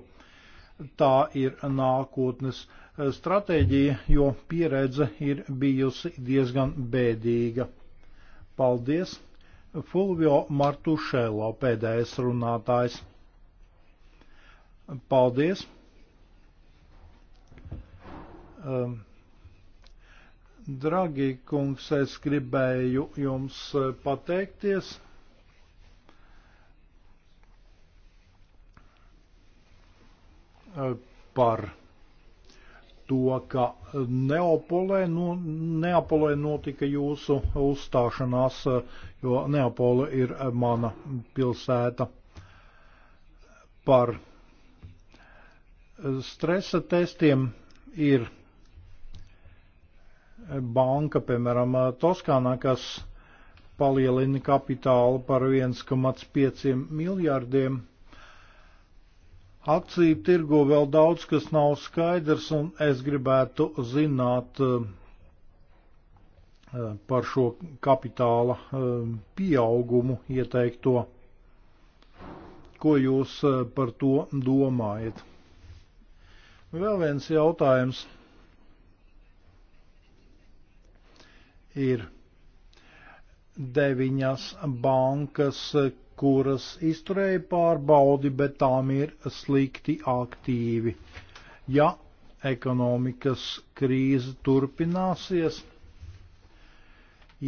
Tā ir nākotnes eh, stratēģija, jo pieredze ir bijusi diezgan bēdīga. Paldies! Fulvio Martušēlo pēdējais runātājs. Paldies! Um, Dragi kungs, es gribēju jums e, pateikties. E, par to, ka Neapolē, nu, Neapolē notika jūsu uzstāšanās, e, jo Neapole ir mana pilsēta par stresa testiem ir banka, piemēram, Toskānā, kas palielina kapitālu par 1,5 miljārdiem. Akciju tirgo vēl daudz, kas nav skaidrs, un es gribētu zināt par šo kapitāla pieaugumu ieteikto. Ko jūs par to domājat? Vēl viens jautājums. ir deviņas bankas, kuras izturēja pārbaudi, bet tām ir slikti aktīvi. Ja ekonomikas krīze turpināsies,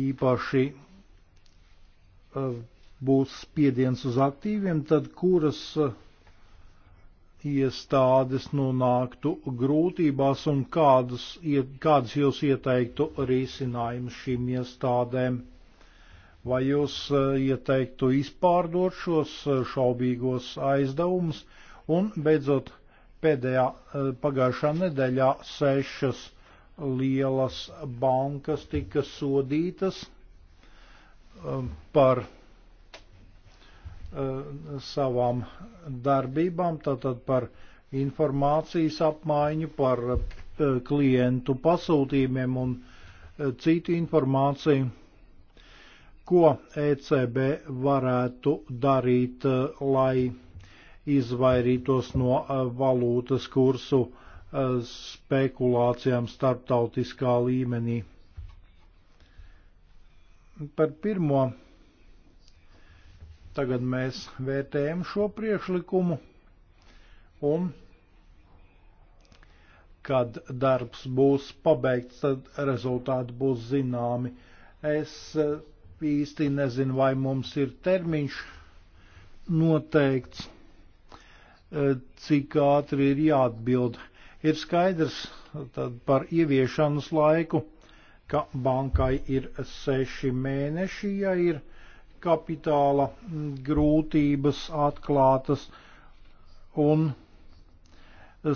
īpaši eh, būs spiediens uz aktīviem, tad kuras uh, iestādes nonāktu grūtībās un kādas, kādas jūs ieteiktu risinājumu šīm iestādēm? Vai jūs eh, ieteiktu izpārdot šos eh, šaubīgos aizdevumus? Un beidzot, pēdējā eh, pagājušā nedēļā sešas lielas bankas tika sodītas par Eh, savām darbībām, tātad par informācijas apmaiņu, par eh, klientu pasūtījumiem un eh, citu informāciju, ko ECB varētu darīt, lai izvairītos no valūtas kursu spekulācijām starptautiskā līmenī. Par pirmo Tagad mēs vērtējam šo priekšlikumu un, kad darbs būs pabeigts, tad rezultāti būs zināmi. Es īsti nezinu, vai mums ir termiņš noteikts, cik ātri ir jāatbild. Ir skaidrs tad par ieviešanas laiku, ka bankai ir seši mēneši, ja ir kapitāla grūtības atklātas un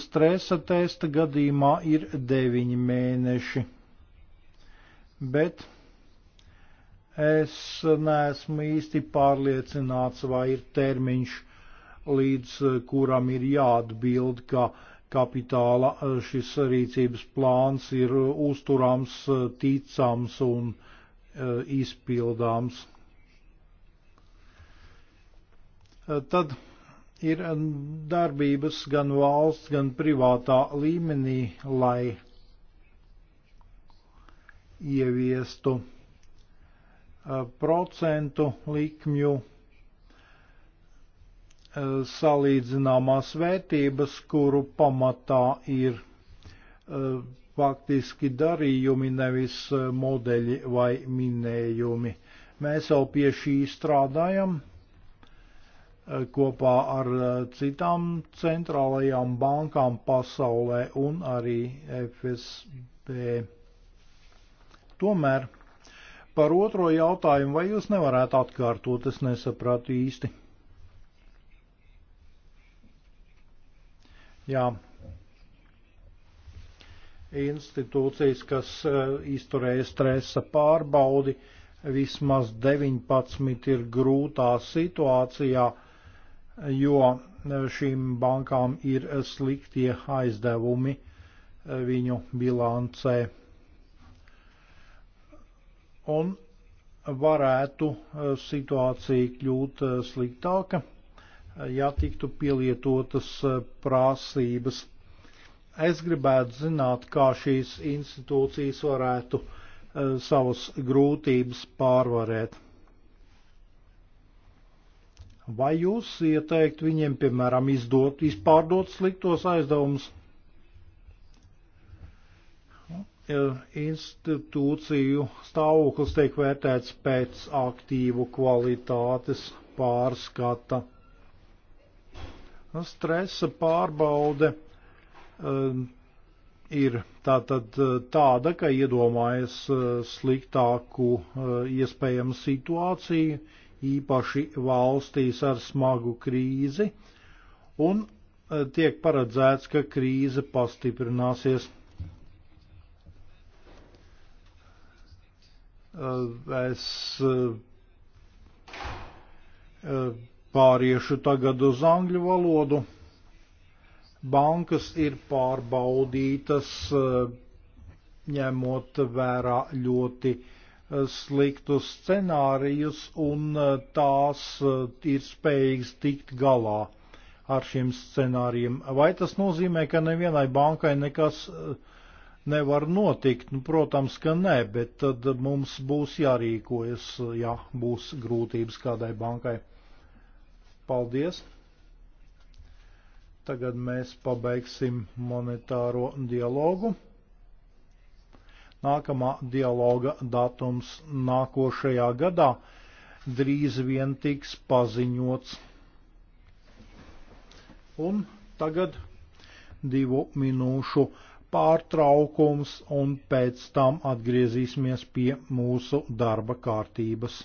stresa testa gadījumā ir 9 mēneši. Bet es neesmu īsti pārliecināts, vai ir termiņš, līdz kuram ir jāatbild, ka kapitāla e, šis rīcības plāns ir uzturams, ticams un e, izpildāms. Eh, tad ir eh, darbības gan valsts, gan privātā līmenī, lai ieviestu eh, procentu likmju salīdzināmās vērtības, kuru pamatā ir faktiski darījumi, nevis modeļi vai minējumi. Mēs jau pie šī strādājam, kopā ar eh, citām centrālajām bankām pasaulē un arī FSB. Tomēr par otro jautājumu, vai jūs nevarētu atkārtot, es nesapratu īsti. Jā, institūcijas, kas eh, izturēja stresa pārbaudi, vismaz 19 ir grūtā situācijā jo šīm bankām ir sliktie aizdevumi viņu bilancē. Un varētu situācija kļūt sliktāka, ja tiktu pielietotas prasības. Es gribētu zināt, kā šīs institūcijas varētu savas grūtības pārvarēt. Vai jūs ieteikt viņiem, piemēram, izdot, izpārdot sliktos aizdevumus? Institūciju stāvoklis tiek vērtēts pēc aktīvu kvalitātes pārskata. Stresa pārbaude um, ir tātad uh, tāda, ka iedomājas uh, sliktāku uh, iespējamu situāciju īpaši valstīs ar smagu krīzi, un e, tiek paredzēts, ka krīze pastiprināsies. E, es e, pāriešu tagad uz angļu valodu. Bankas ir pārbaudītas ņemot vērā ļoti uh, sliktus scenārijus un eh, tās eh, ir spējīgas tikt galā ar šiem scenārijiem. Vai tas nozīmē, ka nevienai bankai nekas eh, nevar notikt? Nu, protams, ka nē, bet tad mums būs jārīkojas, ja būs grūtības kādai bankai. Paldies! Tagad mēs pabeigsim monetāro dialogu. Nākamā dialoga datums nākošajā gadā drīz vien tiks paziņots. Un tagad divu minūšu pārtraukums, un pēc tam atgriezīsimies pie mūsu darba kārtības.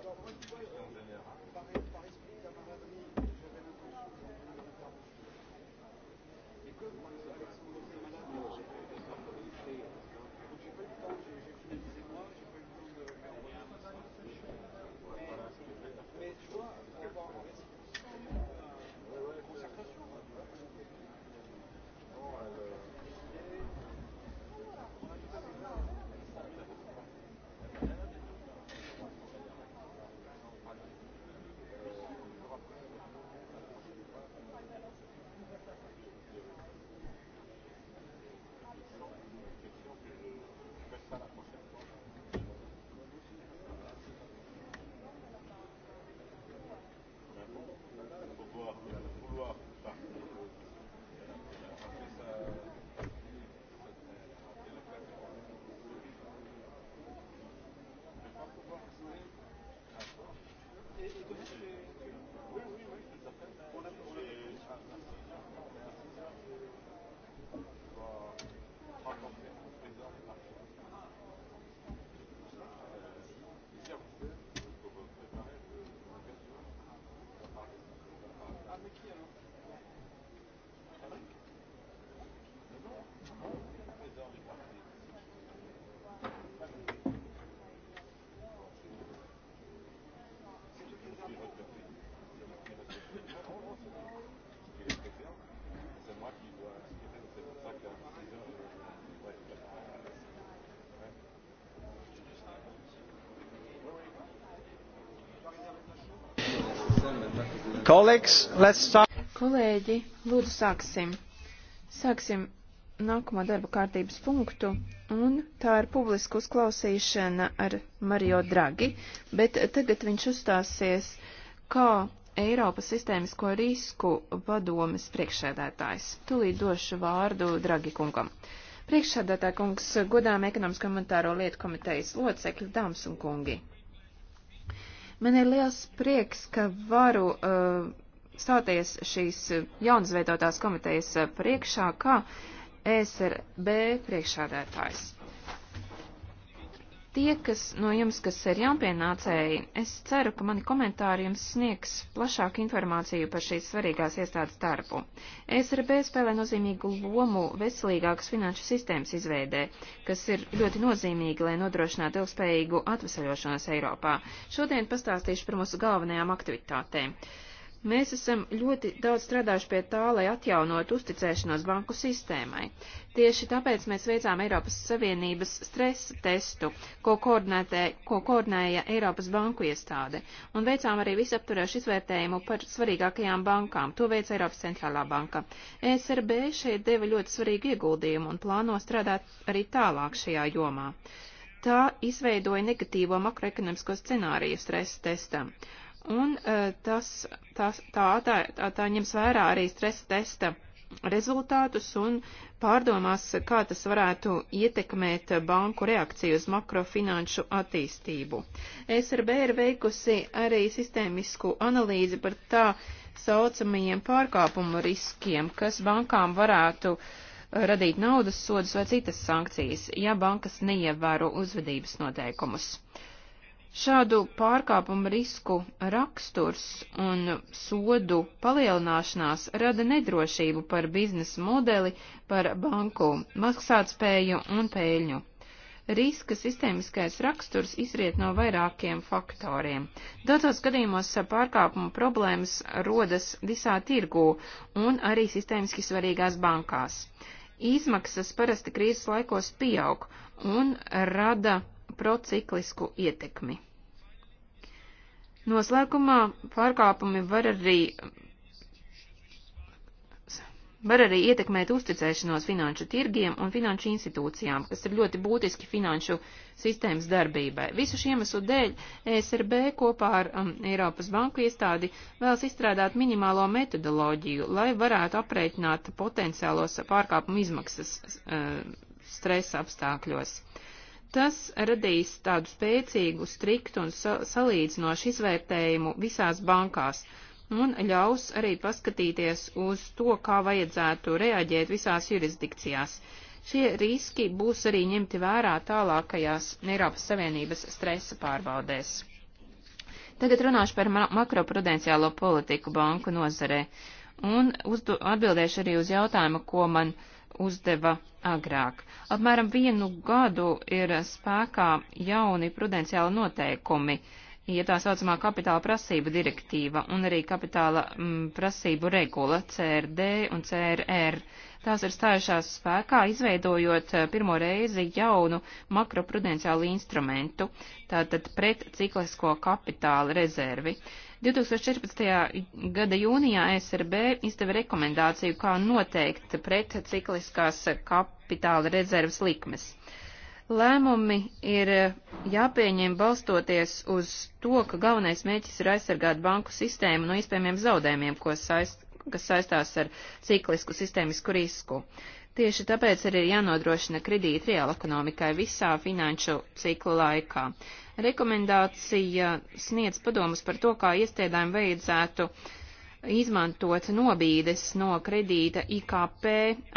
Alors, moi, tu vois, Kolēģi, lūdzu sāksim. Sāksim nākamo darba kārtības punktu, un tā ir publiska uzklausīšana ar Mario Draghi, bet tagad viņš uzstāsies kā Eiropas sistēmisko risku padomes priekšsēdētājs. Tūlīt došu vārdu Dragi kungam. Priekšsēdētāj kungs, godām ekonomisko monetāro lietu komitejas locekļi, dāmas un kungi. Man ir liels prieks, ka varu uh, stāties šīs uh, jaunizveidotās komitejas uh, priekšā kā ESRB priekšādētājs. Tie, kas no jums, kas ir jaunpienācēji, es ceru, ka mani komentāri jums sniegs plašāku informāciju par šīs svarīgās iestādes darbu. ESRB spēlē nozīmīgu lomu veselīgākas finanšu sistēmas izveidē, kas ir ļoti nozīmīgi, lai nodrošinātu ilgspējīgu atvesaļošanos Eiropā. Šodien pastāstīšu par mūsu galvenajām aktivitātēm. Uh, Mēs esam ļoti daudz strādājuši pie tā, lai atjaunot uzticēšanos banku sistēmai. Tieši tāpēc mēs veicām Eiropas Savienības stresa testu, ko, ko koordinēja Eiropas banku iestāde, un veicām arī visaptvarošu izvērtējumu par svarīgākajām bankām. To veica Eiropas centrālā banka. ESRB šeit deva ļoti svarīgu ieguldījumu un plāno strādāt arī tālāk šajā jomā. Tā izveidoja negatīvo makroekonomisko scenāriju stresa testam un e, tas, tas, tā, tā, tā, tā ņems vērā arī stresa testa rezultātus un pārdomās, kā tas varētu ietekmēt banku reakciju uz makrofinanšu attīstību. SRB ir veikusi arī sistēmisku analīzi par tā saucamajiem pārkāpumu riskiem, kas bankām varētu e, radīt naudas sodus vai citas sankcijas, ja bankas neievēro uzvedības noteikumus. Uh, Šādu pārkāpumu risku raksturs un sodu palielināšanās rada nedrošību par biznesa modeli, par banku maksātspēju un pēļņu. Riska sistēmiskais raksturs izriet no vairākiem faktoriem. Daudzos gadījumos pārkāpumu problēmas rodas visā tirgū un arī sistēmiski svarīgās bankās. Izmaksas parasti krīzes laikos pieaug un rada prociklisku ietekmi. Noslēgumā pārkāpumi var arī, var arī ietekmēt uzticēšanos finanšu tirgiem un finanšu institūcijām, kas ir ļoti būtiski finanšu sistēmas darbībai. Visu šiem iemeslu dēļ ESRB kopā ar um, Eiropas banku iestādi vēlas izstrādāt minimālo metodoloģiju, lai varētu aprēķināt potenciālos pārkāpumu izmaksas uh, stresa apstākļos. Uh, Tas radīs tādu spēcīgu, striktu un sa salīdzinošu izvērtējumu visās bankās un ļaus arī paskatīties uz to, kā vajadzētu reaģēt visās jurisdikcijās. Šie riski būs arī ņemti vērā tālākajās Eiropas Savienības stresa pārbaudēs. Tagad runāšu par ma makroprudenciālo politiku banku nozarē un atbildēšu arī uz jautājumu, ko man uh, uzdeva agrāk. Apmēram vienu gadu ir spēkā jauni prudenciāli noteikumi, ja tā saucamā kapitāla prasība direktīva un arī kapitāla m, mm, prasību regula CRD un CRR. Tās ir stājušās spēkā, izveidojot eh, pirmo reizi jaunu makroprudenciālu instrumentu, tātad pret ciklisko kapitāla rezervi. Uh, 2014. gada jūnijā SRB izdeva rekomendāciju, kā noteikt pret cikliskās kapitāla rezervas likmes. Lēmumi ir jāpieņem balstoties uz to, ka galvenais mēķis ir aizsargāt banku sistēmu no iespējamiem zaudējumiem, saist, kas saistās ar ciklisku sistēmisku risku. Uh, Tieši tāpēc arī ir jānodrošina kredīti reāla ekonomikai visā finanšu ciklu laikā. Rekomendācija sniedz padomus par to, kā iestēdājiem vajadzētu izmantot nobīdes no kredīta IKP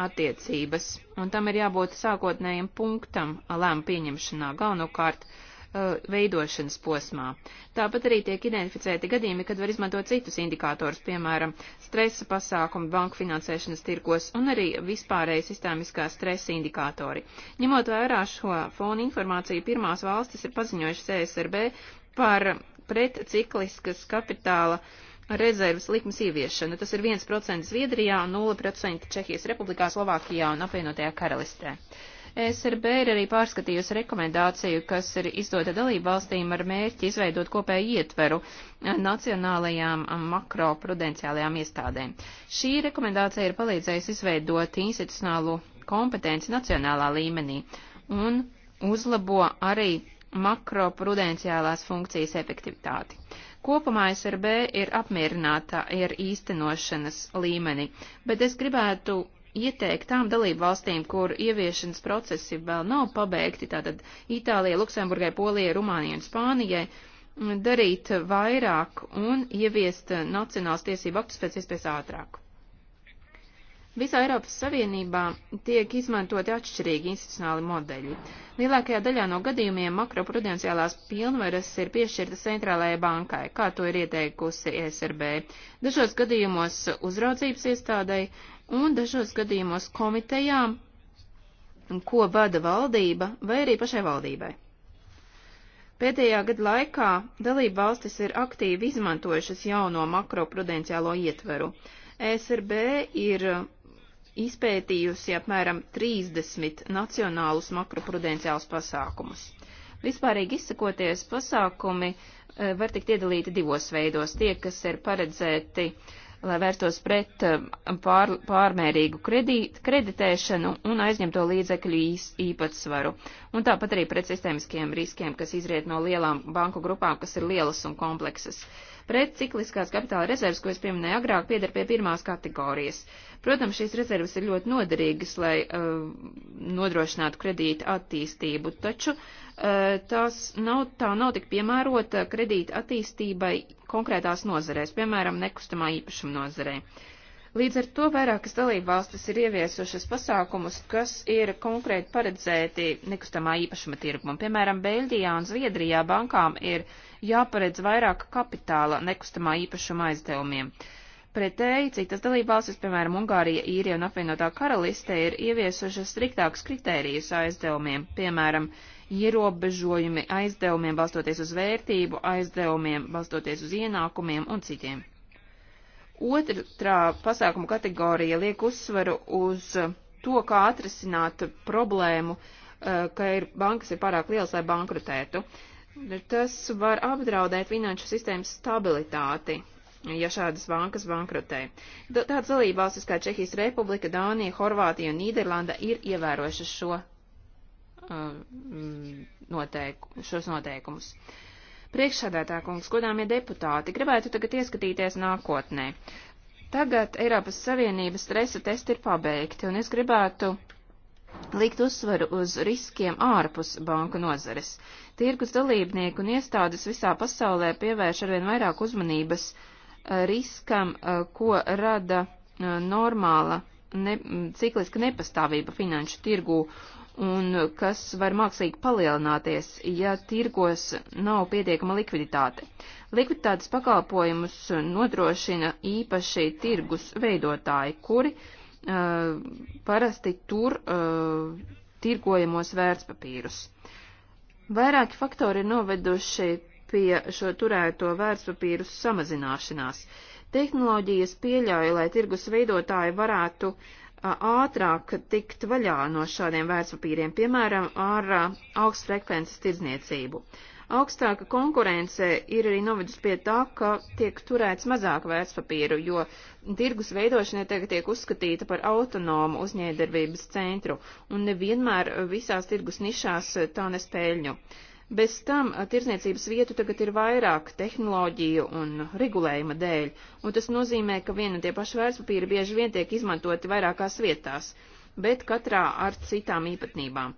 attiecības, un tam ir jābūt sākotnējiem punktam lēmu pieņemšanā galvenokārt Uh, veidošanas posmā. Tāpat arī tiek identificēti gadījumi, kad var izmantot citus indikātors, piemēram, stresa pasākumi banku finansēšanas tirkos un arī vispārēji sistēmiskā stresa indikātori. Ņemot vērā šo fonu informāciju, pirmās valstis ir paziņojušas ESRB par pretcikliskas kapitāla rezerves likmes ieviešanu. Tas ir 1% Zviedrijā, 0% Čehijas Republikā, Slovākijā un apvienotajā karalistē. Uh, SRB ir arī pārskatījusi rekomendāciju, kas ir izdota dalību valstīm ar mērķi izveidot kopēju ietveru nacionālajām makroprudenciālajām iestādēm. Šī rekomendācija ir palīdzējusi izveidot institucionālu kompetenci nacionālā līmenī un uzlabo arī makroprudenciālās funkcijas efektivitāti. Kopumā SRB ir apmierināta ar īstenošanas līmeni, bet es gribētu ieteikt tām dalību valstīm, kur ieviešanas procesi vēl nav pabeigti, tātad Itālijai, Luksemburgai, Polijai, Rumānijai un Spānijai, darīt vairāk un ieviest nacionāls tiesību aktus pēc iespējas ātrāk. Visā Eiropas Savienībā tiek izmantoti atšķirīgi institucionāli modeļi. Lielākajā daļā no gadījumiem makroprudenciālās pilnvaras ir piešķirta centrālajai bankai, kā to ir ieteikusi ESRB. Dažos gadījumos uzraudzības iestādai, un dažos gadījumos komitejām, ko vada valdība vai arī pašai valdībai. Pēdējā gada laikā dalība valstis ir aktīvi izmantojušas jauno makroprudenciālo ietveru. ESRB ir izpētījusi apmēram 30 nacionālus makroprudenciālus pasākumus. Vispārīgi izsakoties, pasākumi eh, var tikt iedalīti divos veidos. Tie, kas ir paredzēti uh, lai vērstos pret eh, pār, pārmērīgu kredīt, kreditēšanu un aizņemto līdzekļu īpatsvaru. Un tāpat arī pret sistēmiskiem riskiem, kas izriet no lielām banku grupām, kas ir lielas un kompleksas. Pret cikliskās kapitāla rezerves, ko es pieminēju agrāk, pieder pie pirmās kategorijas. Protams, šīs rezerves ir ļoti noderīgas, lai uh, nodrošinātu kredīta attīstību, taču uh, Eh, tās nav, tā nav tik piemērota kredīta attīstībai konkrētās nozarēs, piemēram, nekustamā īpašuma nozarē. Līdz ar to vairākas dalībvalstis ir ieviesušas pasākumus, kas ir konkrēti paredzēti nekustamā īpašuma tirgumam. Piemēram, Beļģijā un Zviedrijā bankām ir jāparedz vairāk kapitāla nekustamā īpašuma aizdevumiem. Pretēji, citas dalībvalstis, piemēram, Ungārija, Īrija un apvienotā karaliste, ir ieviesušas striktākus kritērijus aizdevumiem, piemēram, ierobežojumi aizdevumiem balstoties uz vērtību, aizdevumiem balstoties uz ienākumiem un citiem. Otrā pasākuma kategorija liek uzsvaru uz to, kā atrisināt problēmu, eh, ka ir, bankas ir pārāk lielas, lai bankrutētu. Tas var apdraudēt finanšu sistēmas stabilitāti, ja šādas bankas bankrotē. Tādas dalībvalstis kā Čehijas Republika, Dānija, Horvātija un Nīderlanda ir ievērojušas šo Uh, noteiku, šos noteikumus. Priekšsādātā kungs, godāmie deputāti, gribētu tagad ieskatīties nākotnē. Tagad Eiropas Savienības stresa testi ir pabeigti, un es gribētu likt uzsvaru uz riskiem ārpus banku nozares. Tirgus dalībnieki un iestādes visā pasaulē pievērš arvien vairāk uzmanības uh, riskam, uh, ko rada normāla ne, cikliska nepastāvība finanšu tirgū un kas var mākslīgi palielināties, ja tirgos nav pietiekama likviditāte. Likviditātes pakalpojumus nodrošina īpaši tirgus veidotāji, kuri uh, parasti tur uh, tirgojamos vērtspapīrus. Vairāki faktori ir noveduši pie šo turēto vērtspapīru samazināšanās. Tehnoloģijas pieļauj, lai tirgus veidotāji varētu uh, ātrāk tikt vaļā no šādiem vērtspapīriem, piemēram, ar augstfrekvences tirdzniecību. Augstāka konkurence ir arī novedus pie tā, ka tiek turēts mazāk vērtspapīru, jo tirgus veidošana tagad tiek uzskatīta par autonomu uzņēdarbības centru, un nevienmēr visās tirgus nišās tā nespēļņu. Uh, Bez tam tirzniecības vietu tagad ir vairāk tehnoloģiju un regulējuma dēļ, un tas nozīmē, ka viena un tie paši vērtspapīri bieži vien tiek izmantoti vairākās vietās, bet katrā ar citām īpatnībām.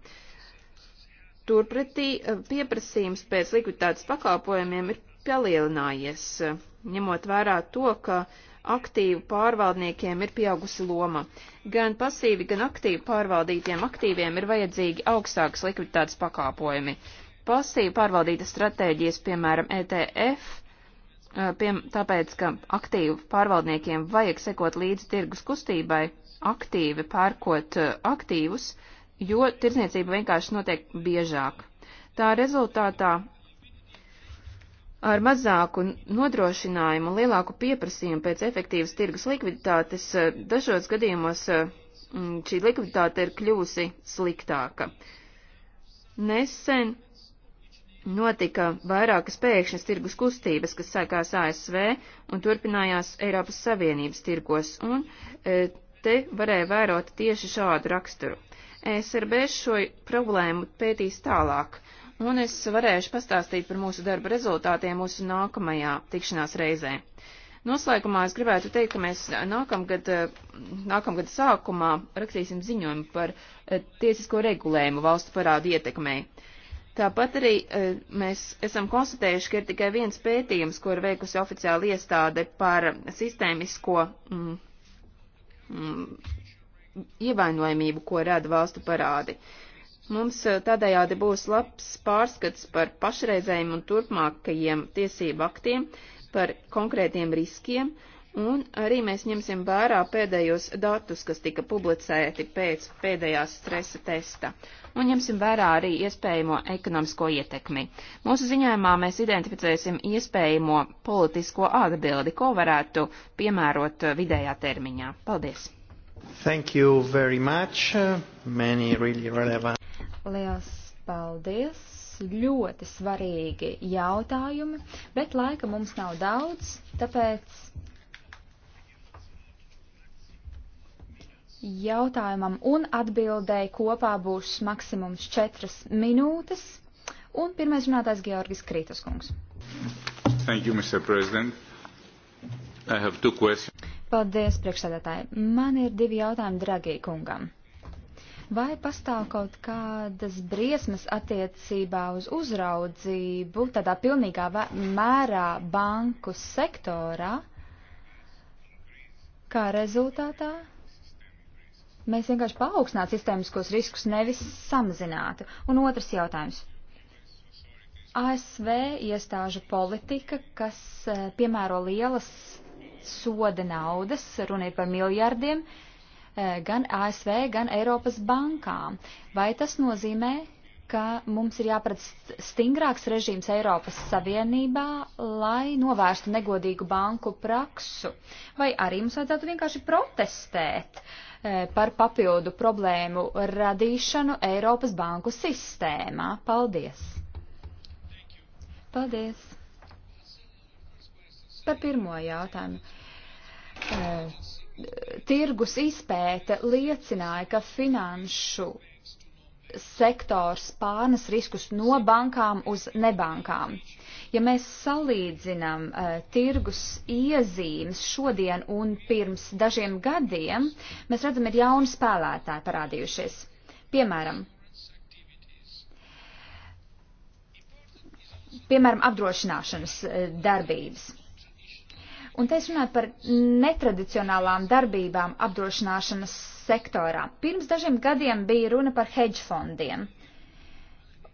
Turpretī pieprasījums pēc likviditātes pakalpojumiem ir palielinājies, ņemot vērā to, ka aktīvu pārvaldniekiem ir pieaugusi loma. Gan pasīvi, gan aktīvi pārvaldītiem aktīviem ir vajadzīgi augstākas likviditātes pakāpojumi. Uh, pasīvi pārvaldītas stratēģijas, piemēram, ETF, piem, tāpēc, ka aktīvu pārvaldniekiem vajag sekot līdzi tirgus kustībai, aktīvi pērkot aktīvus, jo tirdzniecība vienkārši notiek biežāk. Tā rezultātā ar mazāku nodrošinājumu un lielāku pieprasījumu pēc efektīvas tirgus likviditātes dažos gadījumos šī likviditāte ir kļūsi sliktāka. Nesen notika vairākas pēkšņas tirgus kustības, kas sākās ASV un turpinājās Eiropas Savienības tirgos, un e, te varēja vērot tieši šādu raksturu. ESRB šo problēmu pētīs tālāk, un es varēšu pastāstīt par mūsu darba rezultātiem mūsu nākamajā tikšanās reizē. Noslēgumā es gribētu teikt, ka mēs nākamgad, e, nākamgad sākumā rakstīsim ziņojumu par e, tiesisko regulējumu valstu parādu ietekmei. Tāpat arī eh, mēs esam konstatējuši, ka ir tikai viens pētījums, ko ir veikusi oficiāla iestāde par sistēmisko mm, mm, ievainojamību, ko rada valstu parādi. Mums eh, tādējādi būs labs pārskats par pašreizējiem un turpmākajiem tiesību aktiem, par konkrētiem riskiem, uh, Un arī mēs ņemsim vērā pēdējos datus, kas tika publicēti pēc pēdējās stresa testa, un ņemsim vērā arī iespējamo ekonomisko ietekmi. Mūsu ziņojumā mēs identificēsim iespējamo politisko atbildi, ko varētu piemērot vidējā termiņā. Paldies! Thank you very much. Many really relevant. Liels paldies! Ļoti svarīgi jautājumi, bet laika mums nav daudz, tāpēc jautājumam un atbildēji kopā būs maksimums četras minūtes. Un pirmais runātājs Georgis Krītas kungs. Thank you, Mr. President. I have two questions. Paldies, priekšsēdētāji. Man ir divi jautājumi Dragī kungam. Vai pastāv kaut kādas briesmas attiecībā uz uzraudzību tādā pilnīgā mērā banku sektorā, kā rezultātā Mēs vienkārši paaugstinātu sistēmiskos riskus, nevis samazinātu. Un otrs jautājums. ASV iestāžu politika, kas eh, piemēro lielas soda naudas, runiet par miljardiem, eh, gan ASV, gan Eiropas bankām. Vai tas nozīmē, ka mums ir jāparedz stingrāks režīms Eiropas Savienībā, lai novērstu negodīgu banku praksu, vai arī mums vajadzētu vienkārši protestēt Eh, par papildu problēmu radīšanu Eiropas banku sistēmā. Paldies! Paldies! Par pirmo jautājumu. Eh, tirgus izpēte liecināja, ka finanšu sektors pārnes riskus no bankām uz nebankām. Ja mēs salīdzinām uh, tirgus iezīmes šodien un pirms dažiem gadiem, mēs redzam, ir jauni spēlētāji parādījušies. Piemēram, piemēram apdrošināšanas uh, darbības. Un te es runāju par netradicionālām darbībām apdrošināšanas sektorā. Pirms dažiem gadiem bija runa par hedge fondiem. Uh,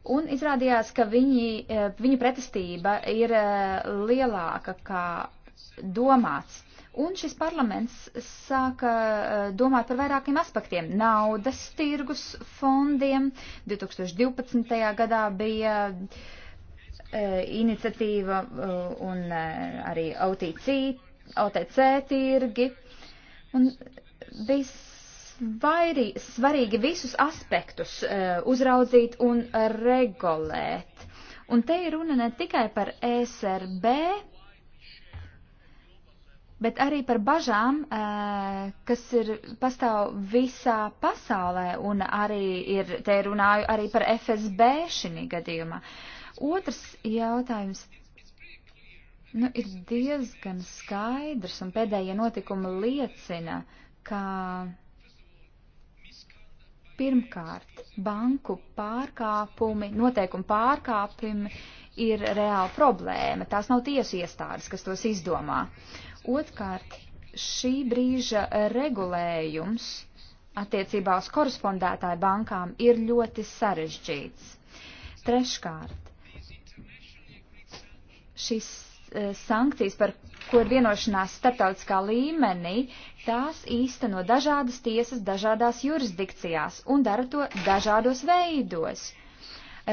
Un izrādījās, ka viņi, eh, viņu pretestība ir eh, lielāka kā domāts. Un šis parlaments sāka eh, domāt par vairākiem aspektiem. Naudas tirgus fondiem 2012. gadā bija iniciatīva un arī OTC, OTC tirgi. Un bija svairī, svarīgi visus aspektus uh, uzraudzīt un regulēt. Un te ir runa ne tikai par ESRB, bet arī par bažām, uh, kas ir pastāv visā pasaulē, un arī ir, te runāju arī par FSB šī gadījumā. Otrs jautājums. Nu, ir diezgan skaidrs, un pēdējie notikumi liecina, ka uh, Pirmkārt, banku pārkāpumi, noteikumu pārkāpumi ir reāla problēma. Tās nav tiesu iestādes, kas tos izdomā. Otkārt, šī brīža regulējums attiecībā uz korespondētāju bankām ir ļoti sarežģīts. Treškārt, šis Eh, sankcijas, par ko ir vienošanās starptautiskā līmenī, tās īsteno dažādas tiesas dažādās jurisdikcijās un dara to dažādos veidos.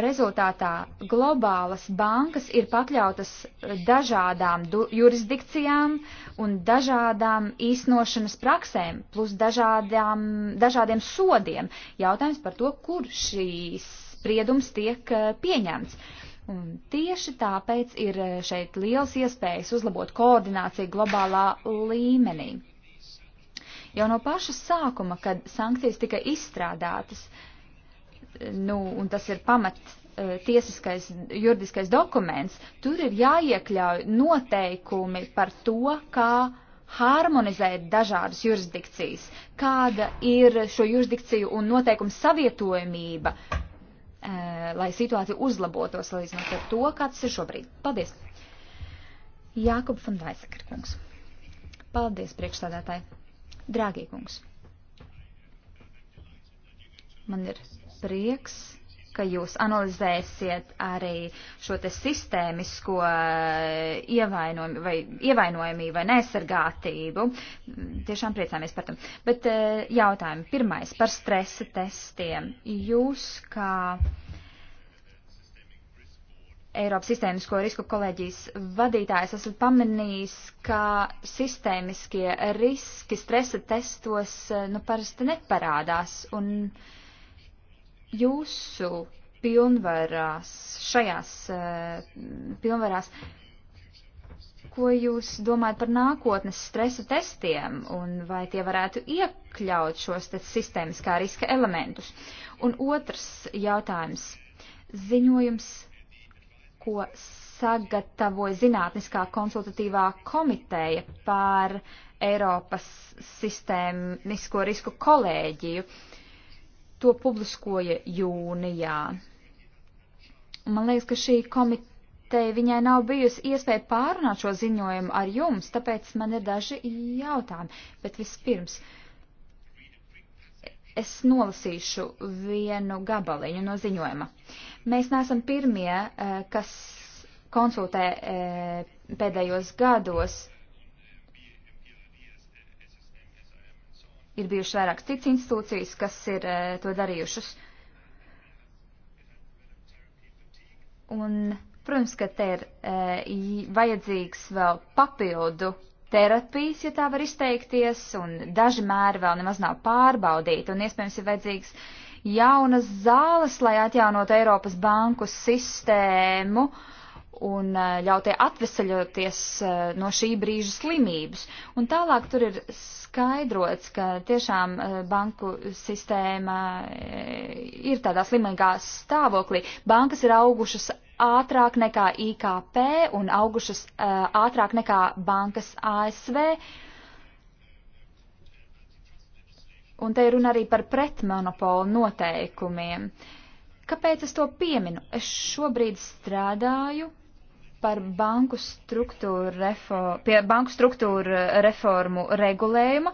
Rezultātā globālas bankas ir pakļautas eh, dažādām jurisdikcijām un dažādām īstenošanas praksēm, plus dažādām, dažādiem sodiem. Jautājums par to, kur šīs spriedums tiek eh, pieņemts. Uh, Un tieši tāpēc ir eh, šeit liels iespējas uzlabot koordināciju globālā līmenī. Jau no paša sākuma, kad sankcijas tika izstrādātas, nu, un tas ir pamat eh, tiesiskais juridiskais dokuments, tur ir jāiekļauj noteikumi par to, kā harmonizēt dažādas jurisdikcijas, kāda ir šo jurisdikciju un noteikumu savietojamība, lai situācija uzlabotos salīdzinot ar to, kāds ir šobrīd. Paldies! Jākub van Vaisakar kungs. Paldies, priekšstādātāji. Drāgie kungs. Man ir prieks ka jūs analizēsiet arī šo te sistēmisko eh, ievainojumu vai, ievainojumību vai nesargātību. Tiešām priecāmies par to. Bet eh, jautājumi. Pirmais par stresa testiem. Jūs kā Eiropas sistēmisko risku kolēģijas vadītājs esat pamanījis, ka sistēmiskie riski stresa testos eh, nu parasti neparādās. Un, uh, jūsu pilnvarās, šajās eh, pilnvarās, ko jūs domājat par nākotnes stresa testiem un vai tie varētu iekļaut šos sistēmiskā riska elementus? Un otrs jautājums. Ziņojums, ko sagatavoja Zinātniskā konsultatīvā komiteja par Eiropas sistēmisko risku kolēģiju. Uh, to publiskoja jūnijā. Man liekas, ka šī komiteja viņai nav bijusi iespēja pārunāt šo ziņojumu ar jums, tāpēc man ir daži jautājumi. Bet vispirms es nolasīšu vienu gabaliņu no ziņojuma. Mēs neesam pirmie, eh, kas konsultē eh, pēdējos gados Ir bijušas vairākas citas institūcijas, kas ir e, to darījušas. Un, protams, ka te ir e, vajadzīgs vēl papildu terapijas, ja tā var izteikties, un daži mēri vēl nemaz nav pārbaudīti, un iespējams ir vajadzīgs jaunas zāles, lai atjaunotu Eiropas banku sistēmu, uh, un eh, ļautie atvesaļoties eh, no šī brīža slimības. Un tālāk tur ir skaidrots, ka tiešām eh, banku sistēma ir tādā slimīgā stāvoklī. Bankas ir augušas ātrāk nekā IKP un augušas ātrāk nekā bankas ASV. Un te ir runa arī par pretmonopolu noteikumiem. Kāpēc es to pieminu? Es šobrīd strādāju par banku struktūru, refo, pie banku struktūru reformu regulējumu.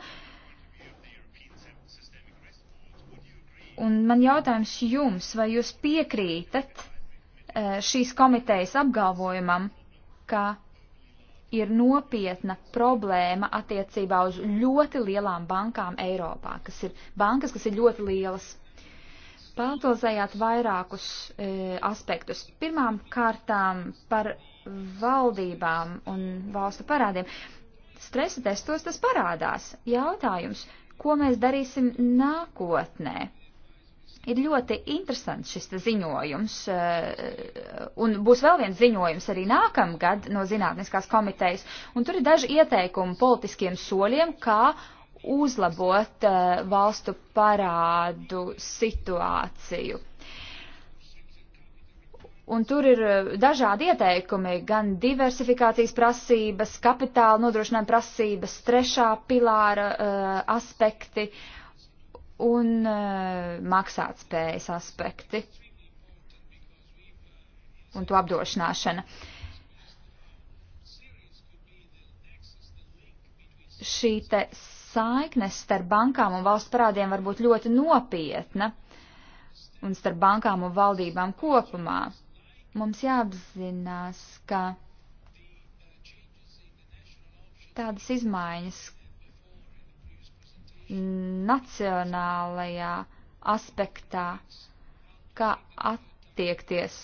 Un man jautājums jums, vai jūs piekrītat e, šīs komitejas apgalvojumam, ka ir nopietna problēma attiecībā uz ļoti lielām bankām Eiropā, kas ir bankas, kas ir ļoti lielas. Paltozējāt vairākus e, aspektus. Pirmām kārtām par valdībām un valstu parādiem. Stresa testos tas parādās. Jautājums, ko mēs darīsim nākotnē? Ir ļoti interesants šis ziņojums, eh, un būs vēl viens ziņojums arī nākamgad no Zinātniskās komitejas, un tur ir daži ieteikumi politiskiem soļiem, kā uzlabot eh, valstu parādu situāciju. Un tur ir eh, dažādi ieteikumi, gan diversifikācijas prasības, kapitāla nodrošinājuma prasības, trešā pilāra uh, aspekti un uh, maksātspējas aspekti un to apdrošināšana. Šī te saiknes starp bankām un valsts parādiem var būt ļoti nopietna un starp bankām un valdībām kopumā. Mums jāapzinās, ka tādas izmaiņas nacionālajā aspektā, kā attiekties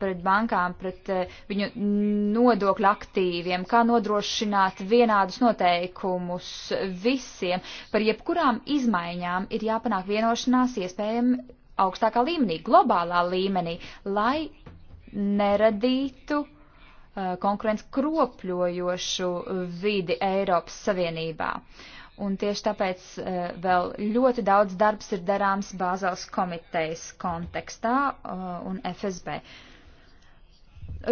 pret bankām, pret eh, viņu nodokļu aktīviem, kā nodrošināt vienādus noteikumus visiem. Par jebkurām izmaiņām ir jāpanāk vienošanās iespējami augstākā līmenī, globālā līmenī, lai neradītu uh, konkurence kropļojošu vidi Eiropas Savienībā. Un tieši tāpēc uh, vēl ļoti daudz darbs ir darāms Bāzels komitejas kontekstā uh, un FSB.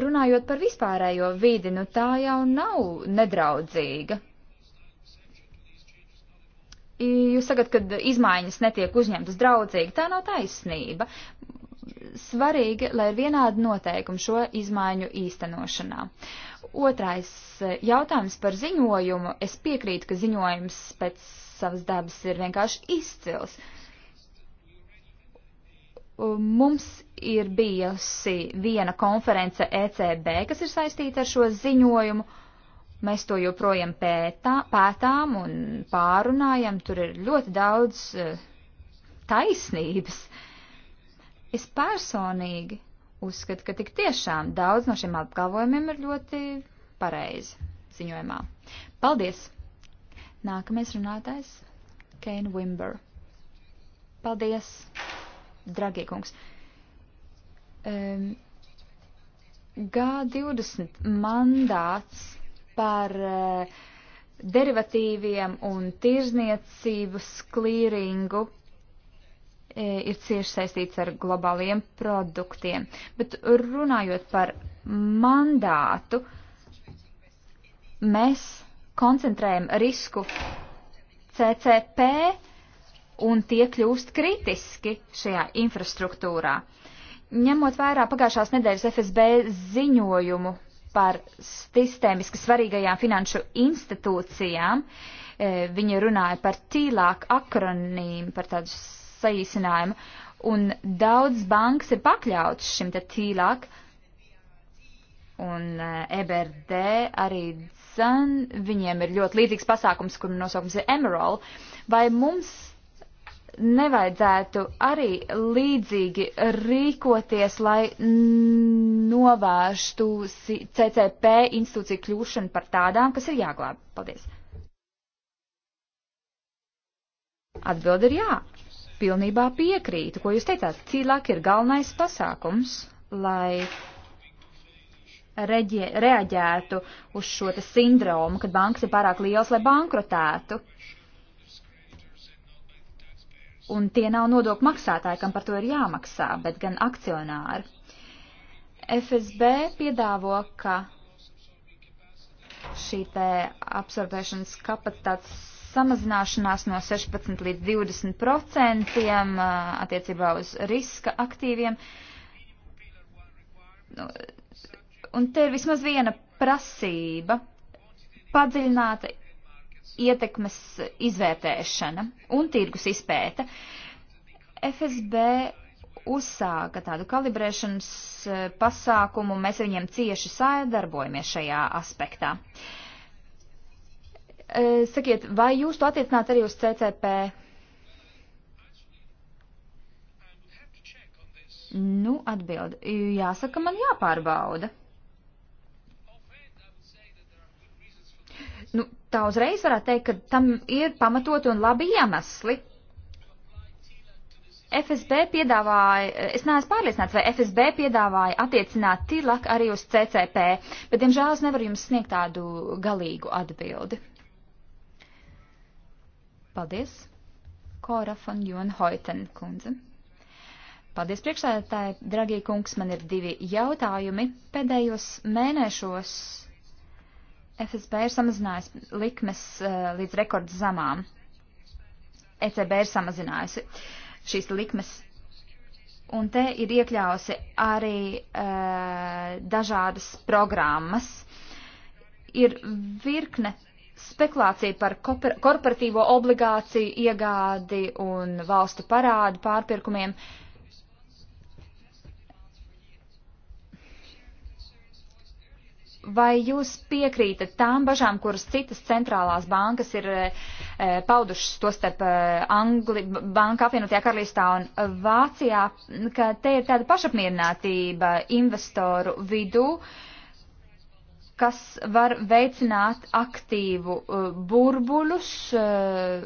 Runājot par vispārējo vidi, nu tā jau nav nedraudzīga. Jūs sakat, kad izmaiņas netiek uzņemtas draudzīgi, tā nav taisnība svarīgi, lai ir vienādi noteikumi šo izmaiņu īstenošanā. Otrais eh, jautājums par ziņojumu. Es piekrītu, ka ziņojums pēc savas dabas ir vienkārši izcils. Mums ir bijusi viena konference ECB, kas ir saistīta ar šo ziņojumu. Mēs to joprojām pētā, pētām un pārunājam. Tur ir ļoti daudz eh, taisnības. Uh, Es personīgi uzskatu, ka tik tiešām daudz no šiem apgalvojumiem ir ļoti pareizi ziņojumā. Paldies! Nākamais runātājs - Keina Wimber. Paldies, dragie kungs! Um, G20 mandāts par uh, derivatīviem un tirzniecības klīringu E, ir cieši saistīts ar globāliem produktiem. Bet runājot par mandātu, mēs koncentrējam risku CCP un tie kļūst kritiski šajā infrastruktūrā. Ņemot vērā pagājušās nedēļas FSB ziņojumu par sistēmiski svarīgajām finanšu institūcijām, e, viņi runāja par tīlāku akronīmu, par tādus saīsinājuma, un daudz bankas ir pakļauts šim te tīlāk, un EBRD eh, e arī zan, viņiem ir ļoti līdzīgs pasākums, kur nosaukums ir Emerald, vai mums nevajadzētu arī līdzīgi rīkoties, lai novērstu CCP institūciju kļūšanu par tādām, kas ir jāglāb? Paldies! Atbildi ir jā pilnībā piekrītu, ko jūs teicāt. Cīlāk ir galvenais pasākums, lai reģie, reaģētu uz šo te sindromu, kad bankas ir pārāk liels, lai bankrotētu. Un tie nav nodokļu maksātāji, kam par to ir jāmaksā, bet gan akcionāri. FSB piedāvo, ka šī te absorbēšanas kapacitātes samazināšanās no 16 līdz 20 procentiem attiecībā uz riska aktīviem. Nu, un te ir vismaz viena prasība - padziļināta ietekmes izvērtēšana un tirgus izpēta. FSB uzsāka tādu kalibrēšanas pasākumu, mēs ar viņiem cieši sadarbojamies šajā aspektā. Uh, E, sakiet, vai jūs to attiecināt arī uz CCP? Nu, atbild. Jāsaka, man jāpārbauda. Nu, tā uzreiz varētu teikt, ka tam ir pamatoti un labi iemesli. FSB piedāvāja, es neesmu pārliecināts, vai FSB piedāvāja attiecināt tilak arī uz CCP, bet, diemžēl, es nevaru jums sniegt tādu galīgu atbildi. Paldies, Kora von Jonhoiten kundze. Paldies, priekšsēdētāji, dragie kungs, man ir divi jautājumi. Pēdējos mēnešos FSB ir samazinājis likmes uh, līdz rekords zamām. ECB ir samazinājusi šīs likmes un te ir iekļausi arī uh, dažādas programmas. Ir virkne spekulācija par korporatīvo obligāciju iegādi un valstu parādu pārpirkumiem. Vai jūs piekrītat tām bažām, kuras citas centrālās bankas ir e, paudušas, tostarp e, eh, Angli, Banka apvienotajā karalistā un Vācijā, ka te ir tāda pašapmierinātība investoru vidū? E, kas var veicināt aktīvu uh, burbuļus uh,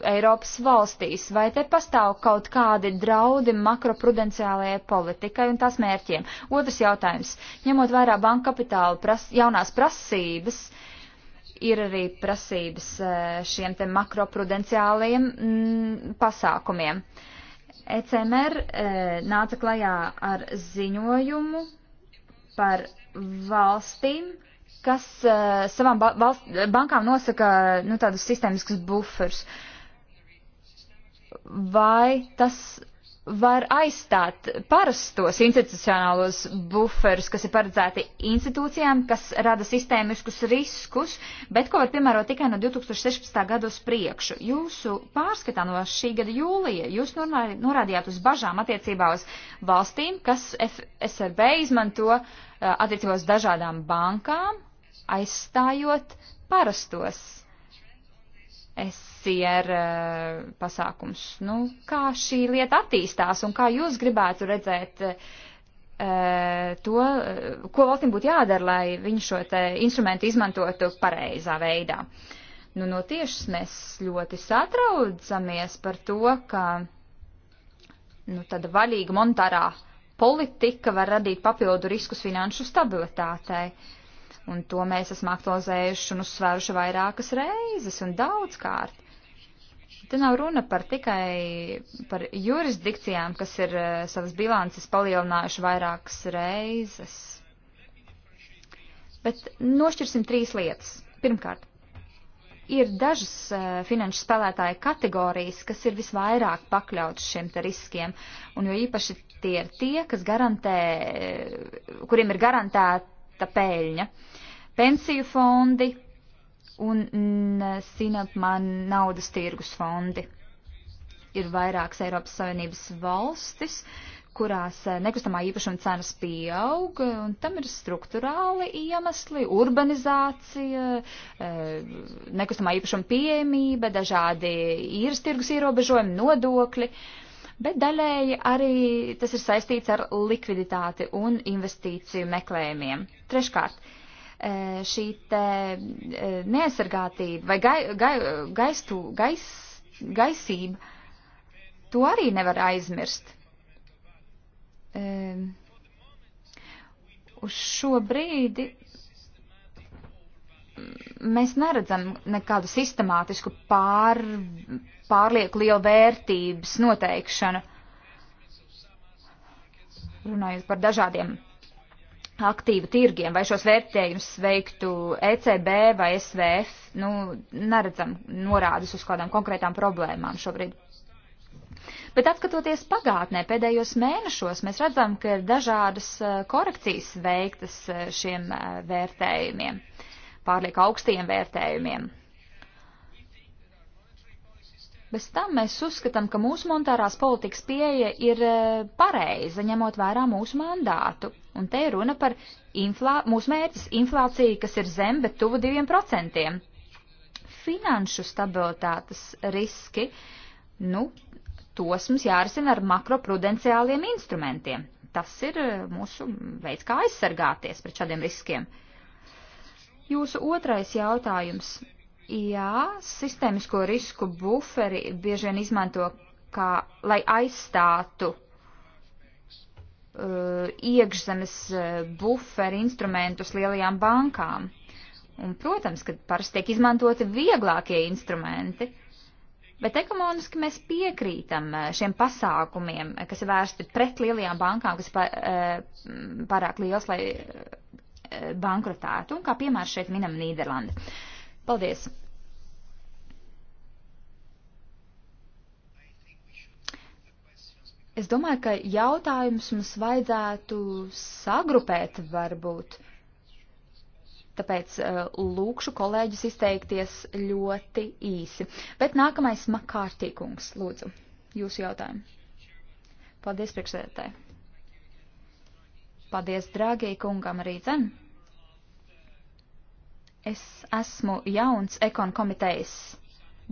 Eiropas valstīs. Vai te pastāv kaut kādi draudi makroprudenciālajai politikai un tās mērķiem? Otrs jautājums. Ņemot vērā banka kapitāla pras, jaunās prasības, ir arī prasības uh, šiem te makroprudenciālajiem mm, pasākumiem. ECMR uh, nāca klajā ar ziņojumu par valstīm, kas uh, savām ba valst, bankām nosaka nu, tādus sistēmiskus buferus. Vai tas var aizstāt parastos institucionālos buferus, kas ir paredzēti institūcijām, kas rada sistēmiskus riskus, bet ko var piemērot tikai no 2016. gada uz priekšu. Jūsu pārskatā no šī gada jūlija jūs norādījāt uz bažām attiecībā uz valstīm, kas F SRB izmanto eh, attiecībā uz dažādām bankām, aizstājot parastos SCR eh, pasākums. Nu, kā šī lieta attīstās un kā jūs gribētu redzēt uh, to, eh, ko valstīm būtu jādara, lai viņi šo te instrumentu izmantotu pareizā veidā. Nu, no tiešas mēs ļoti satraudzamies par to, ka nu, tāda vaļīga monetārā politika var radīt papildu riskus finanšu stabilitātei. Uh, Un to mēs esam aktualizējuši un uzsvēruši vairākas reizes un daudzkārt. Te nav runa par tikai par jurisdikcijām, kas ir eh, savas bilances palielinājuši vairākas reizes. Bet nošķirsim trīs lietas. Pirmkārt, ir dažas uh, finanšu spēlētāju kategorijas, kas ir visvairāk pakļautas šiem riskiem, un jo īpaši tie ir tie, kas garantē, kuriem ir garantēta pēļņa. Uh, pensiju fondi un mm, Sinapman naudas tirgus fondi. Ir vairākas Eiropas Savienības valstis, kurās eh, nekustamā īpašuma cenas pieaug, un tam ir struktūrāli iemesli, urbanizācija, eh, nekustamā īpašuma pieejamība, dažādi īres tirgus ierobežojumi, nodokļi, bet daļēji arī tas ir saistīts ar likviditāti un investīciju meklējumiem. Treškārt, E, šī te e, neaizsargātība vai gai, gai, gaistu, gais, gaisība, to arī nevar aizmirst. E, uz šo brīdi mēs neredzam nekādu sistemātisku pār, pārlieku lielu vērtības noteikšanu. Runājot par dažādiem aktīvu tirgiem, vai šos vērtējumus veiktu ECB vai SVF, nu, neredzam norādes uz kādām konkrētām problēmām šobrīd. Bet atskatoties pagātnē, pēdējos mēnešos mēs redzam, ka ir dažādas eh, korekcijas veiktas eh, šiem eh, vērtējumiem, pārliek augstiem vērtējumiem. Bez tam mēs uzskatām, ka mūsu monetārās politikas pieeja ir e, pareiza, ņemot vērā mūsu mandātu. Un te ir runa par inflā, mūsu mērķis - inflācija, kas ir zem, bet tuvu diviem procentiem. Finanšu stabilitātes riski, nu, tos mums jārisina ar makroprudenciāliem instrumentiem. Tas ir e, mūsu veids, kā aizsargāties pret šādiem riskiem. Jūsu otrais jautājums Jā, sistēmisko risku buferi bieži vien izmanto kā, lai aizstātu uh, iekšzemes uh, buferi instrumentus lielajām bankām. Un, protams, ka parasti tiek izmantoti vieglākie instrumenti, bet ekonomiski mēs piekrītam uh, šiem pasākumiem, uh, kas ir vērsti pret lielajām bankām, kas ir pa, uh, pārāk liels, lai uh, bankrotētu. Un kā piemērs šeit minam Nīderlandi. Paldies! Es domāju, ka jautājumus mums vajadzētu sagrupēt varbūt. Tāpēc uh, lūkšu kolēģus izteikties ļoti īsi. Bet nākamais makārtīkums, lūdzu, jūsu jautājumu. Paldies priekšsēdētāji. Paldies, drāgie kungam, arī dzēnu. Es esmu jauns ekon komitejas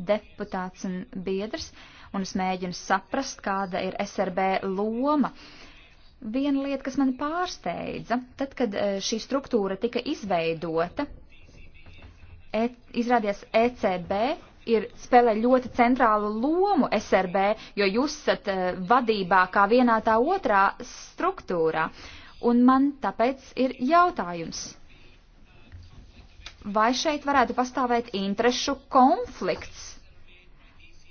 deputāts un biedrs, un es mēģinu saprast, kāda ir SRB loma. Viena lieta, kas mani pārsteidza, tad, kad e, šī struktūra tika izveidota, e, izrādījās ECB ir spēlē ļoti centrālu lomu SRB, jo jūs esat e, vadībā kā vienā tā otrā struktūrā. Un man tāpēc ir jautājums vai šeit varētu pastāvēt interešu konflikts,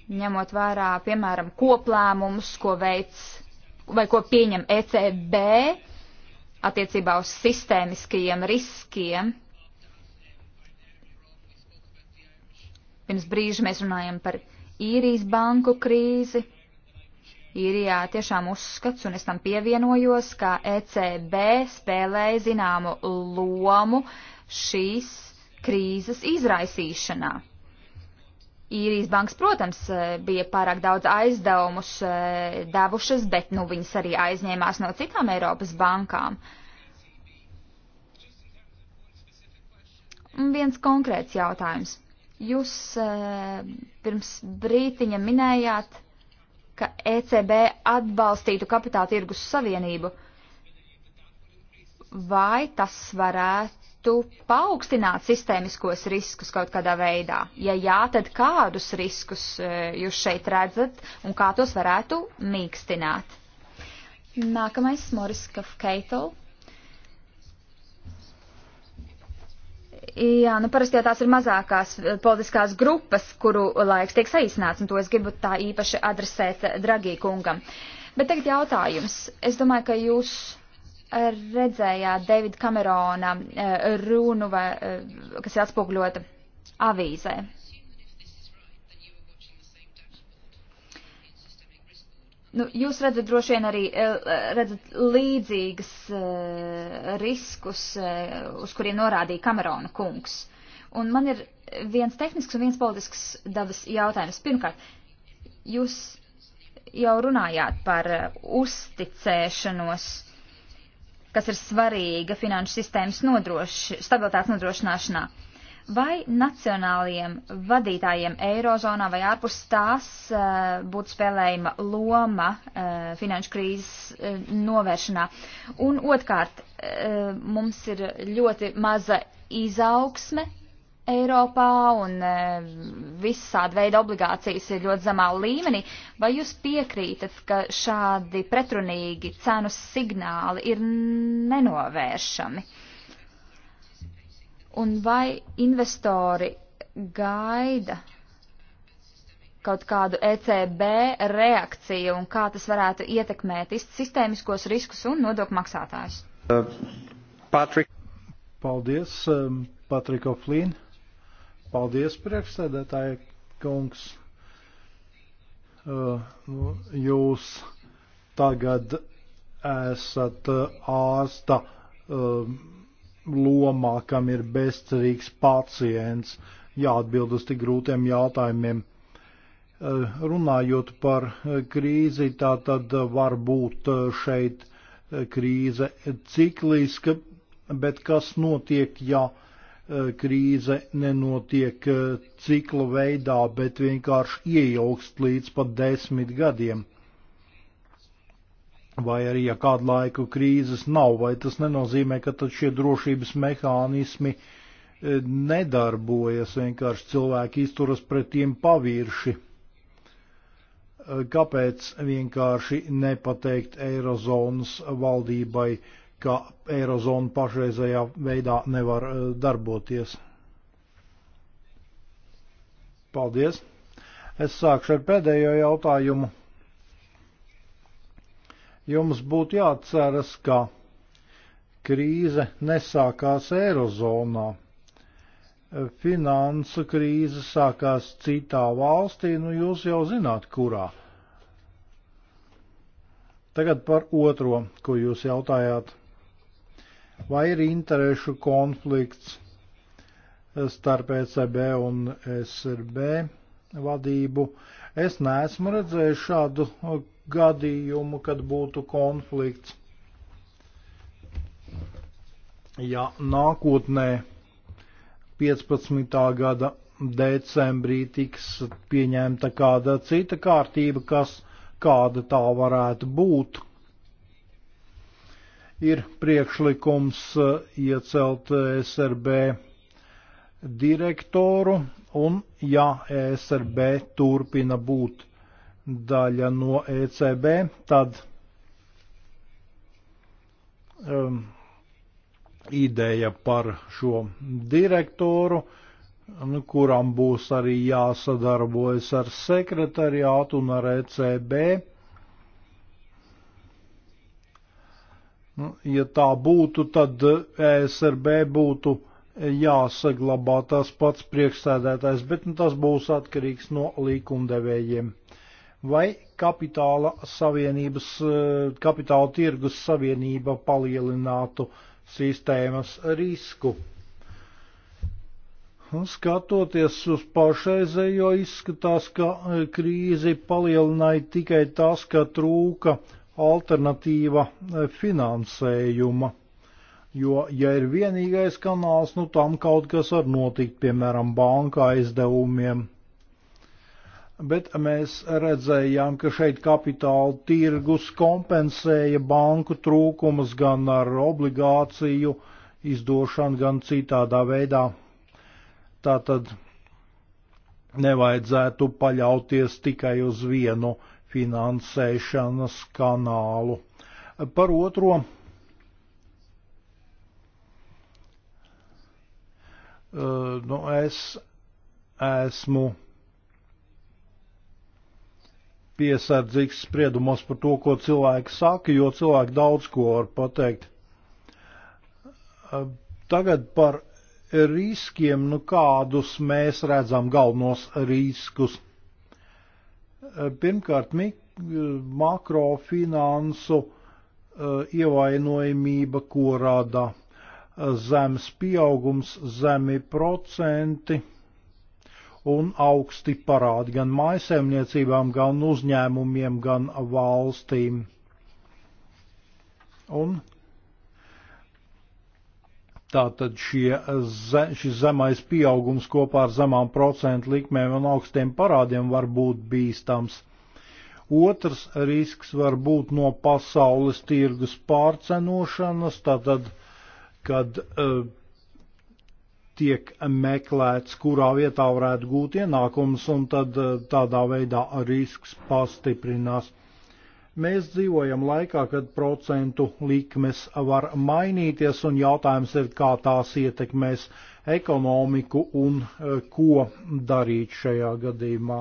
ņemot vērā, piemēram, koplēmumus, ko veids vai ko pieņem ECB attiecībā uz sistēmiskajiem riskiem. Pirms brīža mēs runājam par īrijas banku krīzi. Īrijā tiešām uzskats, un es tam pievienojos, ka ECB spēlēja zināmu lomu šīs krīzes izraisīšanā. Īrijas banks, protams, e, bija pārāk daudz aizdevumus e, devušas, bet nu viņas arī aizņēmās no citām Eiropas bankām. Un viens konkrēts jautājums. Jūs e, pirms brītiņa minējāt, ka ECB atbalstītu kapitāla tirgus savienību. Vai tas varētu varētu paaugstināt sistēmiskos riskus kaut kādā veidā? Ja jā, tad kādus riskus e, jūs šeit redzat un kā tos varētu mīkstināt? Nākamais Moris Kafkeitl. Jā, nu parasti jau tās ir mazākās e, politiskās grupas, kuru laiks tiek saīsināts, un to es gribu tā īpaši adresēt Dragī kungam. Bet tagad jautājums. Es domāju, ka jūs redzējāt Davida Kamerona eh, runu, vai, eh, kas ir atspogļota avīzē. Nu, jūs redzat droši vien arī eh, redzat līdzīgas riskus, uz kuriem norādīja Kamerona kungs. Un man ir viens tehnisks un viens politisks dabas jautājums. Pirmkārt, jūs jau runājāt par uzticēšanos kas ir svarīga finanšu sistēmas nodroši, stabilitātes nodrošināšanā. Vai nacionālajiem vadītājiem Eirozonā vai ārpus tās uh, būtu spēlējama loma uh, finanšu krīzes uh, novēršanā? Un otrkārt, uh, mums ir ļoti maza izaugsme Eiropā un e, visādi veidi obligācijas ir ļoti zemā līmenī, vai jūs piekrītat, ka šādi pretrunīgi cenu signāli ir nenovēršami? Un vai investori gaida kaut kādu ECB reakciju un kā tas varētu ietekmēt sistēmiskos riskus un nodokļu maksātājus. Uh, Patrik. Paldies, um, Patrika Flīna. Paldies, priekšsēdētāji kungs. Uh, nu, jūs tagad esat uh, ārsta um, lomā, kam ir bezcerīgs pacients, jāatbild uz tik grūtiem jautājumiem. Uh, runājot par krīzi, tā tad var būt šeit krīze cikliska, bet kas notiek, ja. Jā Eh, krīze nenotiek eh, ciklu veidā, bet vienkārši ieilgst līdz pat desmit gadiem. Vai arī, ja kādu laiku krīzes nav, vai tas nenozīmē, ka tad šie drošības mehānismi eh, nedarbojas, vienkārši cilvēki izturas pret tiem pavirši. Kāpēc vienkārši nepateikt Eirozonas valdībai, ka Eirozona pašreizējā veidā nevar eh, darboties. Paldies! Es sākšu ar pēdējo jautājumu. Jums būtu jāatceras, ka krīze nesākās Eirozonā. Finansu krīze sākās citā valstī, nu jūs jau zināt, kurā. Tagad par otro, ko jūs jautājāt vai ir interešu konflikts starp ECB un SRB vadību. Es neesmu redzējis šādu gadījumu, kad būtu konflikts. Ja nākotnē 15. gada decembrī tiks pieņemta kāda cita kārtība, kas kāda tā varētu būt, ir priekšlikums eh, iecelt eh, SRB direktoru, un ja SRB turpina būt daļa no ECB, tad um, ideja par šo direktoru, nu, kuram būs arī jāsadarbojas ar sekretariātu un ar ECB, Nu, ja tā būtu, tad ESRB būtu jāsaglabā tas pats priekšsēdētājs, bet nu, tas būs atkarīgs no līkumdevējiem. Vai kapitāla savienības, eh, kapitāla tirgus savienība palielinātu sistēmas risku? Un skatoties uz pašreizējo, izskatās, ka eh, krīzi palielināja tikai tas, ka trūka uh, alternatīva e, finansējuma. Jo, ja ir vienīgais kanāls, nu tam kaut kas var notikt, piemēram, bankā aizdevumiem. Bet mēs redzējām, ka šeit kapitāla tirgus kompensēja banku trūkumus gan ar obligāciju izdošanu, gan citādā veidā. Tātad nevajadzētu paļauties tikai uz vienu finansēšanas kanālu. Par otro eh, nu, es esmu piesardzīgs spriedumos par to, ko cilvēki saka, jo cilvēki daudz ko var pateikt. Eh, tagad par riskiem, nu kādus mēs redzam galvenos riskus. Pirmkārt, makrofinansu eh, ievainojamība, ko rada eh, zemes pieaugums, zemi procenti un augsti parādi gan maisaimniecībām, gan uzņēmumiem, gan valstīm. Un Tātad šie, šis zemais pieaugums kopā ar zemām procentu likmēm un augstiem parādiem var būt bīstams. Otrs risks var būt no pasaules tirgus pārcenošanas, tātad, kad uh, tiek meklēts, kurā vietā varētu gūt ienākums, un tad uh, tādā veidā risks pastiprinās. Uh, Mēs dzīvojam laikā, kad procentu likmes var mainīties, un jautājums ir, kā tās ietekmēs ekonomiku un e, ko darīt šajā gadījumā.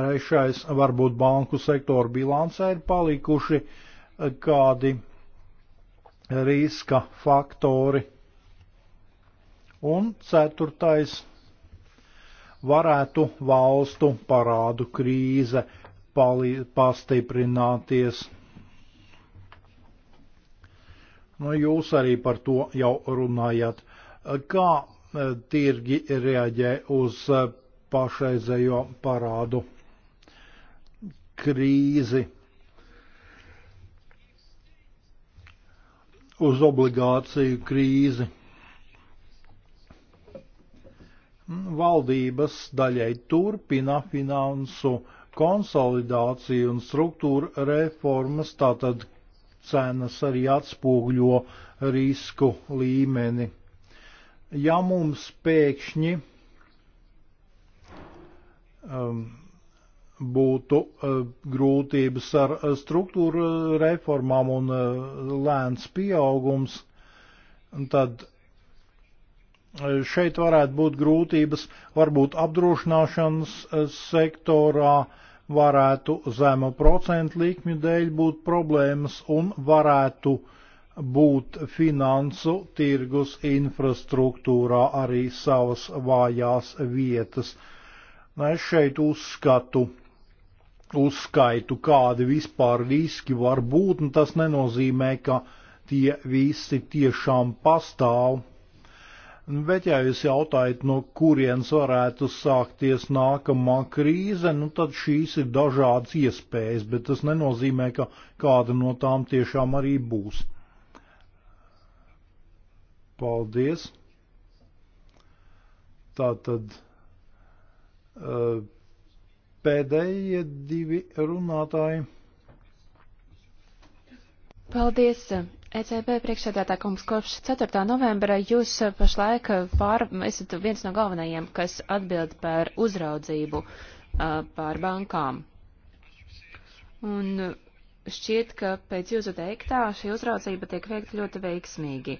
Trešais, varbūt banku sektora bilancē ir palikuši e, kādi riska faktori. Un ceturtais varētu valstu parādu krīze pastiprināties. Nu, jūs arī par to jau runājat. Kā e, tirgi reaģē uz e, pašreizējo parādu krīzi? Uz obligāciju krīzi valdības daļai turpina finansu konsolidāciju un struktūra reformas, tātad cenas arī atspūgļo risku līmeni. Ja mums pēkšņi um, būtu uh, grūtības ar uh, struktūra reformām un uh, lēns pieaugums, tad šeit varētu būt grūtības, varbūt apdrošināšanas eh, sektorā varētu zema procentu likmju dēļ būt problēmas un varētu būt finansu tirgus infrastruktūrā arī savas vājās vietas. Es šeit uzskatu, uzskaitu, kādi vispār riski var būt, un tas nenozīmē, ka tie visi tiešām pastāv Bet, ja jūs jautājat, no kurienes varētu sākties nākamā krīze, nu tad šīs ir dažādas iespējas, bet tas nenozīmē, ka kāda no tām tiešām arī būs. Paldies! Tātad eh, pēdējie divi runātāji. Paldies! ECB priekšsēdētā kungs, kopš 4. novembra jūs pašlaik pār, esat viens no galvenajiem, kas atbild par uzraudzību pār bankām. Un šķiet, ka pēc jūsu teiktā šī uzraudzība tiek veikta ļoti veiksmīgi.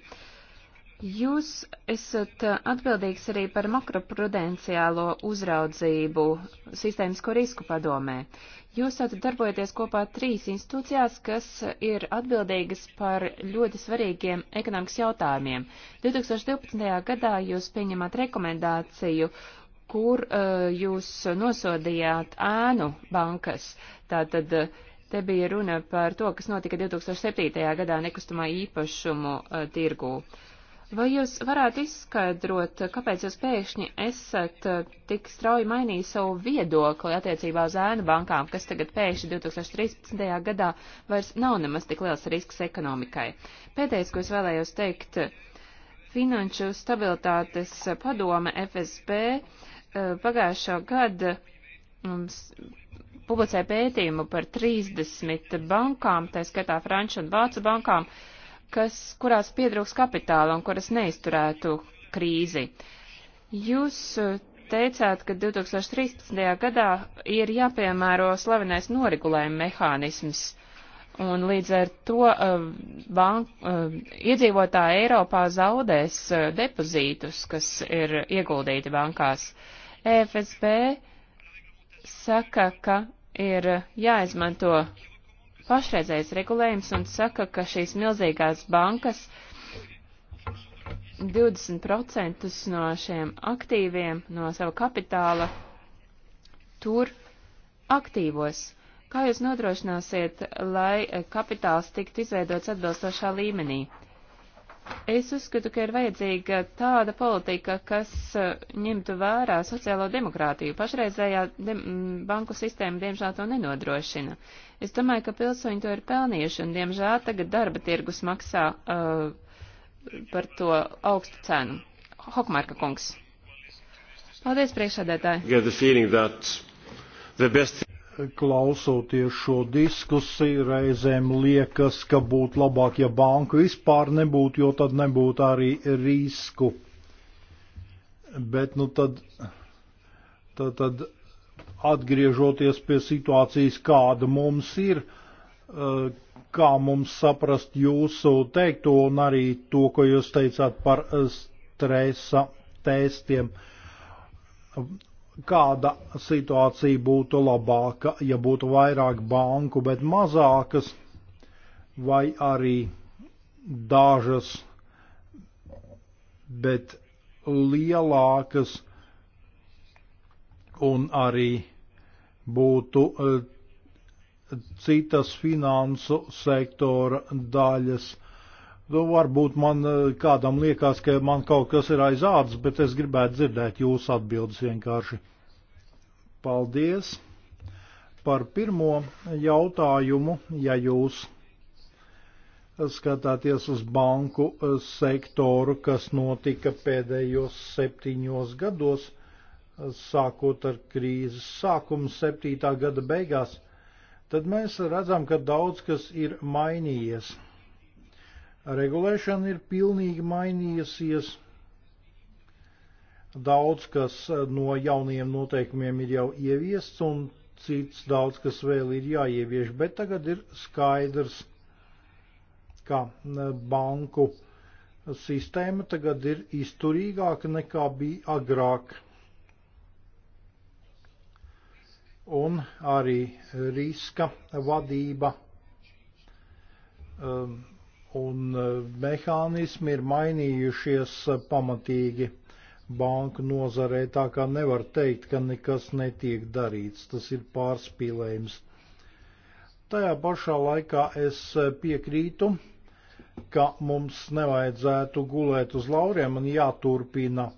Jūs esat atbildīgs arī par makroprudenciālo uzraudzību sistēmisko risku padomē. Jūs tātad darbojaties kopā trīs institūcijās, kas ir atbildīgas par ļoti svarīgiem ekonomikas jautājumiem. 2012. gadā jūs pieņemat rekomendāciju, kur uh, jūs nosodījāt ēnu bankas. Tātad uh, te bija runa par to, kas notika 2007. gadā nekustamā īpašumu uh, tirgū. Uh, Vai jūs varētu izskaidrot, kāpēc jūs pēkšņi esat eh, tik strauji mainījis savu viedokli attiecībā uz ēnu bankām, kas tagad pēkšņi 2013. gadā vairs nav nemaz tik liels risks ekonomikai? Pēdējais, ko es vēlējos teikt, Finanšu stabilitātes padome FSB eh, pagājušā gada mums publicēja pētījumu par 30 bankām, tā skatā Franču un Vācu bankām, uh, kas, kurās pietrūks kapitāla un kuras neizturētu krīzi. Jūs eh, teicāt, ka 2013. gadā ir jāpiemēro slavenais noregulējuma mehānisms, un līdz ar to uh, bank, uh, iedzīvotāji Eiropā zaudēs uh, depozītus, kas ir ieguldīti bankās. EFSB saka, ka ir jāizmanto pašreizējais regulējums un saka, ka šīs milzīgās bankas 20% no šiem aktīviem, no sava kapitāla, tur aktīvos. Kā jūs nodrošināsiet, lai kapitāls tiktu izveidots atbilstošā līmenī? Es uzskatu, ka ir vajadzīga tāda politika, kas uh, ņemtu vērā sociālo demokrātiju. Pašreizējā de banku sistēma, diemžēl, to nenodrošina. Es domāju, ka pilsoņi to ir pelnījuši, un, diemžēl, tagad darba tirgus maksā uh, par to augstu cenu. Hokmarka kungs. Paldies, priekšādētāji klausoties šo diskusiju, reizēm liekas, ka būtu labāk, ja banku vispār nebūtu, jo tad nebūtu arī risku. Bet, nu, tad, tad, tad atgriežoties pie situācijas, kāda mums ir, eh, kā mums saprast jūsu teikto un arī to, ko jūs teicāt par eh, stresa testiem kāda situācija būtu labāka, ja būtu vairāk banku, bet mazākas, vai arī dažas, bet lielākas, un arī būtu eh, citas finansu sektora daļas Nu, varbūt man eh, kādam liekas, ka man kaut kas ir aiz ādas, bet es gribētu dzirdēt jūsu atbildes vienkārši. Paldies par pirmo jautājumu, ja jūs skatāties uz banku eh, sektoru, kas notika pēdējos septiņos gados, sākot ar krīzes sākumu septītā gada beigās, tad mēs redzam, ka daudz kas ir mainījies regulēšana ir pilnīgi mainījusies. Daudz kas eh, no jaunajiem noteikumiem ir jau ieviests, un cits daudz kas vēl ir jāievieš, bet tagad ir skaidrs, ka eh, banku sistēma tagad ir izturīgāka nekā bija agrāk. Un arī riska vadība um, un e, mehānismi ir mainījušies e, pamatīgi banku nozarē, tā kā nevar teikt, ka nekas netiek darīts, tas ir pārspīlējums. Tajā pašā laikā es e, piekrītu, ka mums nevajadzētu gulēt uz lauriem un jāturpina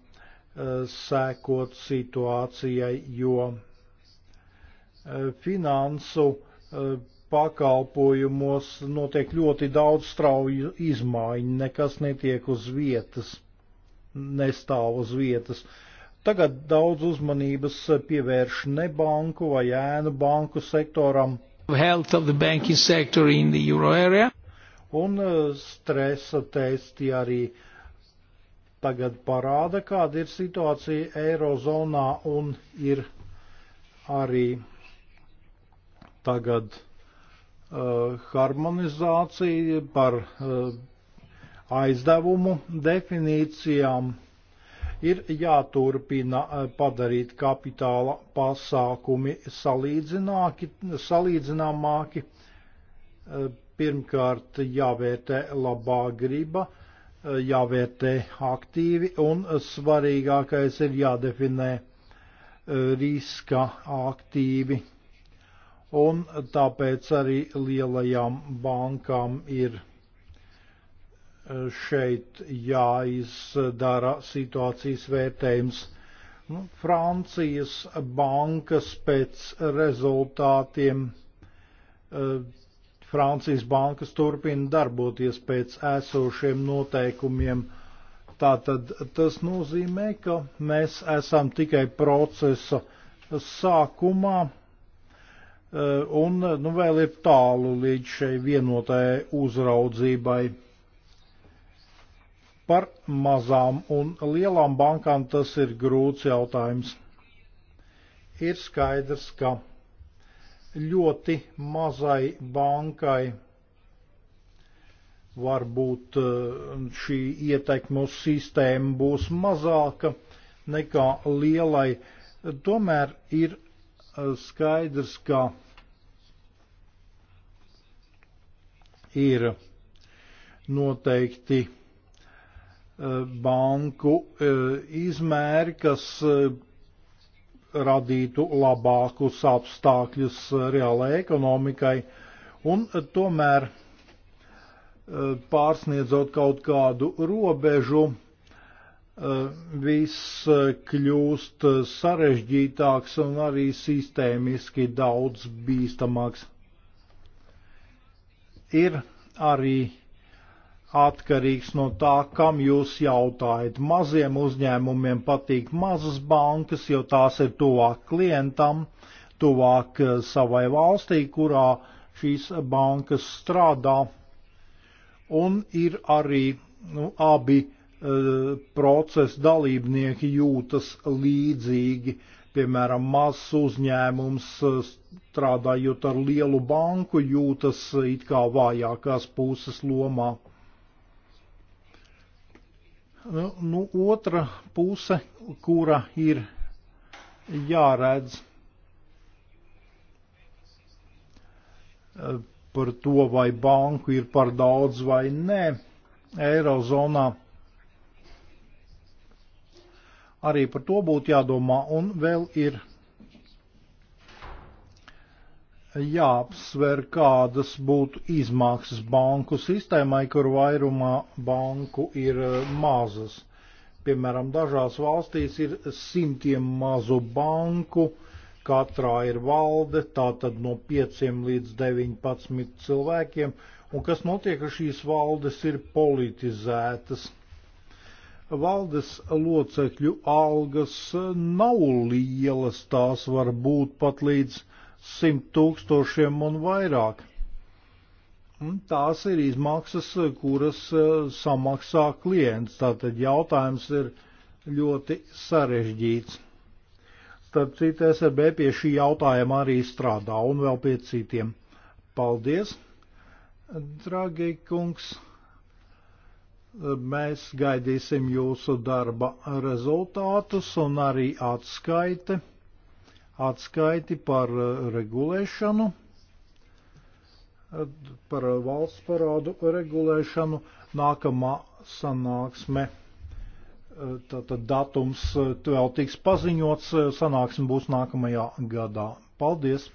sēkot situācijai, jo finansu pakalpojumos notiek ļoti daudz strauju izmaiņu, nekas netiek uz vietas, nestāv uz vietas. Tagad daudz uzmanības pievērš ne banku vai ēnu banku sektoram. Sector un e, stresa testi arī tagad parāda, kāda ir situācija Eirozonā un ir arī tagad Eh, harmonizāciju, par eh, aizdevumu definīcijām ir jāturpina eh, padarīt kapitāla pasākumi salīdzināmāki. Pirmkārt, jāvērtē labā griba, jāvērtē aktīvi un svarīgākais ir jādefinē riska aktīvi un tāpēc arī lielajām bankām ir e, šeit jāizdara situācijas vērtējums. Nu, Francijas bankas pēc rezultātiem, e, Francijas bankas turpina darboties pēc esošiem noteikumiem. Tātad tas nozīmē, ka mēs esam tikai procesa sākumā Eh, un eh, nu, vēl ir tālu līdz šai vienotajai uzraudzībai. Par mazām un lielām bankām tas ir grūts jautājums. Ir skaidrs, ka ļoti mazai bankai varbūt eh, šī ietekme uz sistēmu būs mazāka nekā lielai, tomēr ir skaidrs, ka ir noteikti e, banku e, izmēri, kas e, radītu labākus apstākļus reālajai ekonomikai, un tomēr pārsniedzot kaut kādu robežu, Eh, viss eh, kļūst eh, sarežģītāks un arī sistēmiski daudz bīstamāks. Ir arī atkarīgs no tā, kam jūs jautājat. Maziem uzņēmumiem patīk mazas bankas, jo tās ir tuvāk klientam, tuvāk savai valstī, kurā šīs bankas strādā. Un ir arī nu, abi E, procesa dalībnieki jūtas līdzīgi, piemēram, mazs uzņēmums e, strādājot ar lielu banku jūtas it kā vājākās puses lomā. Nu, nu otra puse, kura ir jāredz e, par to, vai banku ir par daudz vai nē, Eirozonā Arī par to būtu jādomā un vēl ir jāapsver, kādas būtu izmaksas banku sistēmai, kur vairumā banku ir eh, mazas. Piemēram, dažās valstīs ir simtiem mazu banku, katrā ir valde, tātad no 5 līdz 19 cilvēkiem, un kas notiek, ka šīs valdes ir politizētas valdes locekļu algas nav lielas, tās var būt pat līdz simt tūkstošiem un vairāk. Tās ir izmaksas, kuras e, samaksā klients, tātad jautājums ir ļoti sarežģīts. Starp citu, SRB pie šī jautājuma arī strādā un vēl pie citiem. Paldies, dragi kungs! mēs gaidīsim jūsu darba rezultātus un arī atskaiti, atskaiti par uh, regulēšanu, par uh, valsts parādu regulēšanu. Nākamā sanāksme, uh, tātad datums vēl tiks paziņots, sanāksme būs nākamajā gadā. Paldies!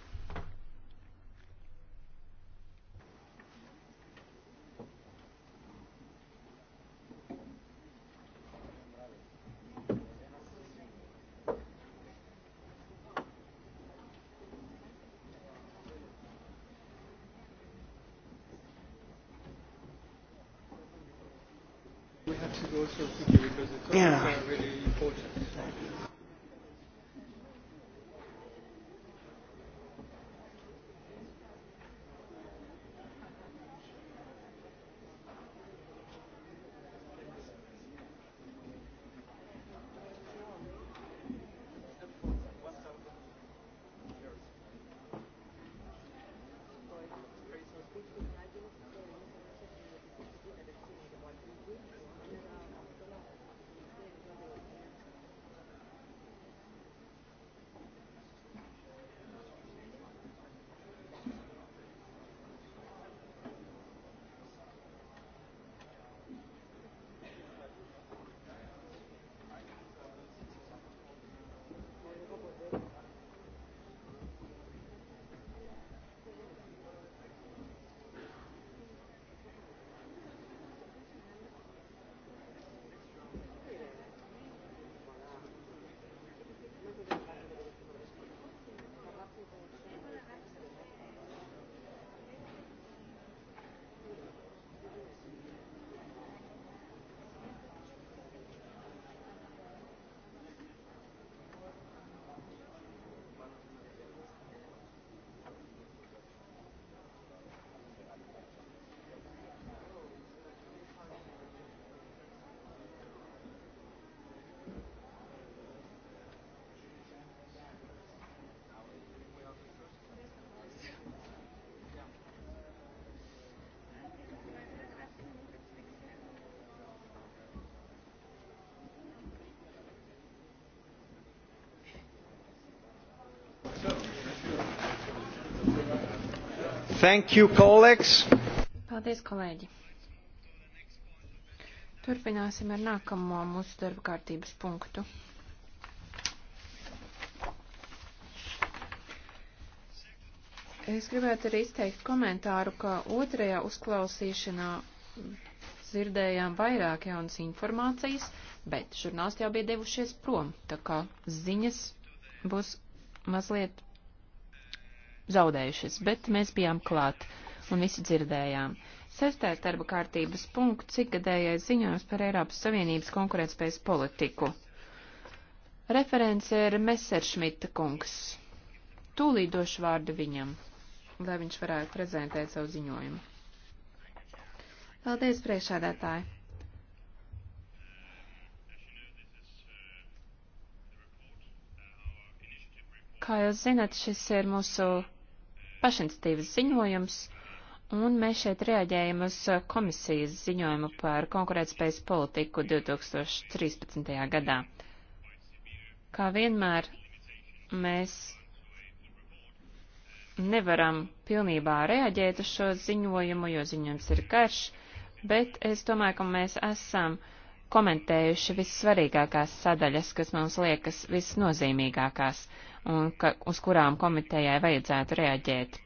Thank you, colleagues. Paldies, kolēģi. Turpināsim ar nākamo mūsu darba kārtības punktu. Es gribētu arī izteikt komentāru, ka otrajā uzklausīšanā dzirdējām vairāk jaunas informācijas, bet žurnālisti jau bija devušies prom, tā kā ziņas būs mazliet zaudējušas, bet mēs bijām klāt un visi dzirdējām. Sestais darba kārtības punkts - ikgadējais ziņojums par Eiropas Savienības konkurētspējas politiku. Referents ir Messeršmita kungs. Tūlīt došu vārdu viņam, lai viņš varētu prezentēt savu ziņojumu. Paldies, priekšādātāji! Kā jūs zināt, šis ir mūsu pašinstīvas ziņojums, un mēs šeit reaģējam uz komisijas ziņojumu par konkurētspējas politiku 2013. gadā. Kā vienmēr, mēs nevaram pilnībā reaģēt uz šo ziņojumu, jo ziņojums ir karš, bet es domāju, ka mēs esam komentējuši vissvarīgākās sadaļas, kas mums liekas visnozīmīgākās un ka, uz kurām komitejai vajadzētu reaģēt.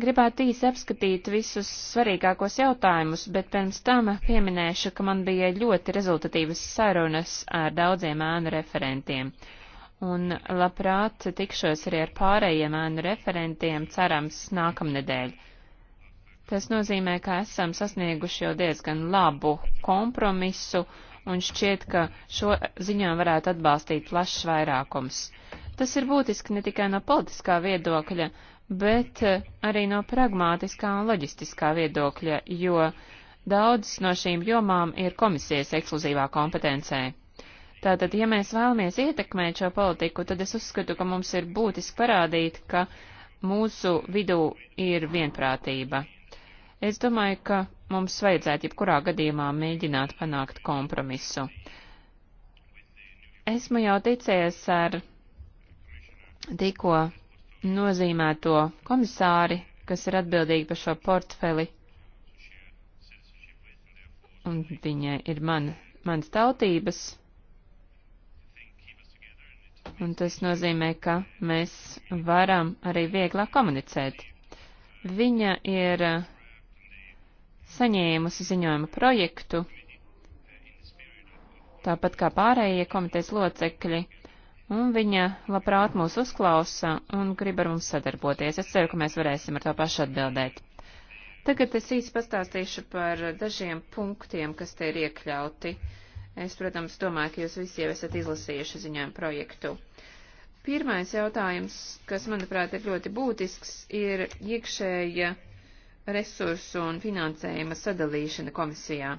Gribētu īsi apskatīt visus svarīgākos jautājumus, bet pirms tam pieminēšu, ka man bija ļoti rezultatīvas sarunas ar daudziem ēnu referentiem. Un labprāt tikšos arī ar pārējiem ēnu referentiem, cerams, nākamnedēļ. Tas nozīmē, ka esam sasnieguši jau diezgan labu kompromisu, uh, un šķiet, ka šo ziņā varētu atbalstīt plašs vairākums. Tas ir būtiski ne tikai no politiskā viedokļa, bet eh, arī no pragmātiskā un loģistiskā viedokļa, jo daudzas no šīm jomām ir komisijas ekskluzīvā kompetencē. Tātad, ja mēs vēlamies ietekmēt šo politiku, tad es uzskatu, ka mums ir būtiski parādīt, ka mūsu vidū ir vienprātība. Es domāju, ka mums vajadzētu jebkurā gadījumā mēģināt panākt kompromisu. Esmu jau ticējis ar tikko nozīmēto komisāri, kas ir atbildīgi par šo portfeli, un viņai ir man, mans tautības, un tas nozīmē, ka mēs varam arī vieglāk komunicēt. Viņa ir uh, saņēmusi ziņojuma projektu, tāpat kā pārējie komitejas locekļi, un viņa labprāt mūs uzklausa un grib ar mums sadarboties. Es ceru, ka mēs varēsim ar to pašu atbildēt. Tagad es īsi pastāstīšu par dažiem punktiem, kas te ir iekļauti. Es, protams, domāju, ka jūs visi jau esat izlasījuši ziņojumu projektu. Pirmais jautājums, kas, manuprāt, ir ļoti būtisks, ir iekšēja resursu un finansējuma sadalīšana komisijā.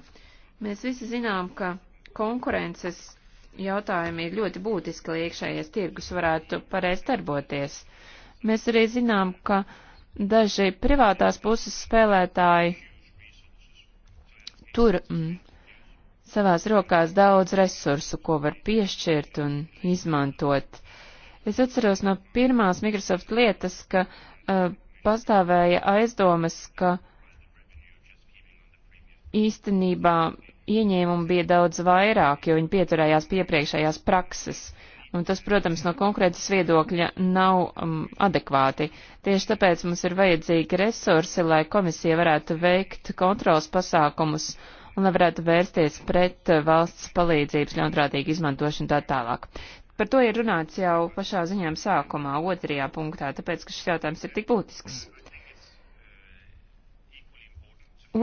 Mēs visi zinām, ka konkurences jautājumi ir ļoti būtiski, lai iekšējais tirgus varētu pareiz darboties. Mēs arī zinām, ka daži privātās puses spēlētāji tur mm, savās rokās daudz resursu, ko var piešķirt un izmantot. Es atceros no pirmās Microsoft lietas, ka uh, pastāvēja aizdomas, ka īstenībā ieņēmumi bija daudz vairāk, jo viņi pieturējās piepriekšējās prakses. Un tas, protams, no konkrētas viedokļa nav um, adekvāti. Tieši tāpēc mums ir vajadzīgi resursi, lai komisija varētu veikt kontrols pasākumus un lai varētu vērsties pret valsts palīdzības ļaunprātīgu izmantošanu tā tālāk. Par to ir runāts jau pašā ziņām sākumā, otrajā punktā, tāpēc, ka šis jautājums ir tik būtisks.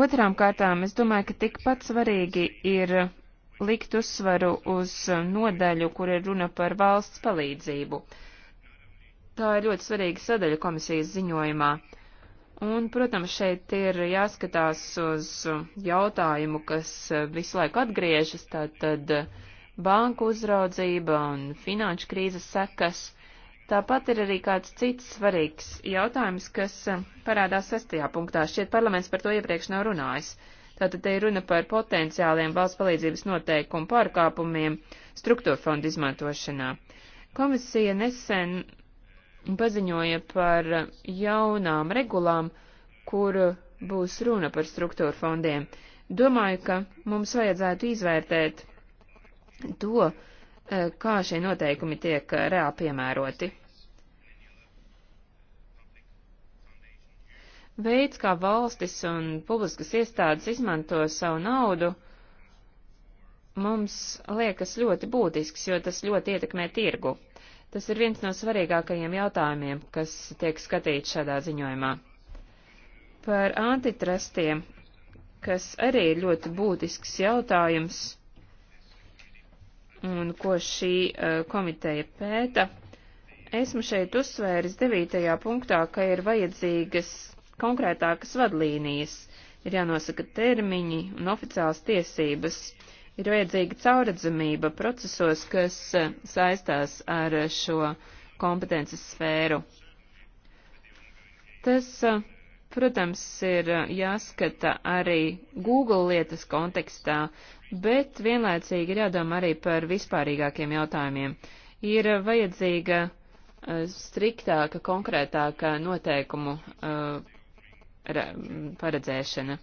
Otrām kārtām, es domāju, ka tikpat svarīgi ir likt uzsvaru uz nodaļu, kur ir runa par valsts palīdzību. Tā ir ļoti svarīga sadaļa komisijas ziņojumā. Un, protams, šeit ir jāskatās uz jautājumu, kas visu laiku atgriežas, tātad uh, banku uzraudzība un finanšu krīzes sekas. Tāpat ir arī kāds cits svarīgs jautājums, kas eh, parādās sestajā punktā. Šķiet, parlaments par to iepriekš nav runājis. Tātad te ir runa par potenciāliem valsts palīdzības noteikumu pārkāpumiem struktūra fonda izmantošanā. Komisija nesen paziņoja par jaunām regulām, kur būs runa par struktūra fondiem. Domāju, ka mums vajadzētu izvērtēt to, eh, kā šie noteikumi tiek eh, reāli piemēroti. Veids, kā valstis un publiskas iestādes izmanto savu naudu, mums liekas ļoti būtisks, jo tas ļoti ietekmē tirgu. Tas ir viens no svarīgākajiem jautājumiem, kas tiek skatīts šādā ziņojumā. Par antitrustiem, kas arī ir ļoti būtisks jautājums un ko šī uh, komiteja pēta. Esmu šeit uzsvēris devītajā punktā, ka ir vajadzīgas konkrētākas vadlīnijas, ir jānosaka termiņi un oficiāls tiesības, ir vajadzīga cauradzamība procesos, kas uh, saistās ar uh, šo kompetences sfēru. Tas, protams, ir jāskata arī Google lietas kontekstā, bet vienlaicīgi ir jādomā arī par vispārīgākiem jautājumiem. Ir vajadzīga eh, striktāka, konkrētāka noteikumu eh, paredzēšana.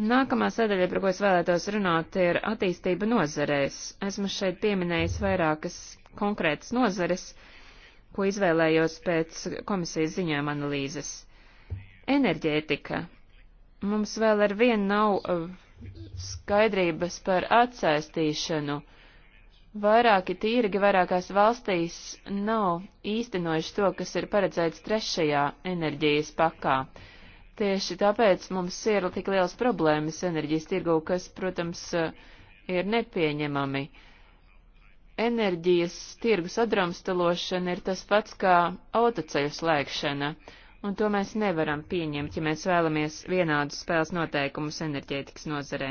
Nākamā sadaļa, par ko es vēlētos runāt, ir attīstība nozarēs. Esmu šeit pieminējis vairākas konkrētas nozares, ko izvēlējos pēc komisijas ziņojuma analīzes. Enerģētika. Mums vēl ar vienu nav eh, skaidrības par atsaistīšanu. Vairāki tīrgi vairākās valstīs nav īstenojuši to, kas ir paredzēts trešajā enerģijas pakā. Tieši tāpēc mums ir tik liels problēmas enerģijas tirgū, kas, protams, ir nepieņemami. Enerģijas tirgus adromstalošana ir tas pats kā autoceļu slēgšana, un to mēs nevaram pieņemt, ja mēs vēlamies vienādus spēles noteikumus enerģētikas nozarē.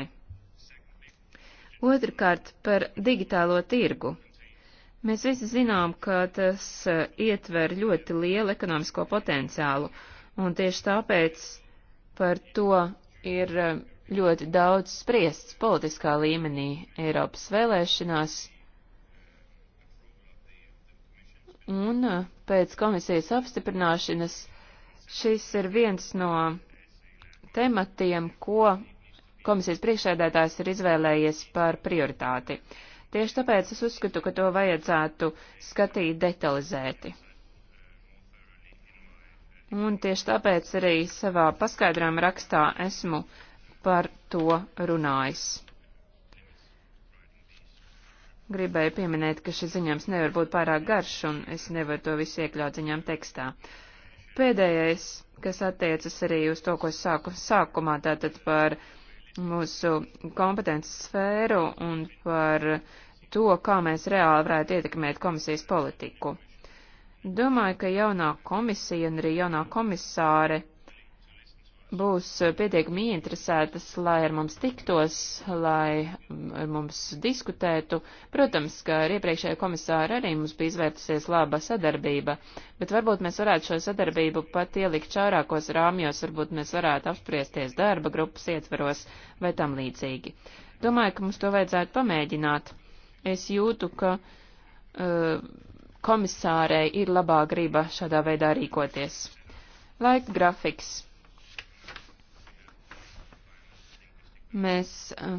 Otrakārt, par digitālo tirgu. Mēs visi zinām, ka tas eh, ietver ļoti lielu ekonomisko potenciālu, un tieši tāpēc par to ir eh, ļoti daudz spriests politiskā līmenī Eiropas vēlēšanās. Un eh, pēc komisijas apstiprināšanas Šis ir viens no tematiem, ko komisijas priekšsēdētājs ir izvēlējies par prioritāti. Tieši tāpēc es uzskatu, ka to vajadzētu skatīt detalizēti. Un tieši tāpēc arī savā paskaidrojuma rakstā esmu par to runājis. Gribēju pieminēt, ka šis ziņojums nevar būt pārāk garš, un es nevaru to visu iekļaut ziņām tekstā. Uh, Pēdējais, kas attiecas arī uz to, ko es sāku sākumā, tātad par mūsu kompetences sfēru un par to, kā mēs reāli varētu ietekmēt komisijas politiku. Domāju, ka jaunā komisija un arī jaunā komisāre būs pietiekami ieinteresētas, lai ar mums tiktos, lai ar mums diskutētu. Protams, ka ar iepriekšēju komisāru arī mums bija izvērtusies laba sadarbība, bet varbūt mēs varētu šo sadarbību pat ielikt čārākos rāmjos, varbūt mēs varētu apspriesties darba grupas ietveros vai tam līdzīgi. Domāju, ka mums to vajadzētu pamēģināt. Es jūtu, ka uh, komisārei ir labā griba šādā veidā rīkoties. Laika grafiks. Mēs, eh,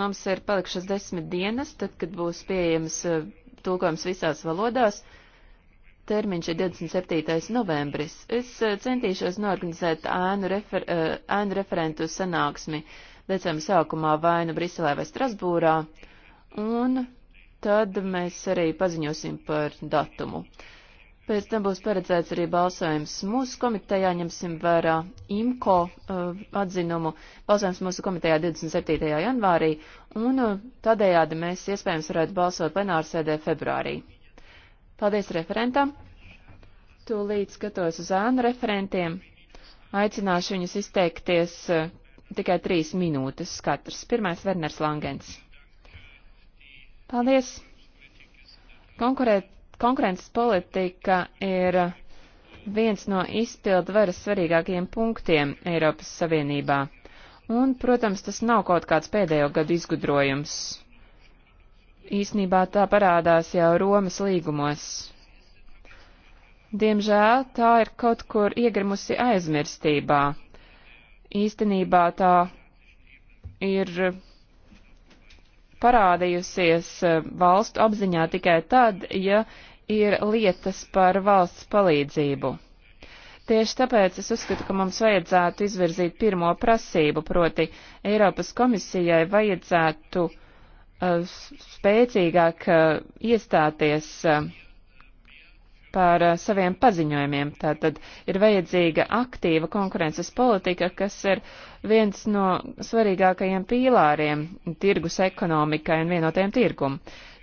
mums ir palikušas desmit dienas, tad, kad būs pieejams eh, tulkojums visās valodās. Termiņš ir 27. novembris. Es eh, centīšos norganizēt ēnu, refer, ēnu referentu sanāksmi decembra sākumā vai nu Briselē vai Strasbūrā, un tad mēs arī paziņosim par datumu. Uh, Pēc tam būs paredzēts arī balsojums mūsu komitejā, ņemsim vērā IMCO uh, atzinumu, balsojums mūsu komitejā 27. janvārī, un uh, tādējādi mēs iespējams varētu balsot plenārsēdē februārī. Paldies referentam! Tūlīt skatos uz ēnu referentiem. Aicināšu viņus izteikties uh, tikai trīs minūtes katrs. Pirmais Werners Langens. Paldies! Konkurēt Konkurences politika ir viens no izpildu varas svarīgākajiem punktiem Eiropas Savienībā. Un, protams, tas nav kaut kāds pēdējo gadu izgudrojums. Īsnībā tā parādās jau Romas līgumos. Diemžēl tā ir kaut kur iegrimusi aizmirstībā. Īstenībā tā ir parādījusies eh, valstu apziņā tikai tad, ja ir lietas par valsts palīdzību. Tieši tāpēc es uzskatu, ka mums vajadzētu izvirzīt pirmo prasību, proti Eiropas komisijai vajadzētu uh, spēcīgāk uh, iestāties uh, par uh, saviem paziņojumiem. Tātad ir vajadzīga aktīva konkurences politika, kas ir viens no svarīgākajiem pīlāriem tirgus ekonomikai un vienotiem tirgum.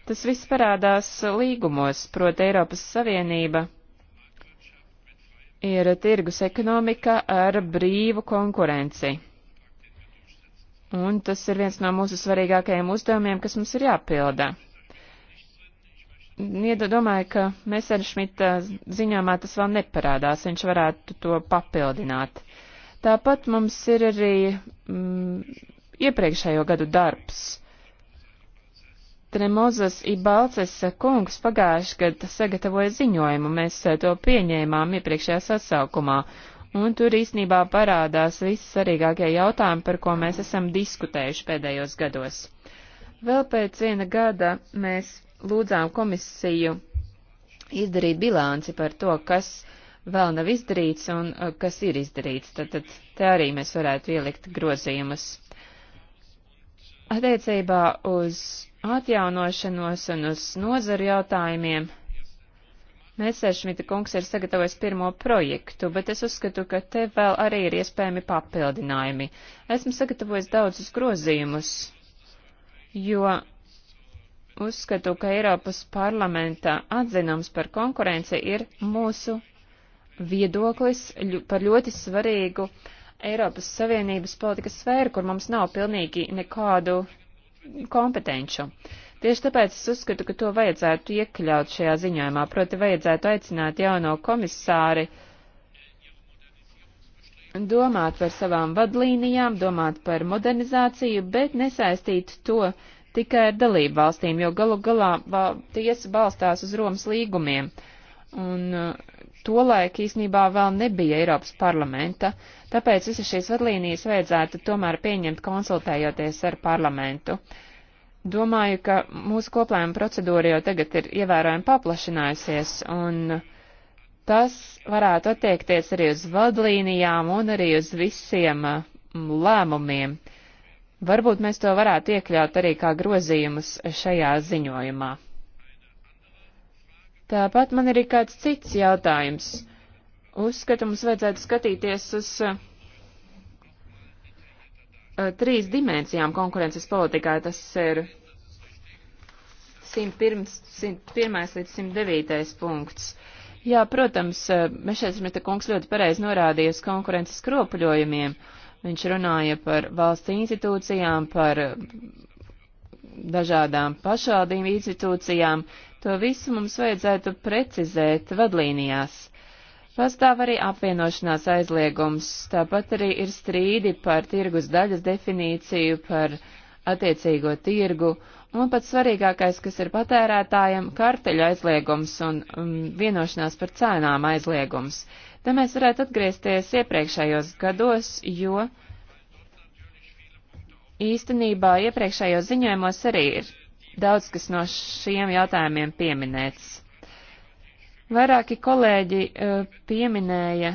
Tas viss parādās līgumos, proti Eiropas Savienība ir tirgus ekonomika ar brīvu konkurenci. Un tas ir viens no mūsu svarīgākajiem uzdevumiem, kas mums ir jāpilda. Domāju, ka Mesenšmita ziņāmā tas vēl neparādās, viņš varētu to papildināt. Tāpat mums ir arī mm, iepriekšējo gadu darbs Tremozas Ibalces kungs pagājuši, kad sagatavoja ziņojumu, mēs eh, to pieņēmām iepriekšējā sasaukumā, un tur īsnībā parādās visi svarīgākie jautājumi, par ko mēs esam diskutējuši pēdējos gados. Vēl pēc viena gada mēs lūdzām komisiju izdarīt bilanci par to, kas vēl nav izdarīts un eh, kas ir izdarīts. Tad, tad te arī mēs varētu ielikt grozījumus. Attiecībā uz atjaunošanos un uz nozaru jautājumiem. Mēsēršmita kungs ir sagatavojis pirmo projektu, bet es uzskatu, ka te vēl arī ir iespējami papildinājumi. Esmu sagatavojis daudzus grozījumus, jo uzskatu, ka Eiropas parlamenta atzinums par konkurenci ir mūsu viedoklis par ļoti svarīgu Eiropas Savienības politikas sfēru, kur mums nav pilnīgi nekādu kompetenču. Tieši tāpēc es uzskatu, ka to vajadzētu iekļaut šajā ziņojumā, proti vajadzētu aicināt jauno komisāri domāt par savām vadlīnijām, domāt par modernizāciju, bet nesaistīt to tikai ar dalību valstīm, jo galu galā tiesa balstās uz Romas līgumiem. Un uh, tolaik īsnībā vēl nebija Eiropas parlamenta, tāpēc visas šīs vadlīnijas vajadzētu tomēr pieņemt konsultējoties ar parlamentu. Domāju, ka mūsu koplējuma procedūra jau tagad ir ievērojami paplašinājusies, un tas varētu attiekties arī uz vadlīnijām un arī uz visiem mm, lēmumiem. Varbūt mēs to varētu iekļaut arī kā grozījumus šajā ziņojumā. Tāpat man ir kāds cits jautājums. Uzskatu, mums vajadzētu skatīties uz uh, uh trīs dimensijām konkurences politikā. Tas ir 101, 101 līdz 109 punkts. Jā, protams, uh, Mešēsmita kungs ļoti pareizi norādīja uz konkurences kropļojumiem. Viņš runāja par valsts institūcijām, par uh, dažādām pašvaldību institūcijām, To eh, visu mums vajadzētu precizēt vadlīnijās. Pastāv arī apvienošanās aizliegums, tāpat arī ir strīdi par tirgus daļas definīciju, par attiecīgo tirgu, un pats svarīgākais, kas ir patērētājiem, karteļa aizliegums un um, vienošanās par cēnām aizliegums. Te mēs varētu atgriezties iepriekšējos gados, jo īstenībā iepriekšējos ziņojumos arī ir daudz kas no šiem jautājumiem pieminēts. Vairāki kolēģi eh, pieminēja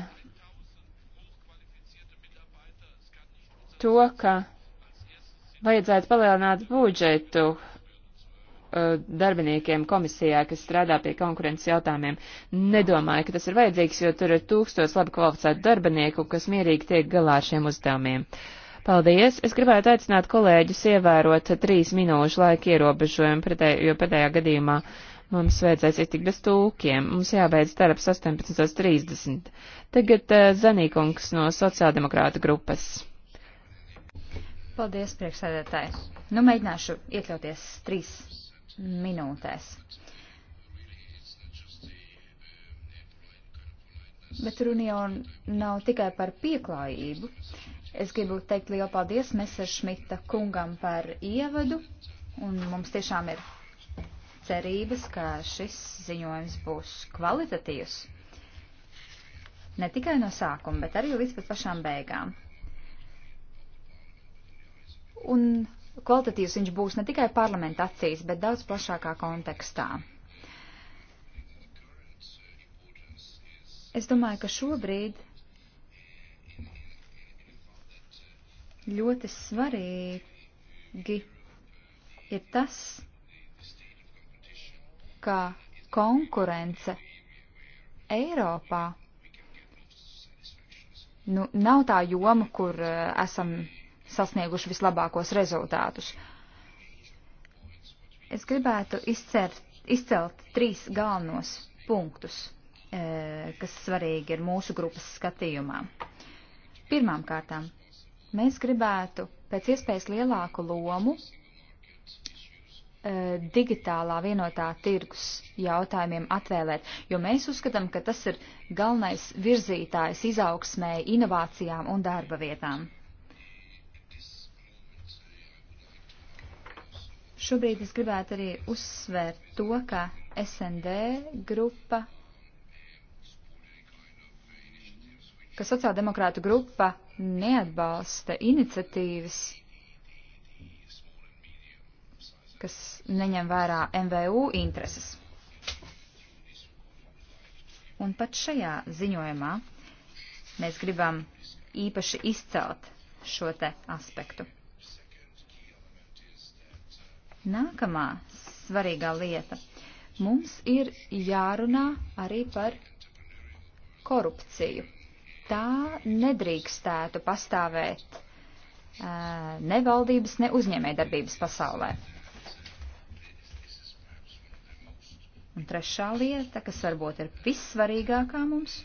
to, ka vajadzētu palielināt budžetu eh, darbiniekiem komisijā, kas strādā pie konkurences jautājumiem. Nedomāju, ka tas ir vajadzīgs, jo tur ir tūkstots labi kvalificētu darbinieku, kas mierīgi tiek galā ar šiem uzdevumiem. Uh, Paldies! Es gribētu aicināt kolēģus ievērot trīs minūšu laika ierobežojumu, pretē, jo pretējā gadījumā mums vajadzēs iztikt bez tūkiem. Mums jābeidz darbs 18.30. Tagad uh, Zanīkungs no sociāldemokrāta grupas. Paldies, priekšsēdētāji. Nu, mēģināšu iekļauties trīs minūtēs. Bet runa jau nav tikai par pieklājību. Es gribu teikt lielu paldies Meseršmita kungam par ievadu, un mums tiešām ir cerības, ka šis ziņojums būs kvalitatīvs. Ne tikai no sākuma, bet arī līdz pat pašām beigām. Un kvalitatīvs viņš būs ne tikai parlamenta acīs, bet daudz plašākā kontekstā. Es domāju, ka šobrīd ļoti svarīgi ir tas, ka konkurence Eiropā nu, nav tā joma, kur eh, esam sasnieguši vislabākos rezultātus. Es gribētu izcert, izcelt trīs galvenos punktus, eh, kas svarīgi ir mūsu grupas skatījumā. Pirmām kārtām Mēs gribētu pēc iespējas lielāku lomu eh, digitālā vienotā tirgus jautājumiem atvēlēt, jo mēs uzskatām, ka tas ir galvenais virzītājs izaugsmēji, inovācijām un darba vietām. Šobrīd es gribētu arī uzsvērt to, ka SND grupa, ka sociāldemokrātu grupa neatbalsta iniciatīvas, kas neņem vērā MVU intereses. Un pat šajā ziņojumā mēs gribam īpaši izcelt šo te aspektu. Nākamā svarīgā lieta. Mums ir jārunā arī par korupciju tā nedrīkstētu pastāvēt ne valdības, ne uzņēmējdarbības pasaulē. Un trešā lieta, kas varbūt ir vissvarīgākā mums,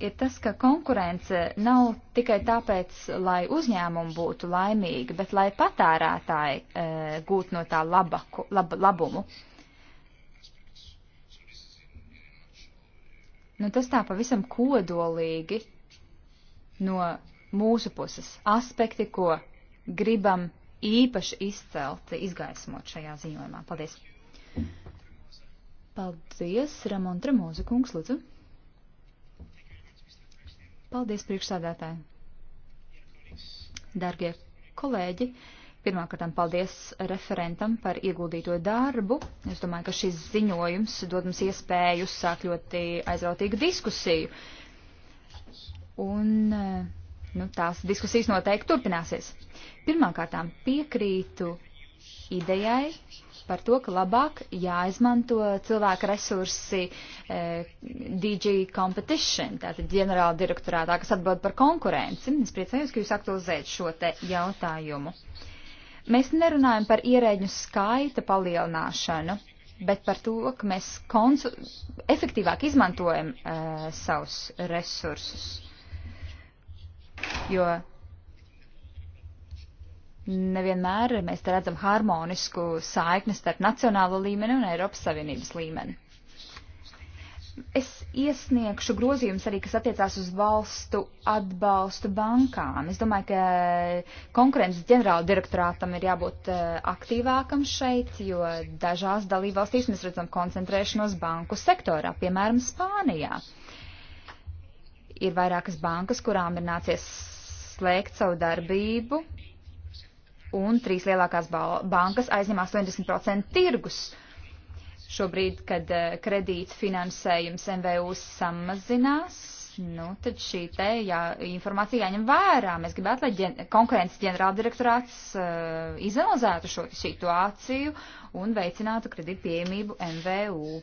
ir tas, ka konkurence nav tikai tāpēc, lai uzņēmumi būtu laimīgi, bet lai patērētāji e, gūtu no tā labaku, lab, labumu. E, Nu, tas tā pavisam kodolīgi no mūsu puses aspekti, ko gribam īpaši izcelt, izgaismot šajā ziņojumā. Paldies! Paldies, Ramon Tremoza kungs, lūdzu. Paldies, priekšsādātāji. Dargie kolēģi, uh, Pirmkārt, paldies referentam par ieguldīto darbu. Es domāju, ka šis ziņojums dod mums iespēju uzsākt ļoti aizrautīgu diskusiju. Un eh, nu, tās diskusijas noteikti turpināsies. Pirmkārt, piekrītu idejai par to, ka labāk jāizmanto cilvēka resursi eh, DG Competition, tātad ģenerāla direktorātā, kas atbild par konkurenci. Es priecājos, ka jūs aktualizējat šo te jautājumu. Eh, Mēs nerunājam par ierēģu skaita palielināšanu, bet par to, ka mēs konsu... efektīvāk izmantojam uh, savus resursus. Jo nevienmēr mēs redzam harmonisku saikni starp nacionālo līmeni un Eiropas Savienības līmeni. Es iesniegšu grozījumus arī, kas attiecās uz valstu atbalstu bankām. Es domāju, ka konkurences ģenerāla direktorātam ir jābūt eh, aktīvākam šeit, jo dažās dalībvalstīs mēs redzam koncentrēšanos banku sektorā, piemēram, Spānijā. Ir vairākas bankas, kurām ir nācies slēgt savu darbību, un trīs lielākās bankas aizņem 80% tirgus. Uh, Šobrīd, kad eh, kredīts finansējums MVU samazinās, nu, tad šī te jā, informācija jāņem vērā. Mēs gribētu, lai ģen, konkurences ģenerāldirektorāts uh, izanalizētu šo situāciju un veicinātu kredītu pieejamību MVU.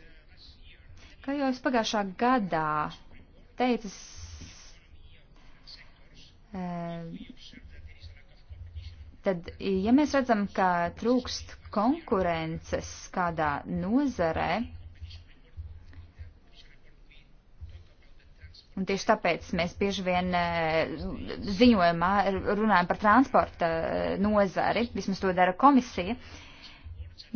Kā jau es pagājušā gadā teicu, uh, tad, ja mēs redzam, ka trūkst konkurences kādā nozarē. Un tieši tāpēc mēs bieži vien eh, ziņojumā runājam par transporta eh, nozari, vismaz to dara komisija.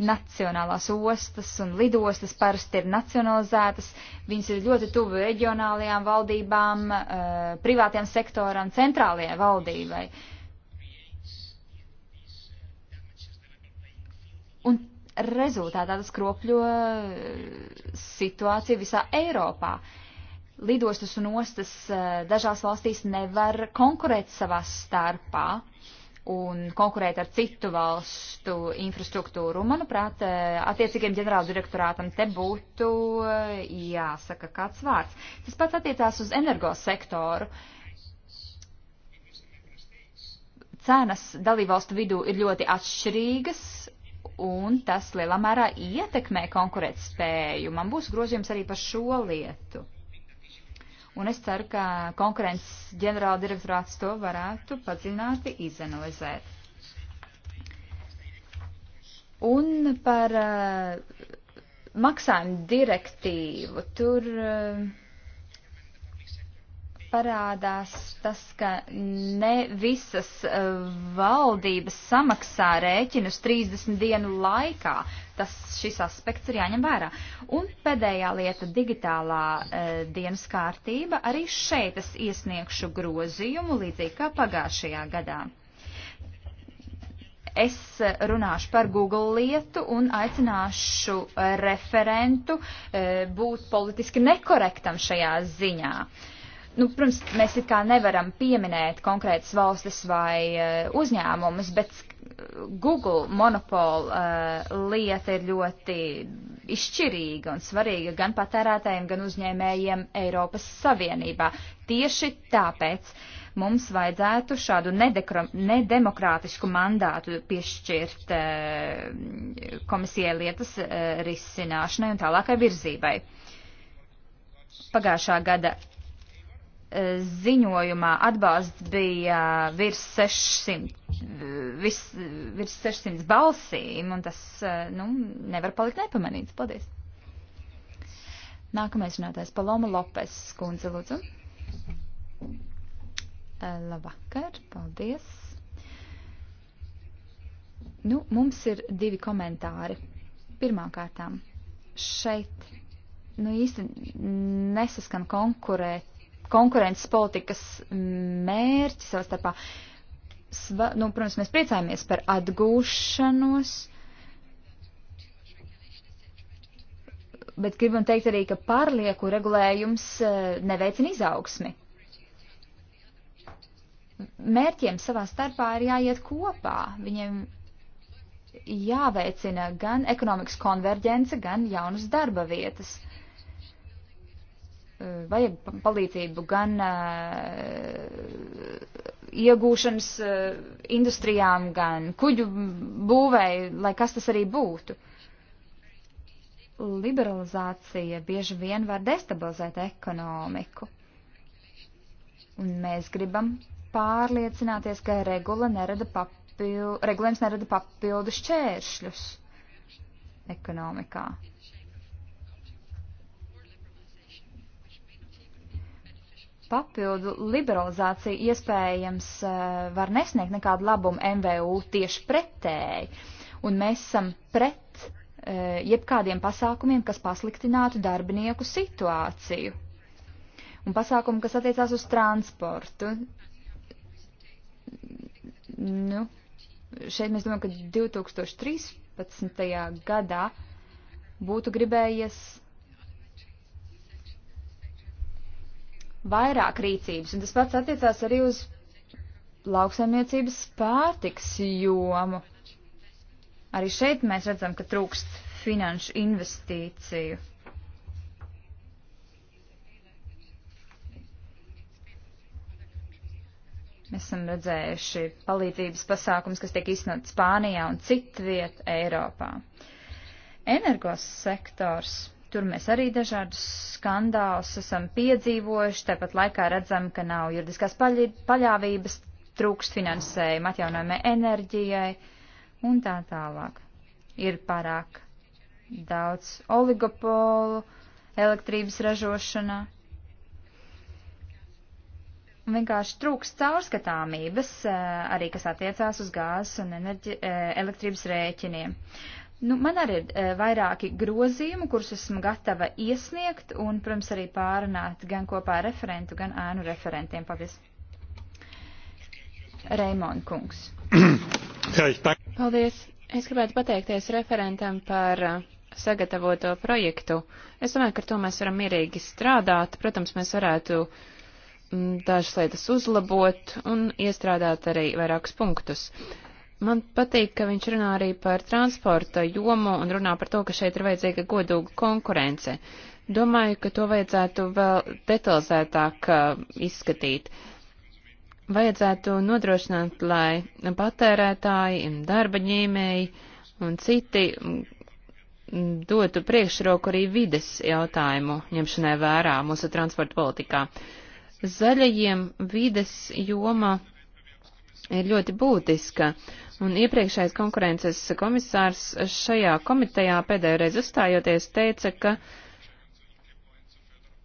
Nacionālās ostas un lidostas parasti ir nacionalizētas, viņas ir ļoti tuvu reģionālajām valdībām, eh, privātajam sektoram, centrālajai valdībai. Uh, rezultātā tas kropļo eh, situāciju visā Eiropā. Lidostas un ostas eh, dažās valstīs nevar konkurēt savā starpā un konkurēt ar citu valstu infrastruktūru. Manuprāt, eh, attiecīgiem ģenerāldirektorātam te būtu jāsaka kāds vārds. Tas pats attiecās uz energosektoru. Cenas dalībvalstu vidū ir ļoti atšķirīgas, un tas lielā mērā ietekmē konkurētspēju. Man būs grozījums arī par šo lietu. Un es ceru, ka konkurences ģenerāla direktorāts to varētu padziļināti izanalizēt. Un par uh, maksājumu direktīvu tur. Uh, parādās tas, ka ne visas e, valdības samaksā rēķinus 30 dienu laikā. Tas šis aspekts ir jāņem vērā. Un pēdējā lieta - digitālā uh, dienas kārtība. Arī šeit es iesniegšu grozījumu līdzīgi kā pagājušajā gadā. Es runāšu par Google lietu un aicināšu referentu uh, būt politiski nekorektam šajā ziņā. Uh, Nu, protams, mēs it kā nevaram pieminēt konkrētas valstis vai uh, uzņēmumus, bet Google monopola uh, eh, lieta ir ļoti izšķirīga un svarīga gan patērētājiem, gan uzņēmējiem Eiropas Savienībā. Tieši tāpēc mums vajadzētu šādu nedemokrātisku mandātu piešķirt uh, komisijai lietas uh, risināšanai un tālākai virzībai. Pagājušā gada ziņojumā atbalsts bija uh, virs 600, vis, virs 600 balsīm, un tas uh, nu, nevar palikt nepamanīts. Paldies! Nākamais runātājs Paloma Lopes skundze, lūdzu. Uh, labvakar, paldies. Nu, mums ir divi komentāri. Pirmkārtām, šeit nu, īsti nesaskan konkurēt konkurences politikas mērķi savā starpā. Sva, nu, protams, mēs priecājamies par atgūšanos, bet gribam teikt arī, ka pārlieku regulējums eh, neveicina izaugsmi. Mērķiem savā starpā ir jāiet kopā. Viņiem jāveicina gan ekonomikas konverģence, gan jaunas darba vietas vajag palīdzību gan iegūšanas industrijām, gan kuģu būvēju, lai kas tas arī būtu. Liberalizācija bieži vien var destabilizēt ekonomiku. Un mēs gribam pārliecināties, ka regula nerada papildu, regulējums nerada papildu šķēršļus ekonomikā. papildu liberalizācija iespējams eh, var nesniegt nekādu labumu MVU tieši pretēji. Un mēs esam pret eh, jebkādiem pasākumiem, kas pasliktinātu darbinieku situāciju. Un pasākumu, kas attiecās uz transportu. Nu, šeit mēs domājam, ka 2013. gadā būtu gribējies vairāk rīcības, un tas pats attiecās arī uz lauksaimniecības pārtiks jomu. Arī šeit mēs redzam, ka trūkst finanšu investīciju. Mēs esam redzējuši palīdzības pasākums, kas tiek iznot Spānijā un citviet Eiropā. Energos sektors Tur mēs arī dažādus skandālus esam piedzīvojuši, tāpat laikā redzam, ka nav juridiskās paļi, paļāvības, trūkst finansējuma atjaunojumai enerģijai un tā tālāk. Ir pārāk daudz oligopolu elektrības ražošanā. Un vienkārši trūkst caurskatāmības, eh, arī kas attiecās uz gāzes un enerģi, eh, elektrības rēķiniem. Nu, man arī ir e, vairāki grozījumi, kurus esmu gatava iesniegt un, protams, arī pārunāt gan kopā ar referentu, gan ēnu referentiem. Paldies. Reimon kungs. Paldies. Es gribētu pateikties referentam par eh, sagatavoto projektu. Es domāju, ka ar to mēs varam mierīgi strādāt. Protams, mēs varētu mm, dažas lietas uzlabot un iestrādāt arī vairākus punktus. Uh, Man patīk, ka viņš runā arī par transporta jomu un runā par to, ka šeit ir vajadzīga godīga konkurence. Domāju, ka to vajadzētu vēl detalizētāk uh, izskatīt. Vajadzētu nodrošināt, lai patērētāji, darba ņēmēji un citi mm, mm, dotu priekšroku arī vides jautājumu ņemšanai vērā mūsu transporta politikā. Zaļajiem vides joma ir ļoti būtiska. Un iepriekšējais konkurences komisārs šajā komitejā pēdējo reizi uzstājoties teica, ka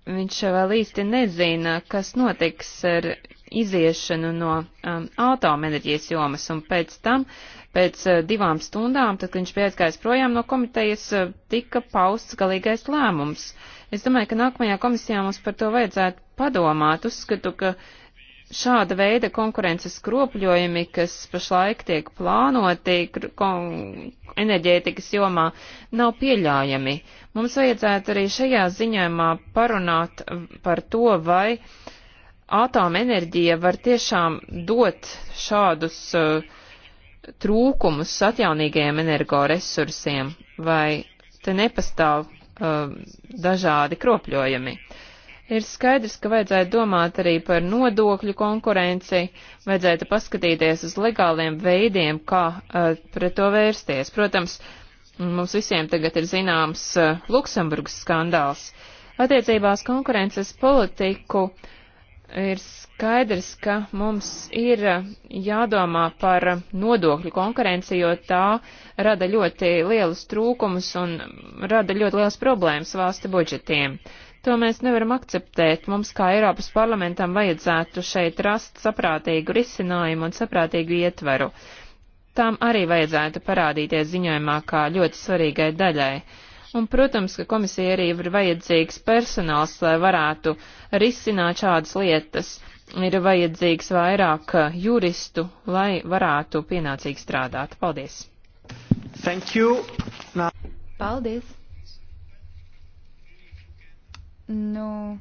viņš vēl īsti nezina, kas notiks ar iziešanu no um, atomenerģijas jomas, un pēc tam, pēc uh, divām stundām, tad, kad viņš bija aizgājis projām no komitejas, uh, tika pausts galīgais lēmums. Es domāju, ka nākamajā komisijā mums par to vajadzētu padomāt. Uzskatu, ka uh, šāda veida konkurences skropļojumi, kas pašlaik tiek plānoti enerģētikas jomā, nav pieļaujami. Mums vajadzētu arī šajā ziņojumā parunāt par to, vai atomenerģija var tiešām dot šādus uh, trūkumus atjaunīgajiem energoresursiem, vai te nepastāv uh, dažādi kropļojumi. Uh, Ir skaidrs, ka vajadzētu domāt arī par nodokļu konkurenci, vajadzētu paskatīties uz legāliem veidiem, kā uh, pret to vērsties. Protams, mums visiem tagad ir zināms uh, Luksemburgas skandāls. Attiecībās konkurences politiku ir skaidrs, ka mums ir uh, jādomā par nodokļu konkurenci, jo tā rada ļoti lielus trūkumus un rada ļoti liels problēmas valsti budžetiem. Uh, To mēs nevaram akceptēt. Mums kā Eiropas parlamentam vajadzētu šeit rast saprātīgu risinājumu un saprātīgu ietveru. Tām arī vajadzētu parādīties ziņojumā kā ļoti svarīgai daļai. Un, protams, ka komisija arī ir vajadzīgs personāls, lai varētu risināt šādas lietas. Ir vajadzīgs vairāk juristu, lai varētu pienācīgi strādāt. Paldies! Thank you! Now... Paldies! Nu,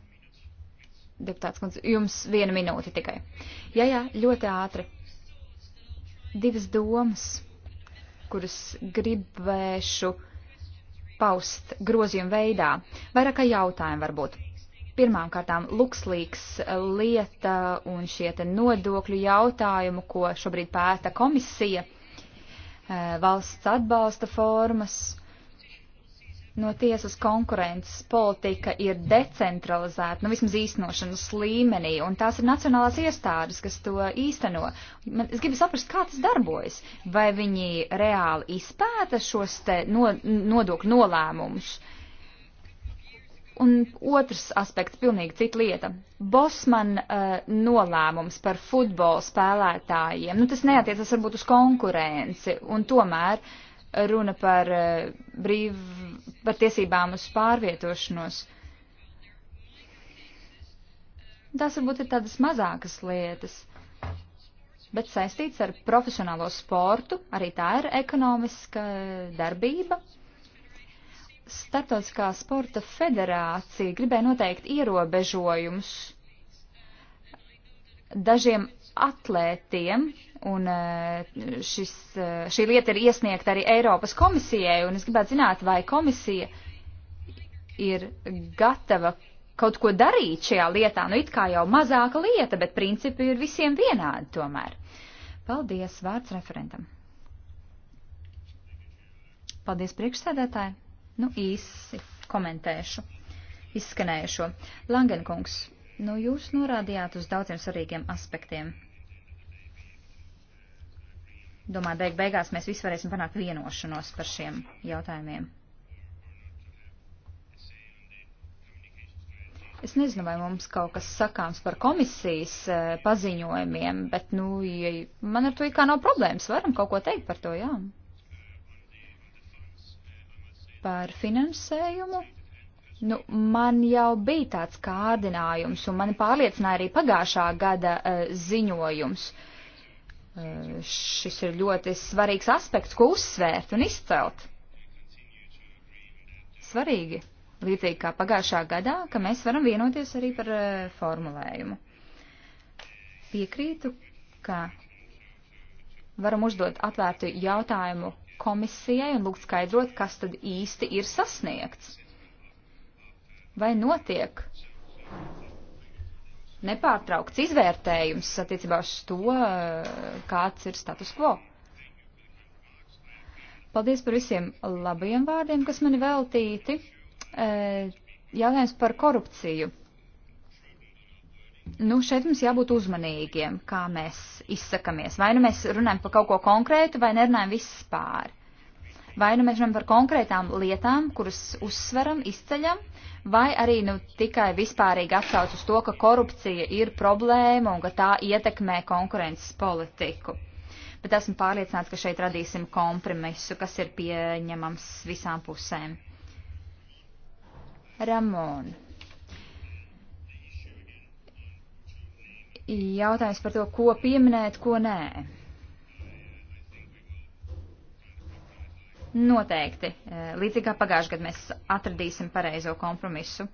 deputāts kundze, jums viena minūte tikai. Jā, jā, ļoti ātri. Divas domas, kuras gribēšu paust grozījumu veidā. Vairāk kā jautājumi varbūt. Pirmām kārtām lukslīgs eh, lieta un šie te nodokļu jautājumu, ko šobrīd pēta komisija, eh, valsts atbalsta formas no tiesas konkurences politika ir decentralizēta, nu vismaz īstenošanas līmenī, un tās ir nacionālās iestādes, kas to īsteno. Man, es gribu saprast, kā tas darbojas. Vai viņi reāli izpēta šos te no, nodokļu nolēmumus? Un otrs aspekts, pilnīgi cita lieta. Bosman uh, nolēmums par futbola spēlētājiem, nu tas neatiecas varbūt uz konkurenci, un tomēr runa par uh, eh, brīvu par tiesībām uz pārvietošanos. Tās varbūt ir tādas mazākas lietas, bet saistīts ar profesionālo sportu, arī tā ir ekonomiska darbība. Startautiskā sporta federācija gribēja noteikt ierobežojumus dažiem atlētiem, un eh, šis, eh, šī lieta ir iesniegta arī Eiropas komisijai, un es gribētu zināt, vai komisija ir gatava kaut ko darīt šajā lietā, nu it kā jau mazāka lieta, bet principi ir visiem vienādi tomēr. Paldies, vārds referentam. Paldies priekšsēdētāji. Nu īsi komentēšu izskanējušo. Langenkungs, nu jūs norādījāt uz daudziem svarīgiem aspektiem. Domāju, beig beigās mēs visi varēsim panākt vienošanos par šiem jautājumiem. Es nezinu, vai mums kaut kas sakāms par komisijas eh, paziņojumiem, bet, nu, man ar to ikā nav problēmas. Varam kaut ko teikt par to, jā. Par finansējumu. Nu, man jau bija tāds kārdinājums, un mani pārliecināja arī pagājušā gada uh, ziņojums. Uh, Eh, šis ir ļoti svarīgs aspekts, ko uzsvērt un izcelt. Svarīgi, līdzīgi kā pagājušā gadā, ka mēs varam vienoties arī par eh, formulējumu. Piekrītu, ka varam uzdot atvērtu jautājumu komisijai un lūgt skaidrot, kas tad īsti ir sasniegts. Vai notiek nepārtraukts izvērtējums attiecībā uz to, eh, kāds ir status quo. Paldies par visiem labajiem vārdiem, kas mani veltīti. Eh, jautājums par korupciju. Nu, šeit mums jābūt uzmanīgiem, kā mēs izsakamies. Vai nu mēs runājam par kaut ko konkrētu, vai nerunājam vispār. Vai nu mēs runājam par konkrētām lietām, kuras uzsveram, izceļam, vai arī nu, tikai vispārīgi atsauc uz to, ka korupcija ir problēma un ka tā ietekmē konkurences politiku. Bet esmu pārliecināts, ka šeit radīsim kompromisu, kas ir pieņemams visām pusēm. Ramon. Jautājums par to, ko pieminēt, ko nē. Noteikti, eh, līdzīgi kā pagājušajā gadā mēs atradīsim pareizo kompromisu.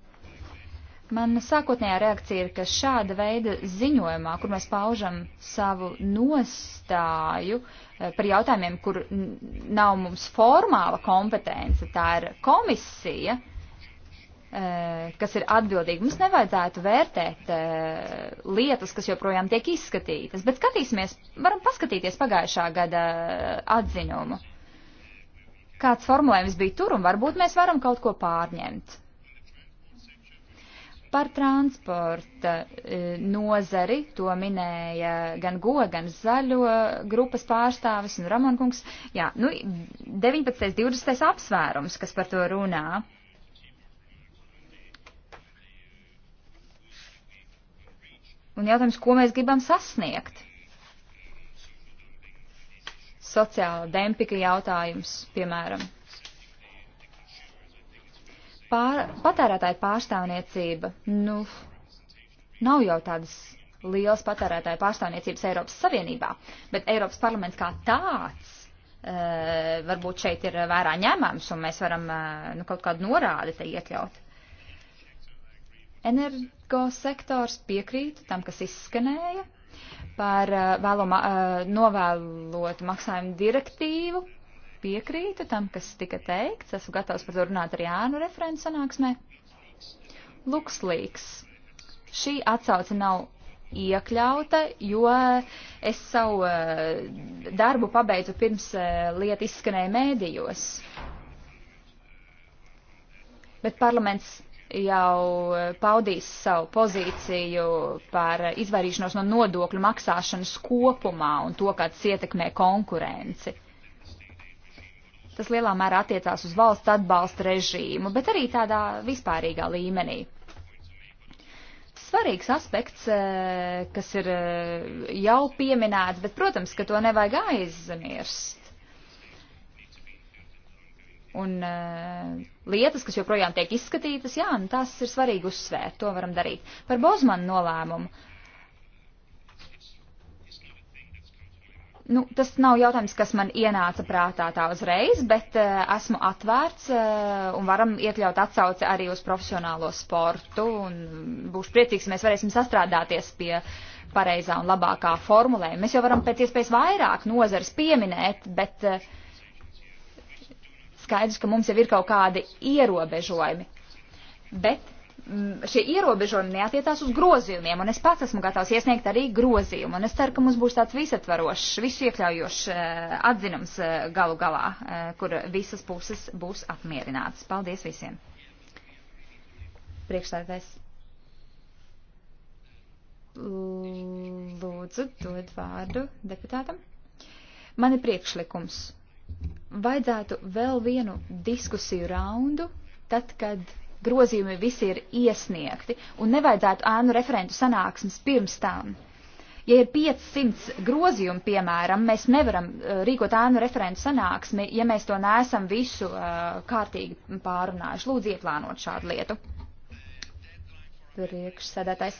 Man sākotnējā reakcija ir, ka šāda veida ziņojumā, kur mēs paužam savu nostāju eh, par jautājumiem, kur nav mums formāla kompetence, tā ir komisija, eh, kas ir atbildīga. Mums nevajadzētu vērtēt lietas, kas joprojām tiek izskatītas, bet skatīsimies, varam paskatīties pagājušā gada atziņumu kāds formulējums bija tur, un varbūt mēs varam kaut ko pārņemt. Par transporta e, nozari to minēja gan goga, gan zaļo grupas pārstāvis un Ramonkungs. Jā, nu, 19. 20. apsvērums, kas par to runā. Un jautājums, ko mēs gribam sasniegt? sociāla dempika jautājums, piemēram. Pār, patērētāja pārstāvniecība, nu, nav jau tādas liels patērētāja pārstāvniecības Eiropas Savienībā, bet Eiropas parlaments kā tāds Uh, varbūt šeit ir vērā ņemams un mēs varam uh, nu, kaut kādu norādi te iekļaut. Energo sektors piekrītu tam, kas izskanēja par eh, vēloma, eh, novēlot maksājumu direktīvu. Piekrītu tam, kas tika teikts. Esmu gatavs par to runāt arī ēnu referents sanāksmē. Lukslīgs. Šī atsauce nav iekļauta, jo es savu eh, darbu pabeidzu pirms lieta izskanēja mēdījos. Bet parlaments jau eh, paudīs savu pozīciju par izvairīšanos no nodokļu maksāšanas kopumā un to, kā tas ietekmē konkurenci. Tas lielā mērā attiecās uz valsts atbalsta režīmu, bet arī tādā vispārīgā līmenī. Svarīgs aspekts, eh, kas ir eh, jau pieminēts, bet, protams, ka to nevajag aizmirst Un uh, lietas, kas joprojām tiek izskatītas, jā, nu, tās ir svarīgi uzsvērt, to varam darīt. Par Bozmanu nolēmumu. Nu, tas nav jautājums, kas man ienāca prātā tā uzreiz, bet uh, esmu atvērts uh, un varam iekļaut atsauci arī uz profesionālo sportu. Un būšu priecīgs, ja mēs varēsim sastrādāties pie uh, pareizā un labākā formulējuma. Mēs jau varam pēc iespējas vairāk nozares pieminēt, bet uh, skaidrs, ka mums jau ir kaut kādi ierobežojumi. Bet mm, šie ierobežojumi neatiecās uz grozījumiem, un es pats esmu gatavs iesniegt arī grozījumu, un es ceru, ka mums būs tāds visatvarošs, visu iekļaujošs eh, atzinums eh, galu galā, eh, kur visas puses būs apmierinātas. Paldies visiem! Priekšsēdētājs. Lūdzu, dod vārdu deputātam. Man ir priekšlikums vajadzētu vēl vienu diskusiju raundu, tad, kad grozījumi visi ir iesniegti, un nevajadzētu ēnu referentu sanāksmes pirms tām. Ja ir 500 grozījumi, piemēram, mēs nevaram uh, rīkot ēnu referentu sanāksmi, ja mēs to neesam visu uh, kārtīgi pārunājuši. Lūdzu, ieplānot šādu lietu priekšsēdētājs.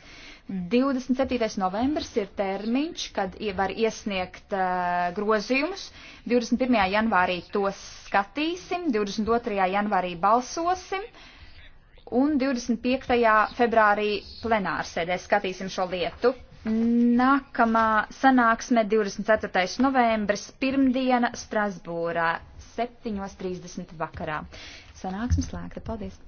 27. novembris ir termiņš, kad var iesniegt uh, grozījumus. 21. janvārī tos skatīsim, 22. janvārī balsosim un 25. februārī plenārsēdē skatīsim šo lietu. Nākamā sanāksme 24. novembris, pirmdiena Strasbūrā, 7.30 vakarā. Sanāksme slēgta. Paldies!